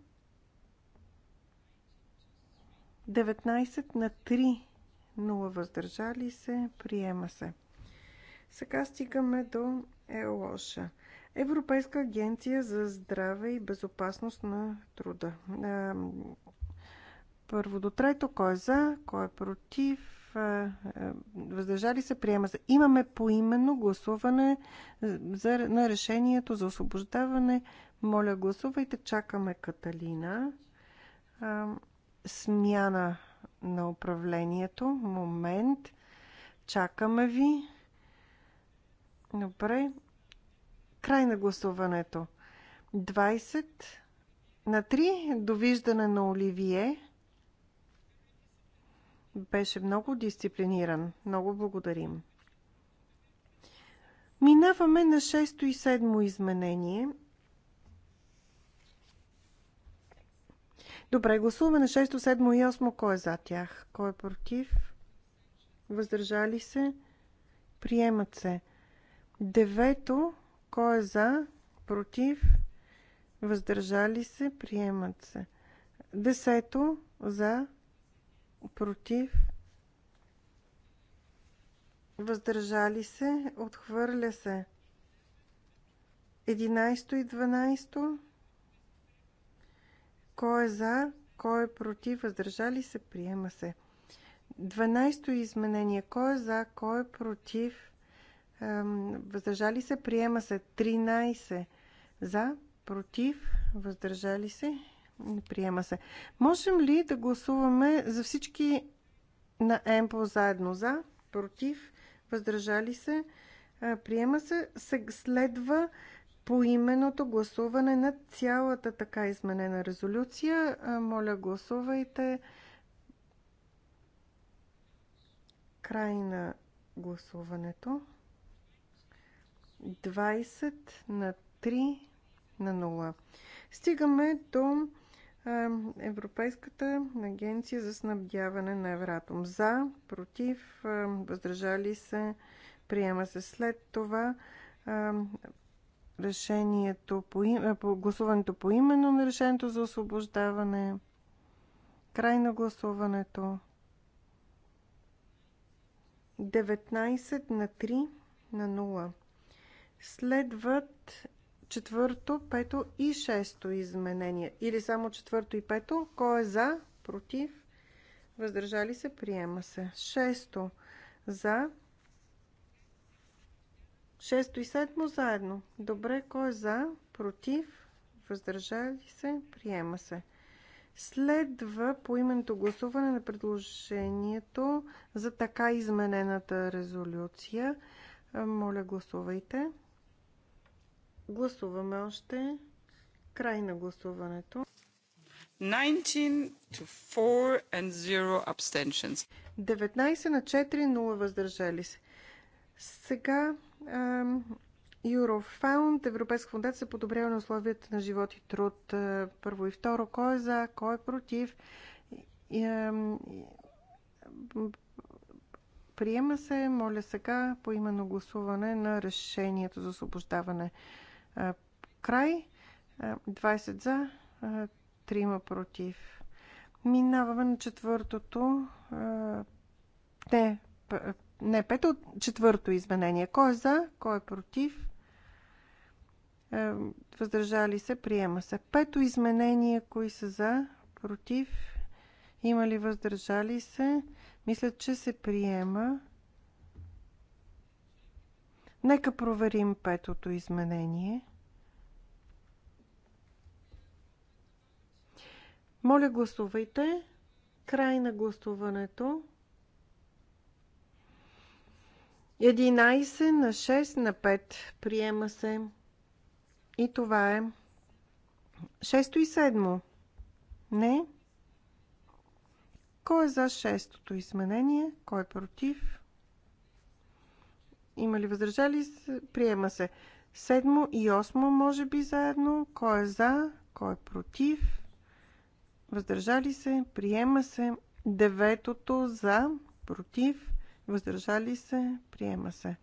19 на 3, 0 въздържали се, приема се. Сега стигаме до ЕОШа. Европейска агенция за здраве и безопасност на труда. Първо до трето, кой е за, кой е против, е, е, въздържали се, приема се. Имаме поименно гласуване е, за, на решението за освобождаване. Моля, гласувайте. Чакаме Каталина. Смяна на управлението. Момент. Чакаме ви. Добре. Край на гласуването. 20 на 3. Довиждане на Оливие. Беше много дисциплиниран. Много благодарим. Минаваме на 6 и 7 изменение. Добре, гласуваме на 6, 7 и 8. Кой е за тях? Кой е против? Въздържали се? Приемат се. Девето. Кой е за? Против? Въздържали се? Приемат се. Десето. За? против, въздържали се, отхвърля се. 11 и 12. Кой е за, кой е против, въздържали се, приема се. 12 изменение. Кой е за, кой е против, въздържали се, приема се. 13. За, против, въздържали се, Приема се. Можем ли да гласуваме за всички на МПО заедно за, против, въздържали се? Приема се. Следва поименното гласуване на цялата така изменена резолюция. Моля, гласувайте. Край на гласуването. 20 на 3 на 0. Стигаме до е, Европейската агенция за снабдяване на Евратом. За, против, е, въздържали се, приема се след това е, решението по, по гласуването по именно на решението за освобождаване. Край на гласуването. 19 на 3 на 0. Следват четвърто, пето и шесто изменение. Или само четвърто и пето. Кой е за? Против? Въздържали се? Приема се. Шесто. За. Шесто и седмо заедно. Добре, кой е за? Против? Въздържали се? Приема се. Следва по именто гласуване на предложението за така изменената резолюция. Моля, гласувайте. Гласуваме още. Край на гласуването. 19 на 4, 0 въздържали се. Сега Eurofound, Европейска фундация за подобряване на условията на живот и труд. Първо и второ, кой е за, кой е против. Приема се, моля сега, по именно гласуване на решението за освобождаване край. 20 за, 3 против. Минаваме на четвъртото. Не, не пето, четвърто изменение. Кой е за, кой е против? Въздържали се, приема се. Пето изменение, кои са за, против? Има ли въздържали се? Мисля, че се приема. Нека проверим петото изменение. Моля, гласувайте. Край на гласуването. 11 на 6 на 5 приема се. И това е. 6 и 7. Не. Кой е за 6-то изменение? Кой е против? Има ли въздържали се? Приема се. Седмо и осмо, може би, заедно. Кой е за? Кой е против? Въздържали се? Приема се. Деветото за? Против? Въздържали се? Приема се.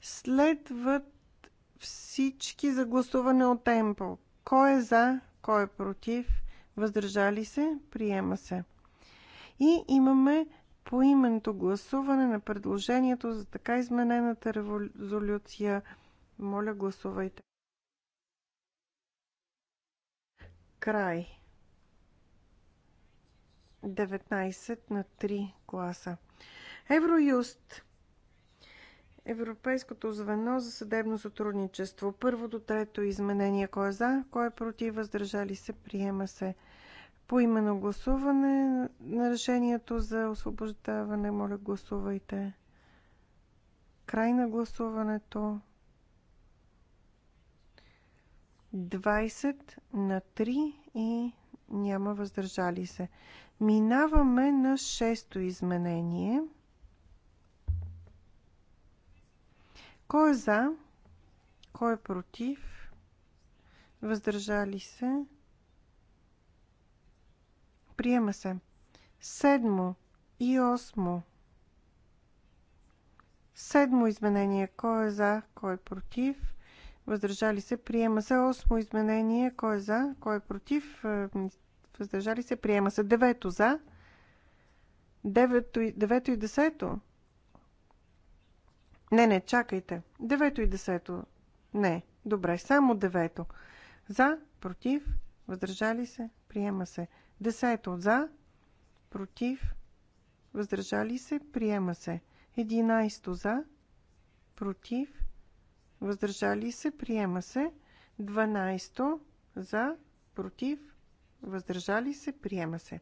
Следват всички за гласуване от темпо. Кой е за? Кой е против? Въздържали се? Приема се. И имаме по гласуване на предложението за така изменената резолюция. Моля, гласувайте. Край. 19 на 3 гласа. Евроюст. Европейското звено за съдебно сътрудничество. Първото, трето изменение. Кой е за, кой е против, въздържали се, приема се. По именно гласуване на решението за освобождаване, моля гласувайте. Край на гласуването. 20 на 3 и няма въздържали се. Минаваме на шесто изменение. Кой е за? Кой е против? Въздържали се? Приема се. Седмо и осмо. Седмо изменение. Кой е за? Кой е против? Въздържали се. Приема се. Осмо изменение. Кой е за? Кой е против? Е, въздържали се. Приема се. Девето за. Девето и, девето и десето. Не, не, чакайте. Девето и десето. Не. Добре, само девето. За, против, въздържали се, приема се. Десето за, против, въздържали се, приема се. Единайсто за, против, въздържали се, приема се. Дванайсто за, против, въздържали се, приема се.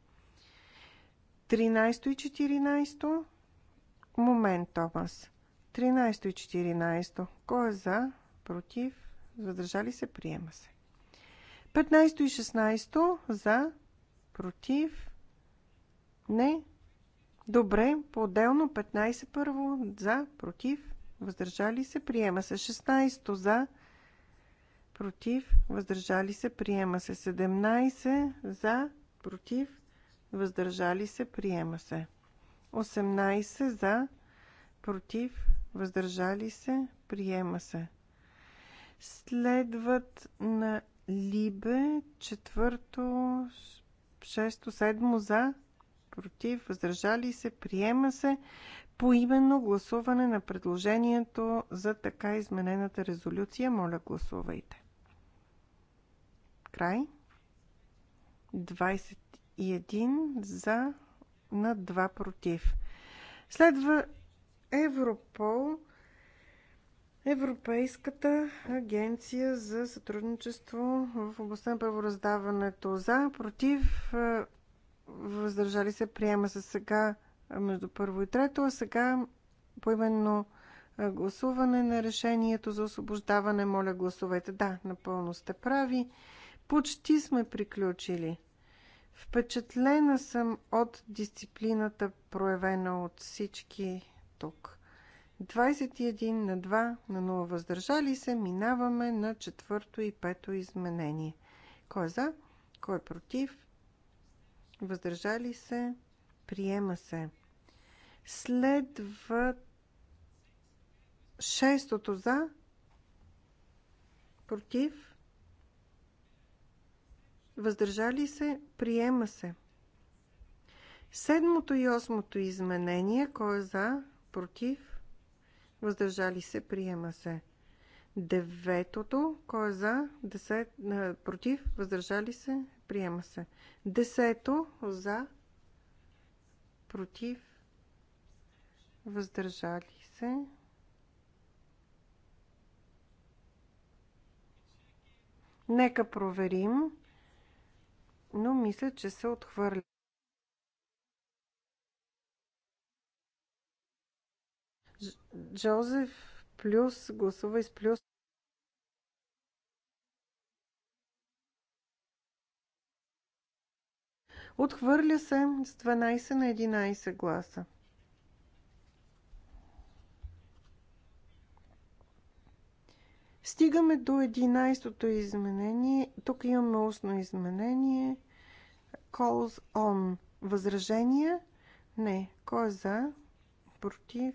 Тринайсто и четиринайсто, момент, Томас. Тринайсто и четиринайсто, кой е за, против, въздържали се, приема се. 15 и 16 за, Против? Не. Добре, по-отделно 15 първо за, против, въздържали се, приема се 16 за, против, въздържали се, приема се 17 за, против, въздържали се, приема се 18 за, против, въздържали се, приема се. Следват на Либе четвърто шесто, седмо за, против, въздържали се, приема се по именно гласуване на предложението за така изменената резолюция. Моля, гласувайте. Край. 21 за на 2 против. Следва Европол Европейската агенция за сътрудничество в областта на правораздаването за, против, е, въздържали се, приема се сега между първо и трето, а сега поименно е, гласуване на решението за освобождаване. Моля, гласувайте. Да, напълно сте прави. Почти сме приключили. Впечатлена съм от дисциплината, проявена от всички тук. 21 на 2 на 0 въздържали се. Минаваме на четвърто и пето изменение. Кой е за? Кой е против? Въздържали се? Приема се. Следва шестото за? Против? Въздържали се? Приема се. Седмото и осмото изменение. Кой е за? Против? въздържали се, приема се. Деветото, кой е за, десет, против, въздържали се, приема се. Десето, за, против, въздържали се. Нека проверим, но мисля, че се отхвърля. Джозеф плюс гласува и с плюс. Отхвърля се с 12 на 11 гласа. Стигаме до 11-то изменение. Тук имаме устно изменение. Calls on. Възражения? Не. Кой е за? Против?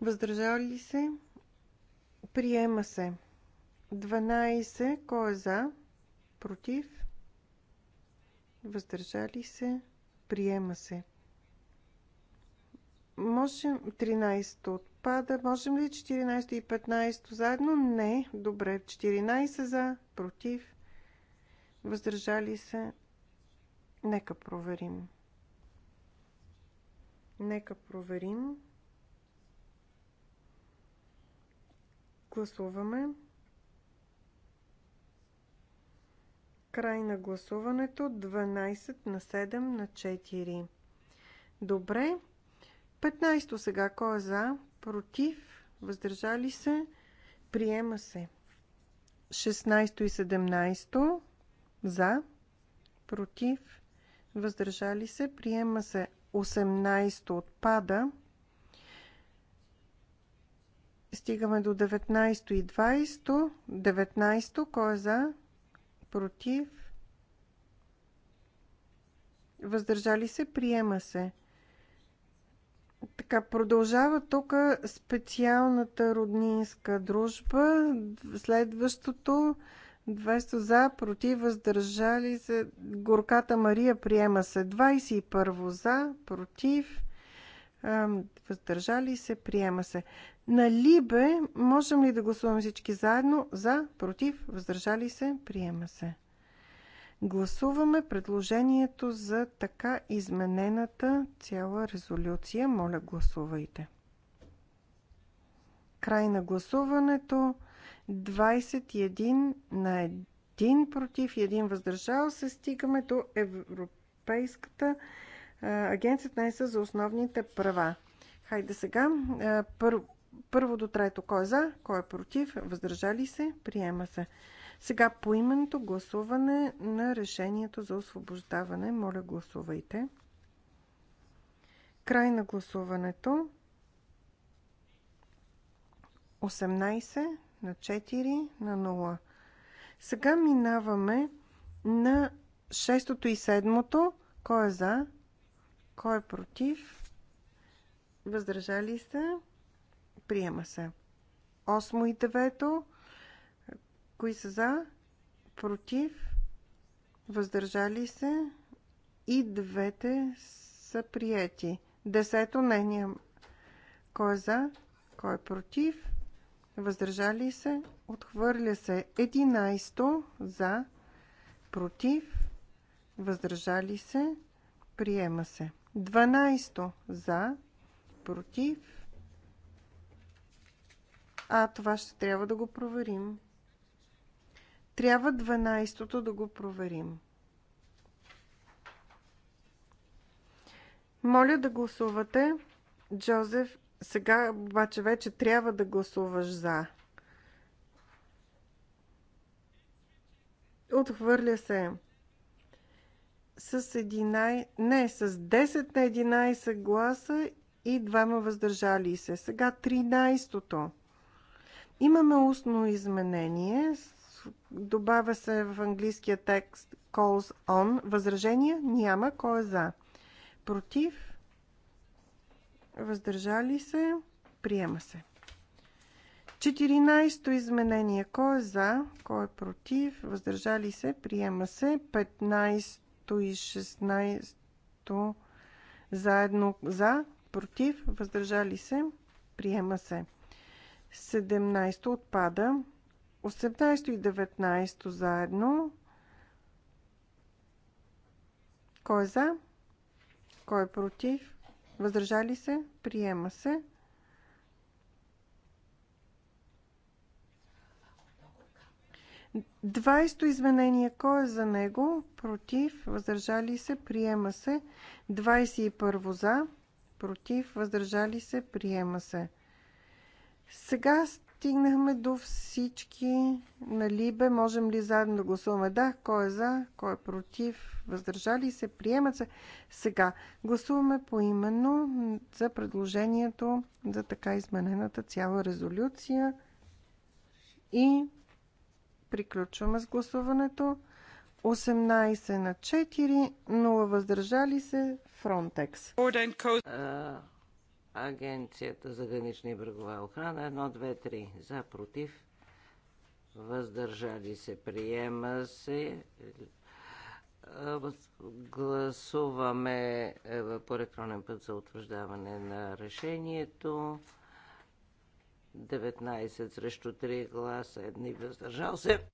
Въздържали се. Приема се. 12. Кой е за? Против. Въздържали се. Приема се. Можем 13 отпада. Можем ли 14 и 15 заедно? Не. Добре. 14 за, против. Въздържали се. Нека проверим. Нека проверим. Гласуваме. Край на гласуването 12 на 7 на 4. Добре. 15 сега. Кой е за? Против? Въздържали се? Приема се. 16 и 17 за, против, въздържали се, приема се 18 отпада. Стигаме до 19 и 20. 19, кой е за? Против? Въздържали се? Приема се. Така, продължава тук специалната роднинска дружба. Следващото 200 за, против, въздържали се. Горката Мария приема се 21 за, против, въздържали се, приема се на Либе можем ли да гласуваме всички заедно? За, против, въздържали се, приема се. Гласуваме предложението за така изменената цяла резолюция. Моля, гласувайте. Край на гласуването. 21 на 1 против и 1 въздържал се. Стигаме до Европейската агенция на за основните права. Хайде сега. Първо, първо до трето. Кой е за, кой е против, въздържали се, приема се. Сега по именното гласуване на решението за освобождаване. Моля, гласувайте. Край на гласуването. 18 на 4 на 0. Сега минаваме на 6 и 7. Кой е за? Кой е против? Въздържали се? Приема се. Осмо и девето. Кои са за? Против. Въздържали се. И двете са прияти. Десето не няма. Кой е за? Кой е против? Въздържали се. Отхвърля се. Единайсто. За. Против. Въздържали се. Приема се. Дванайсто. За. Против а, това ще трябва да го проверим. Трябва 12-то да го проверим. Моля да гласувате. Джозеф, сега обаче вече трябва да гласуваш за. Отхвърля се с 11, не, с 10 на 11 гласа и двама въздържали се. Сега 13-то. Имаме устно изменение. Добавя се в английския текст calls on. Възражения няма. Кой е за? Против? Въздържали се? Приема се. 14-то изменение. Кой е за? Кой е против? Въздържали се? Приема се. 15-то и 16-то заедно за? Против? Въздържали се? Приема се. 17 отпада. 18 и 19 заедно. Кой е за? Кой е против? Въздържали се? Приема се. Двайсто изменение. Кой е за него? Против. Въздържали се. Приема се. 21 за. Против. Въздържали се. Приема се. Сега стигнахме до всички на Либе. Можем ли заедно да гласуваме? Да. Кой е за? Кой е против? Въздържали се? Приемат се? Сега гласуваме по именно за предложението за така изменената цяла резолюция и приключваме с гласуването. 18 на 4, 0 въздържали се, Фронтекс. Агенцията за гранична и брегова охрана. Едно, 2, 3 за, против, въздържали се, приема се. Гласуваме е, по електронен път за утвърждаване на решението. 19 срещу 3 гласа, едни въздържал се.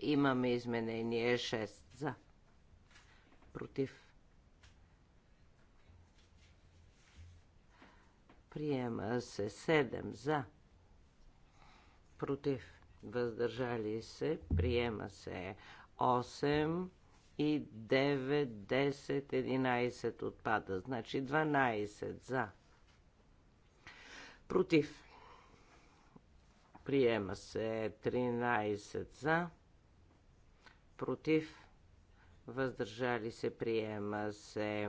Имаме изменение 6 за. Против Приема се 7 за. Против. Въздържали се. Приема се 8 и 9, 10, 11 отпада. Значи 12 за. Против. Приема се 13 за. Против. Въздържали се. Приема се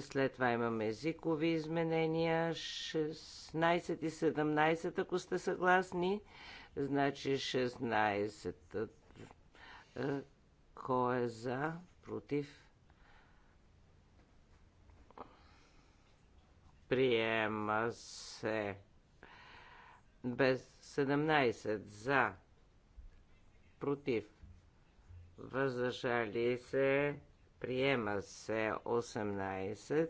след това имаме езикови изменения 16 и 17, ако сте съгласни. Значи 16. Кой е за? Против? Приема се. Без 17 за. Против. Въздържали се. Приема се 18.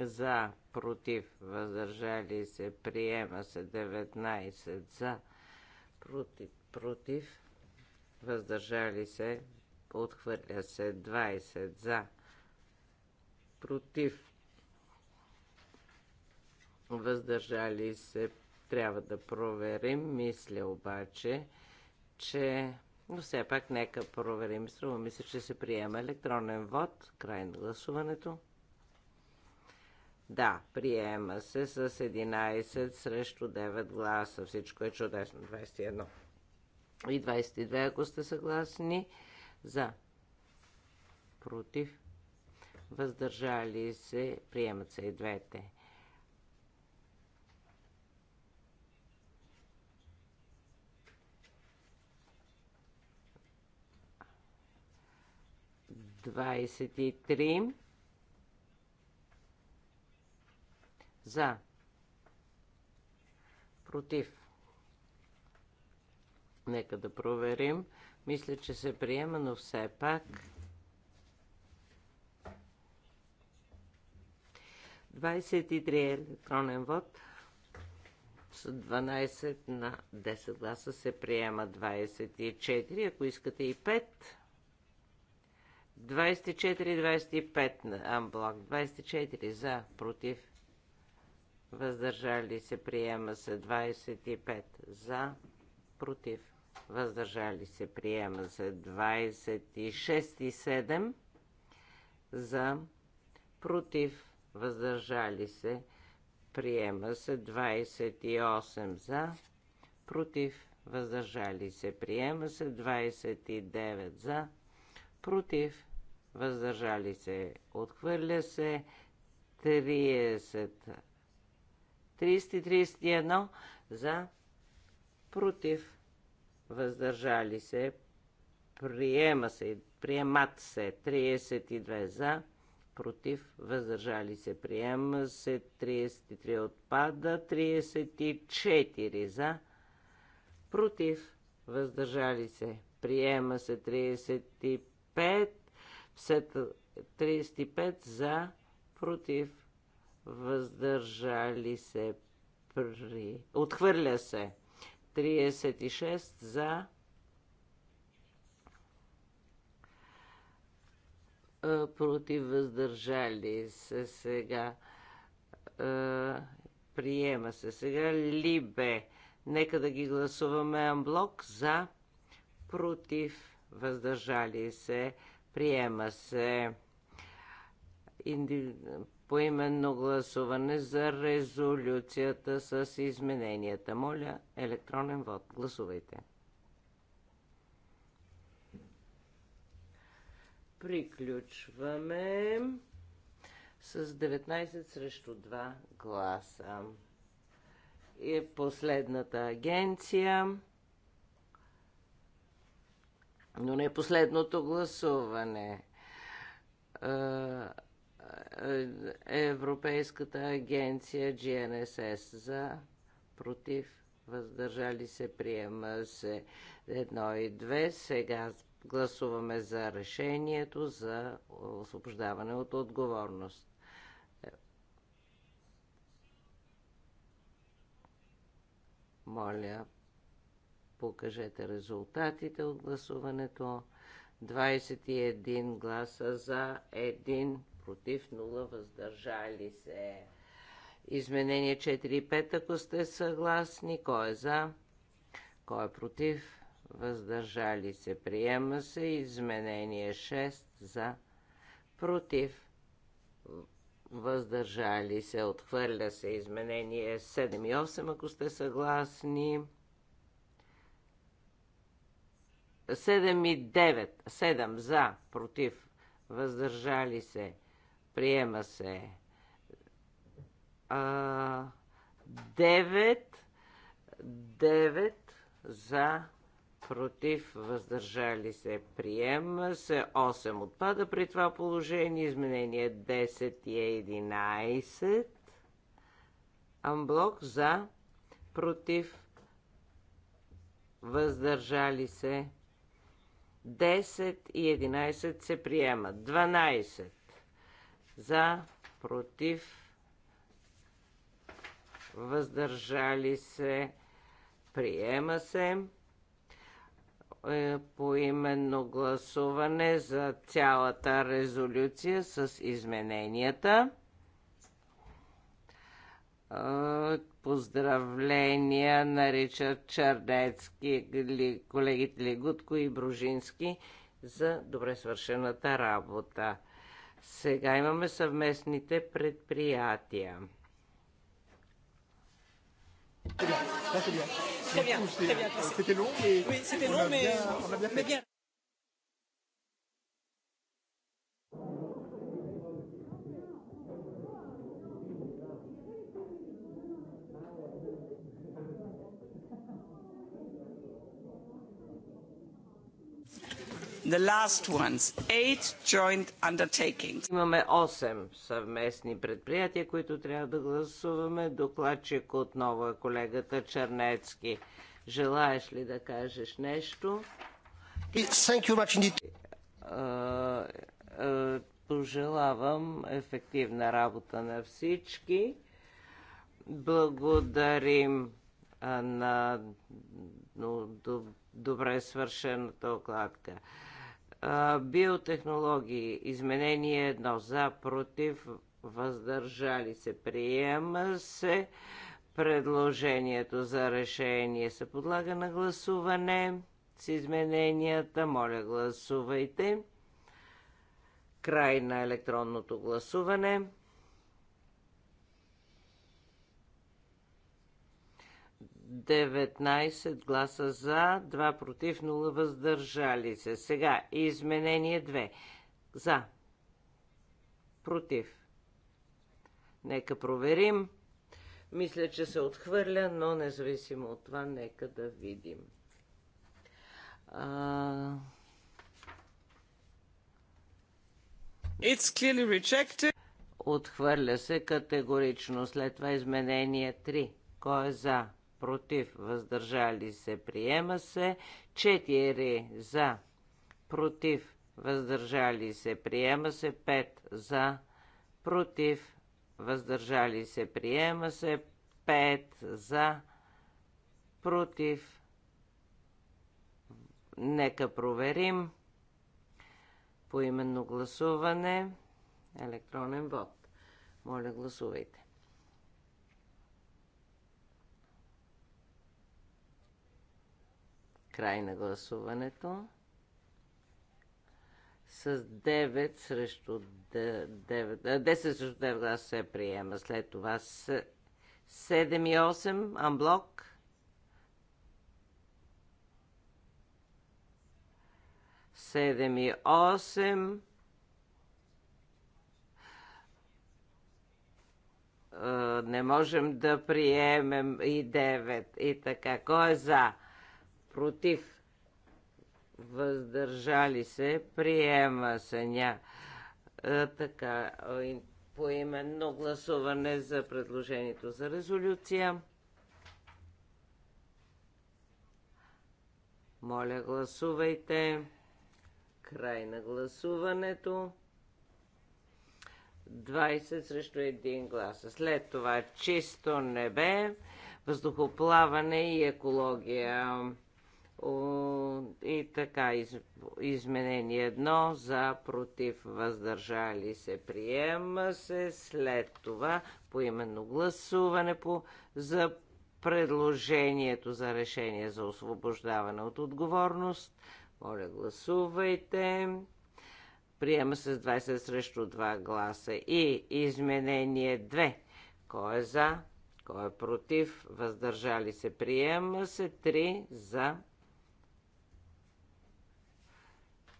За, против, въздържали се. Приема се 19. За, против, против въздържали се. Отхвърля се 20. За, против, въздържали се. Трябва да проверим. Мисля обаче, че... Но все пак нека проверим. Струва ми се, че се приема електронен вод. Край на гласуването. Да, приема се с 11 срещу 9 гласа. Всичко е чудесно. 21. И 22, ако сте съгласни. За. Против. Въздържали се. Приемат се и двете. 23 за против. Нека да проверим. Мисля, че се приема, но все пак. 23 е електронен вод с 12 на 10 гласа се приема 24, ако искате и 5. 24-25 амблок. 24 за, против, въздържали се, приема се. 25 за, против, въздържали се, приема се. 26 и 7 за, против, въздържали се, приема се. 28 за, против, въздържали се, приема се. 29 за, против, въздържали се, отхвърля се 30. 331 за, против, въздържали се, приема се, приемат се 32 за, против, въздържали се, приема се 33 отпада, 34 за, против, въздържали се, приема се 35 35 за, против, въздържали се при... Отхвърля се. 36 за, против, въздържали се сега. Приема се сега. Либе. Нека да ги гласуваме амблок за, против, въздържали се. Приема се инди... поименно гласуване за резолюцията с измененията. Моля, електронен вод. Гласувайте. Приключваме с 19 срещу 2 гласа. И последната агенция но не последното гласуване. Европейската агенция GNSS за против въздържали се приема се едно и две. Сега гласуваме за решението за освобождаване от отговорност. Моля, Покажете резултатите от гласуването. 21 гласа за, 1 против, 0 въздържали се. Изменение 4 и 5, ако сте съгласни. Кой е за? Кой е против? Въздържали се. Приема се. Изменение 6 за, против, въздържали се. Отхвърля се. Изменение 7 и 8, ако сте съгласни. 7 и 9. 7 за, против, въздържали се, приема се. А, 9, 9 за, против, въздържали се, приема се. 8 отпада при това положение. Изменение 10 и 11. Амблок за, против, въздържали се, 10 и 11 се приемат. 12 за, против, въздържали се, приема се е, по именно гласуване за цялата резолюция с измененията. Е, Поздравления на Ричард Чернецки, колегите Легутко и Бружински за добре свършената работа. Сега имаме съвместните предприятия. C'était bien, c'était bien. C'était long, mais oui, c'était long, mais, on a bien fait. The last ones, eight joint undertakings. Имаме 8 съвместни предприятия, които трябва да гласуваме. Докладчик отново е колегата Чернецки. Желаеш ли да кажеш нещо? Thank you much indeed. Uh, uh, пожелавам ефективна работа на всички. Благодарим на добре свършената окладка биотехнологии. Изменение едно за, против, въздържали се. Приема се. Предложението за решение се подлага на гласуване с измененията. Моля, гласувайте. Край на електронното гласуване. 19 гласа за, 2 против, 0 въздържали се. Сега изменение 2. За. Против. Нека проверим. Мисля, че се отхвърля, но независимо от това, нека да видим. А... It's clearly rejected. Отхвърля се категорично. След това изменение 3. Кой е за? против, въздържали се, приема се. 4 за, против, въздържали се, приема се. 5 за, против, въздържали се, приема се. 5 за, против. Нека проверим поименно гласуване, електронен вод. Моля, гласувайте. Край на гласуването. С 9 срещу 9, 10 срещу 9 гласа се приема. След това с 7 и 8 амблок. Седем и осем. не можем да приемем и 9 и така. Кой е за? против, въздържали се, приема се ня. Така, поименно гласуване за предложението за резолюция. Моля, гласувайте. Край на гласуването. 20 срещу 1 гласа. След това чисто небе, въздухоплаване и екология. И така, из, изменение едно за против въздържали се приема се. След това поименно гласуване по, за предложението за решение за освобождаване от отговорност. Моля, гласувайте. Приема се с 20 срещу 2 гласа. И изменение 2. Кой е за? Кой е против? Въздържали се. Приема се 3 за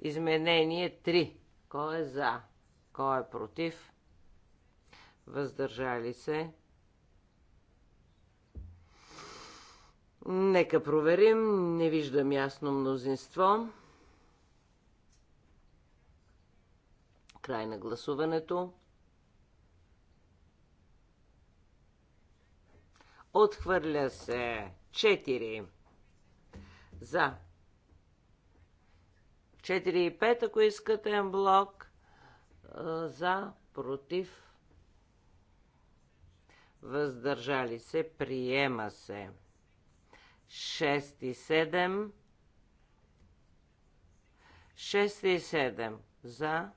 Изменение 3. Кой е за? Кой е против? Въздържали се? Нека проверим. Не виждам ясно мнозинство. Край на гласуването. Отхвърля се. 4. За. 4 и 5, ако искате, блок за, против, въздържали се, приема се. 6 и 7. 6 и 7 за,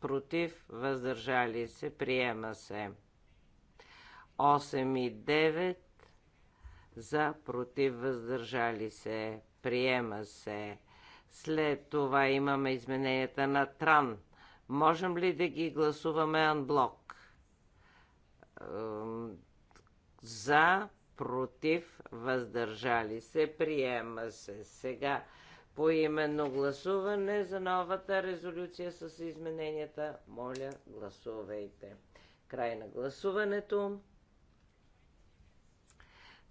против, въздържали се, приема се. 8 и 9 за, против, въздържали се, приема се. След това имаме измененията на Тран. Можем ли да ги гласуваме анблок? За, против, въздържали се, приема се. Сега по именно гласуване за новата резолюция с измененията. Моля, гласувайте. Край на гласуването.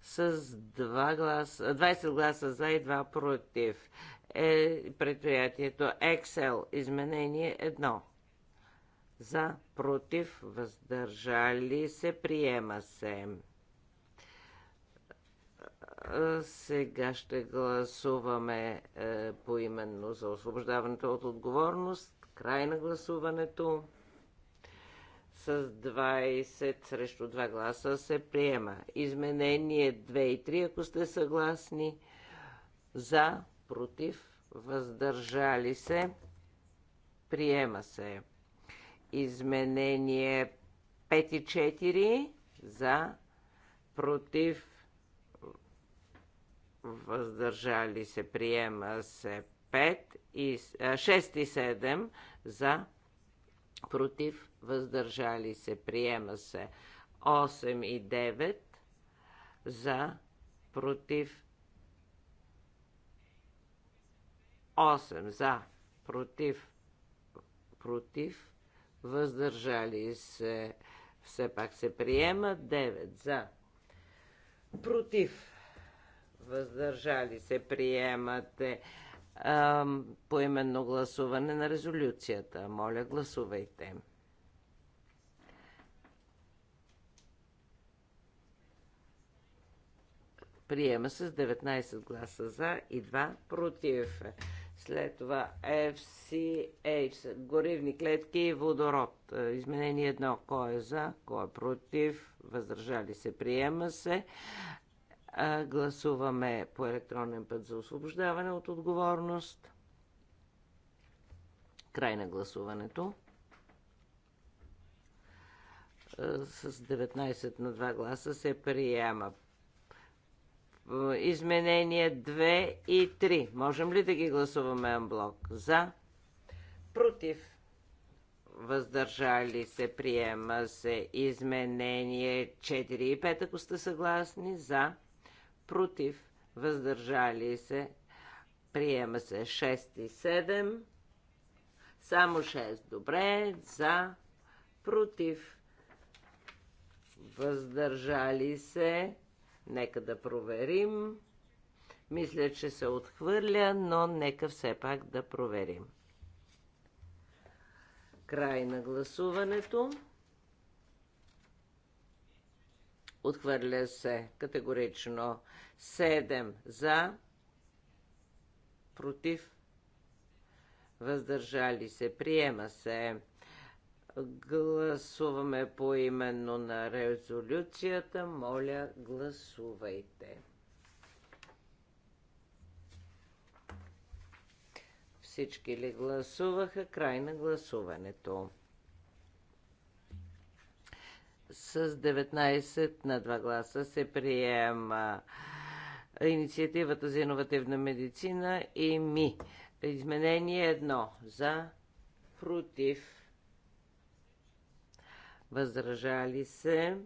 С 2 гласа, 20 гласа за и 2 против е предприятието Excel изменение 1. За, против, въздържали се, приема се. Сега ще гласуваме е, поименно за освобождаването от отговорност. Край на гласуването с 20 срещу 2 гласа се приема. Изменение 2 и 3, ако сте съгласни. За, против, въздържали се, приема се. Изменение 5 и 4 за, против, въздържали се, приема се 5 и 6 и 7 за, против, въздържали се, приема се 8 и 9 за, против, 8 за, против, против, въздържали се, все пак се приема, 9 за, против, въздържали се, приемате по именно гласуване на резолюцията. Моля, гласувайте. Приема с 19 гласа за и 2 против. След това FCH, горивни клетки и водород. Е, изменение едно. Кой е за, кой е против, въздържали се, приема се. Е, гласуваме по електронен път за освобождаване от отговорност. Край на гласуването. Е, с 19 на 2 гласа се приема. Изменения 2 и 3. Можем ли да ги гласуваме анблок? За. Против. Въздържали се. Приема се. Изменение 4 и 5, ако сте съгласни. За. Против. Въздържали се. Приема се 6 и 7. Само 6. Добре. За. Против. Въздържали се. Нека да проверим. Мисля, че се отхвърля, но нека все пак да проверим. Край на гласуването. Отхвърля се категорично 7 за, против, въздържали се, приема се Гласуваме по именно на резолюцията. Моля, гласувайте. Всички ли гласуваха? Край на гласуването. С 19 на 2 гласа се приема инициативата за иновативна медицина и ми. Изменение едно за против въздържали се.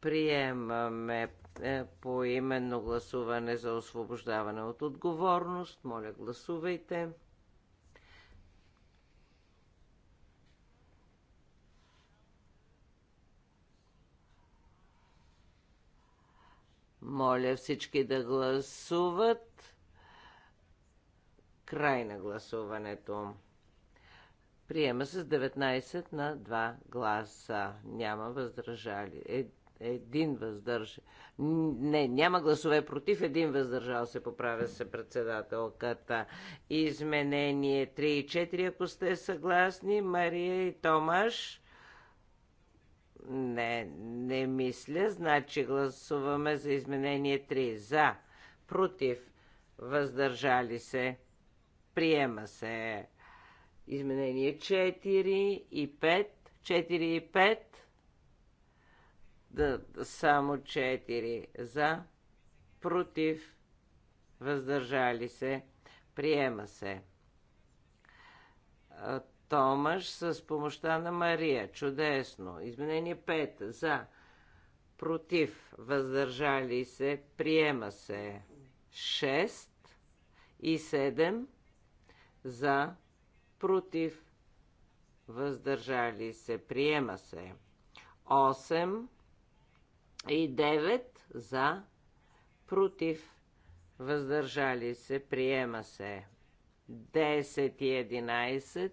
Приемаме е, по именно гласуване за освобождаване от отговорност. Моля, гласувайте. Моля всички да гласуват. Край на гласуването. Приема с 19 на 2 гласа. Няма въздържали. Е, един въздържа. Не, няма гласове против, един въздържал се, поправя се председателката. Изменение 3 и 4, ако сте съгласни, Мария и Томаш. Не, не мисля. Значи гласуваме за изменение 3. За, против, въздържали се, приема се. Изменение 4 и 5. 4 и 5. Да, само 4 за. Против. Въздържали се. Приема се. Томаш с помощта на Мария. Чудесно. Изменение 5. За. Против. Въздържали се. Приема се. 6 и 7. За против, въздържали се, приема се. 8 и 9 за, против, въздържали се, приема се. 10 и 11,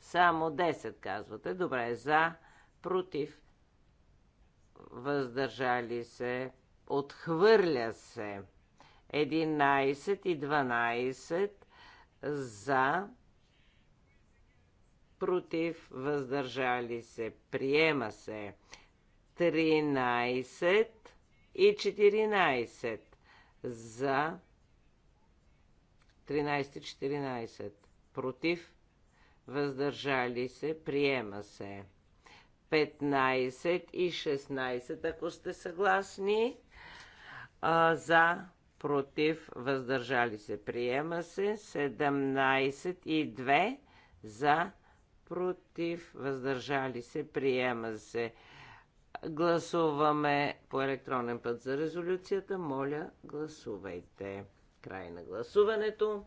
само 10 казвате, добре, за, против, въздържали се, отхвърля се. 11 и 12 за, против, въздържали се, приема се. 13 и 14 за 13-14 против въздържали се, приема се 15 и 16 ако сте съгласни а, за против, въздържали се. Приема се 17 и 2 за, против, въздържали се. Приема се. Гласуваме по електронен път за резолюцията. Моля, гласувайте. Край на гласуването.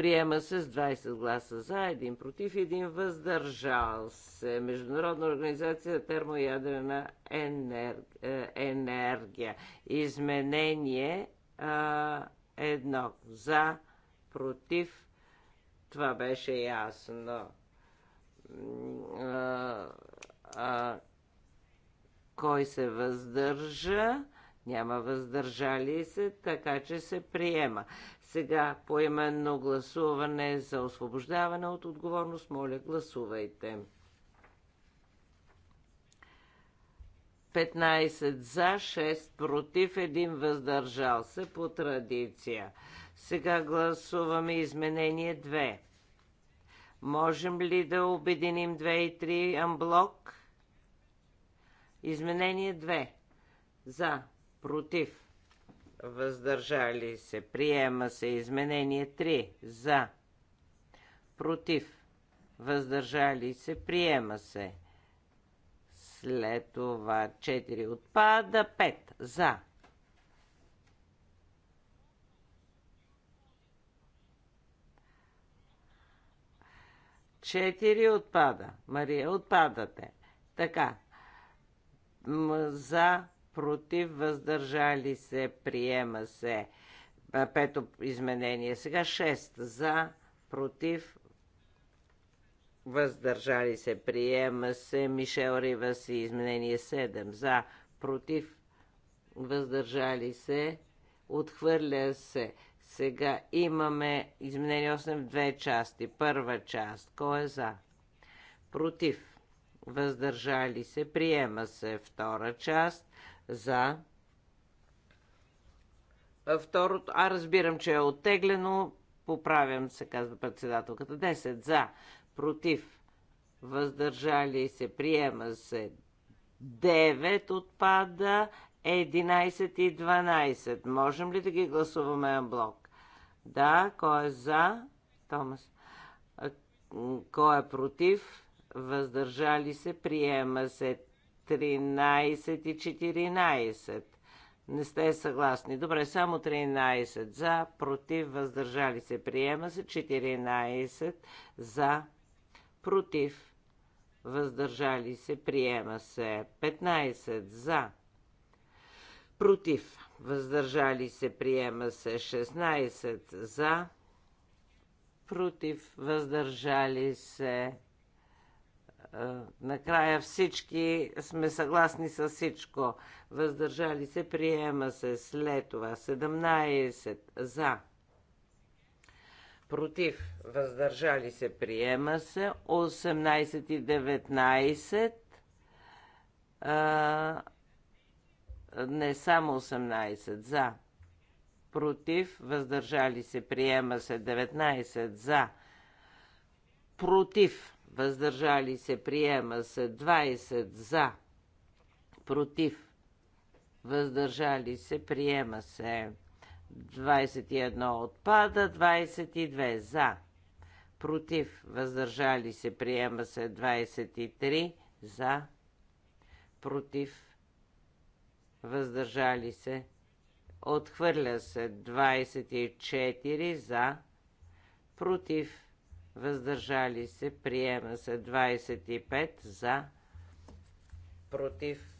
Приема се с 20 гласа за, 1 против, 1 въздържал се. Международна организация термоядрена е, енергия. Изменение а, едно. За, против. Това беше ясно. А, а, кой се въздържа? Няма въздържали се, така че се приема. Сега по именно гласуване за освобождаване от отговорност. Моля, гласувайте. 15 за, 6 против, 1 въздържал се по традиция. Сега гласуваме изменение 2. Можем ли да обединим 2 и 3 амблок? Изменение 2. За, против, въздържали се, приема се. Изменение 3 за, против, въздържали се, приема се. След това 4 отпада, 5 за. Четири отпада. Мария, отпадате. Така. За против, въздържали се, приема се. Пето изменение. Сега 6 за, против, въздържали се, приема се. Мишел Ривас и изменение 7 за, против, въздържали се, отхвърля се. Сега имаме изменение 8 в две части. Първа част. Кой е за? Против. Въздържали се. Приема се. Втора част за. Второто, а разбирам, че е оттеглено, поправям се, казва председателката. 10 за, против, въздържали се, приема се. 9 отпада, 11 и 12. Можем ли да ги гласуваме на блок? Да, кой е за? Томас. Кой е против? Въздържали се, приема се 13 и 14. Не сте съгласни. Добре, само 13 за, против, въздържали се, приема се. 14 за, против, въздържали се, приема се. 15 за, против, въздържали се, приема се. 16 за, против, въздържали се, е, накрая всички сме съгласни с всичко. Въздържали се, приема се след това. 17 за. Против, въздържали се, приема се. 18 и 19. Е, не само 18 за. Против, въздържали се, приема се. 19 за. Против въздържали се, приема се 20 за, против, въздържали се, приема се 21 отпада, 22 за, против, въздържали се, приема се 23 за, против, въздържали се, отхвърля се 24 за, против, въздържали се, приема се 25 за, против,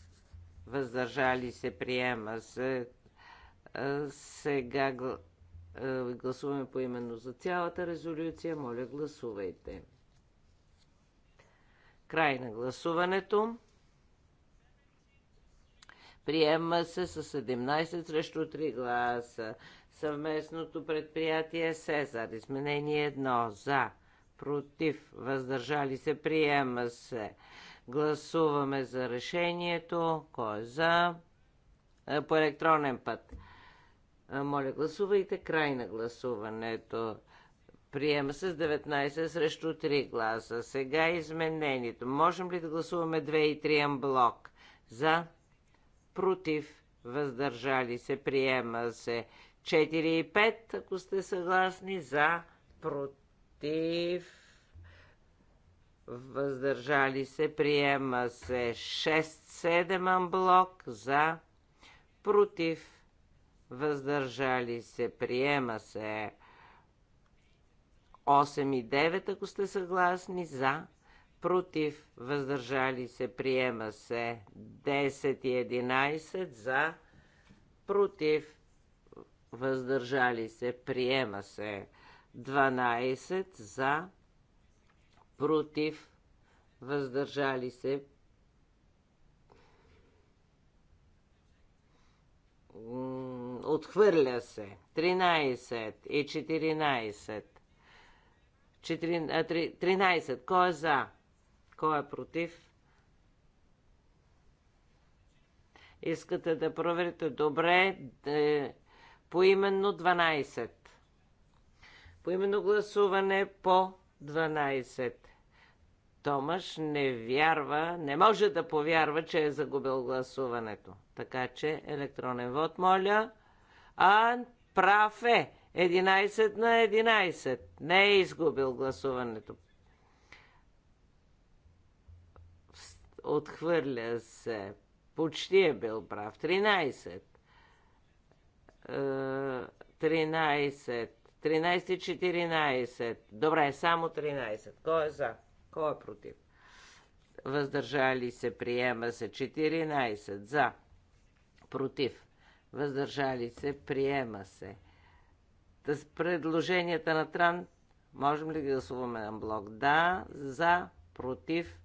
въздържали се, приема се. Сега гласуваме по именно за цялата резолюция. Моля, гласувайте. Край на гласуването. Приема се с 17 срещу 3 гласа. Съвместното предприятие СЕЗАР. Изменение 1. За против, въздържали се, приема се. Гласуваме за решението. Кой е за? Е, по електронен път. Е, моля, гласувайте край на гласуването. Приема се с 19 срещу 3 гласа. Сега е изменението. Можем ли да гласуваме 2 и 3 блок? За, против, въздържали се, приема се. 4 и 5, ако сте съгласни, за, против против, въздържали се, приема се 6-7 блок за, против, въздържали се, приема се 8 и 9, ако сте съгласни, за, против, въздържали се, приема се 10 и 11, за, против, въздържали се, приема се 12 за, против, въздържали се. Отхвърля се. 13 и 14. 13. Кой е за? Кой е против? Искате да проверите добре. Е, поименно 12. По именно гласуване по 12. Томаш не вярва, не може да повярва, че е загубил гласуването. Така че електронен вод, моля. А прав е. 11 на 11. Не е изгубил гласуването. Отхвърля се. Почти е бил прав. 13. 13 е, 13 и 14. Добре, само 13. Кой е за? Кой е против? Въздържали се, приема се 14. За. Против. Въздържали се, приема се. С предложенията на Тран можем ли да гласуваме на блок? Да. За. Против.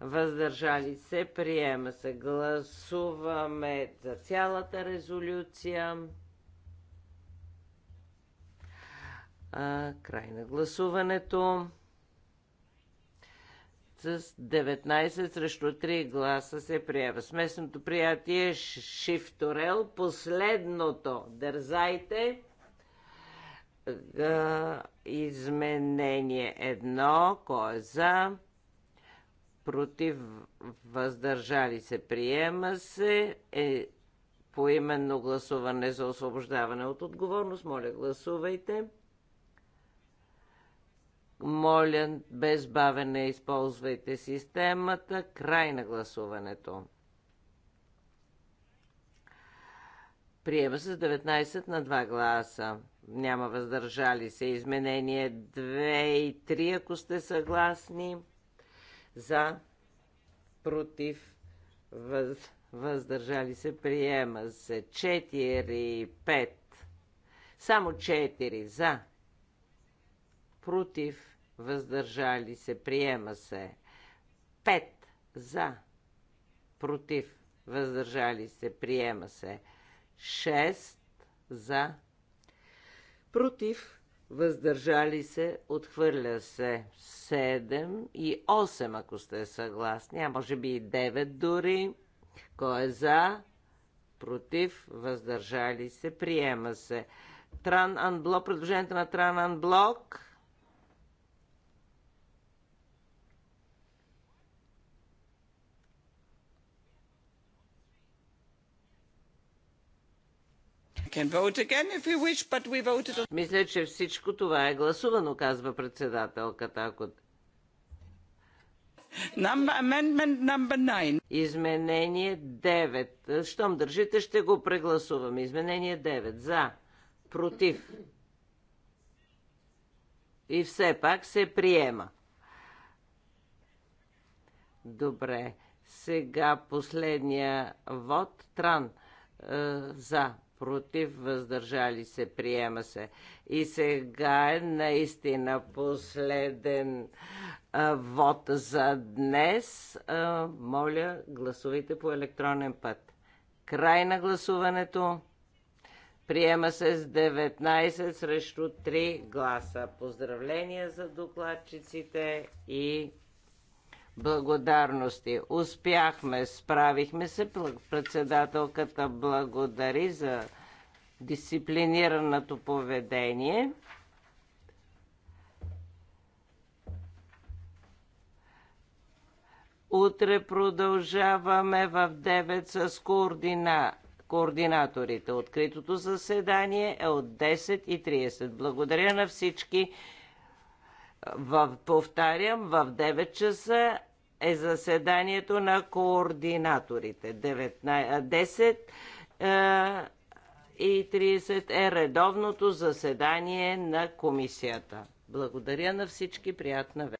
Въздържали се, приема се. Гласуваме за цялата резолюция. А, край на гласуването. С 19 срещу 3 гласа се приема. Сместното приятие е Шифторел, последното. Дързайте. Изменение едно. Кой е за? Против въздържали се. Приема се. Е, поименно гласуване за освобождаване от отговорност. Моля, гласувайте. Моля, без бавене използвайте системата. Край на гласуването. Приема се с 19 на 2 гласа. Няма въздържали се. Изменение 2 и 3, ако сте съгласни. За, против, въз, въздържали се. Приема се 4 и 5. Само 4 за, против, въздържали се, приема се. 5 за, против, въздържали се, приема се. 6 за, против, въздържали се, отхвърля се 7 и 8, ако сте съгласни, а може би и 9 дори. Кой е за? Против, въздържали се, приема се. Тран Анблок, предложението на Тран Анблок. Мисля, че всичко това е гласувано, казва председателката. Ако... Изменение 9. Щом държите, ще го прегласуваме. Изменение 9. За. Против. И все пак се приема. Добре. Сега последния вод. Тран. Е, за против, въздържали се, приема се. И сега е наистина последен а, вод за днес. А, моля, гласувайте по електронен път. Край на гласуването. Приема се с 19 срещу 3 гласа. Поздравления за докладчиците и благодарности. Успяхме, справихме се. Председателката благодари за дисциплинираното поведение. Утре продължаваме в 9 с координа... координаторите. Откритото заседание е от 10.30. Благодаря на всички. В, повтарям, в 9 часа е заседанието на координаторите. 19, 10 и 30 е редовното заседание на комисията. Благодаря на всички. Приятна вечер.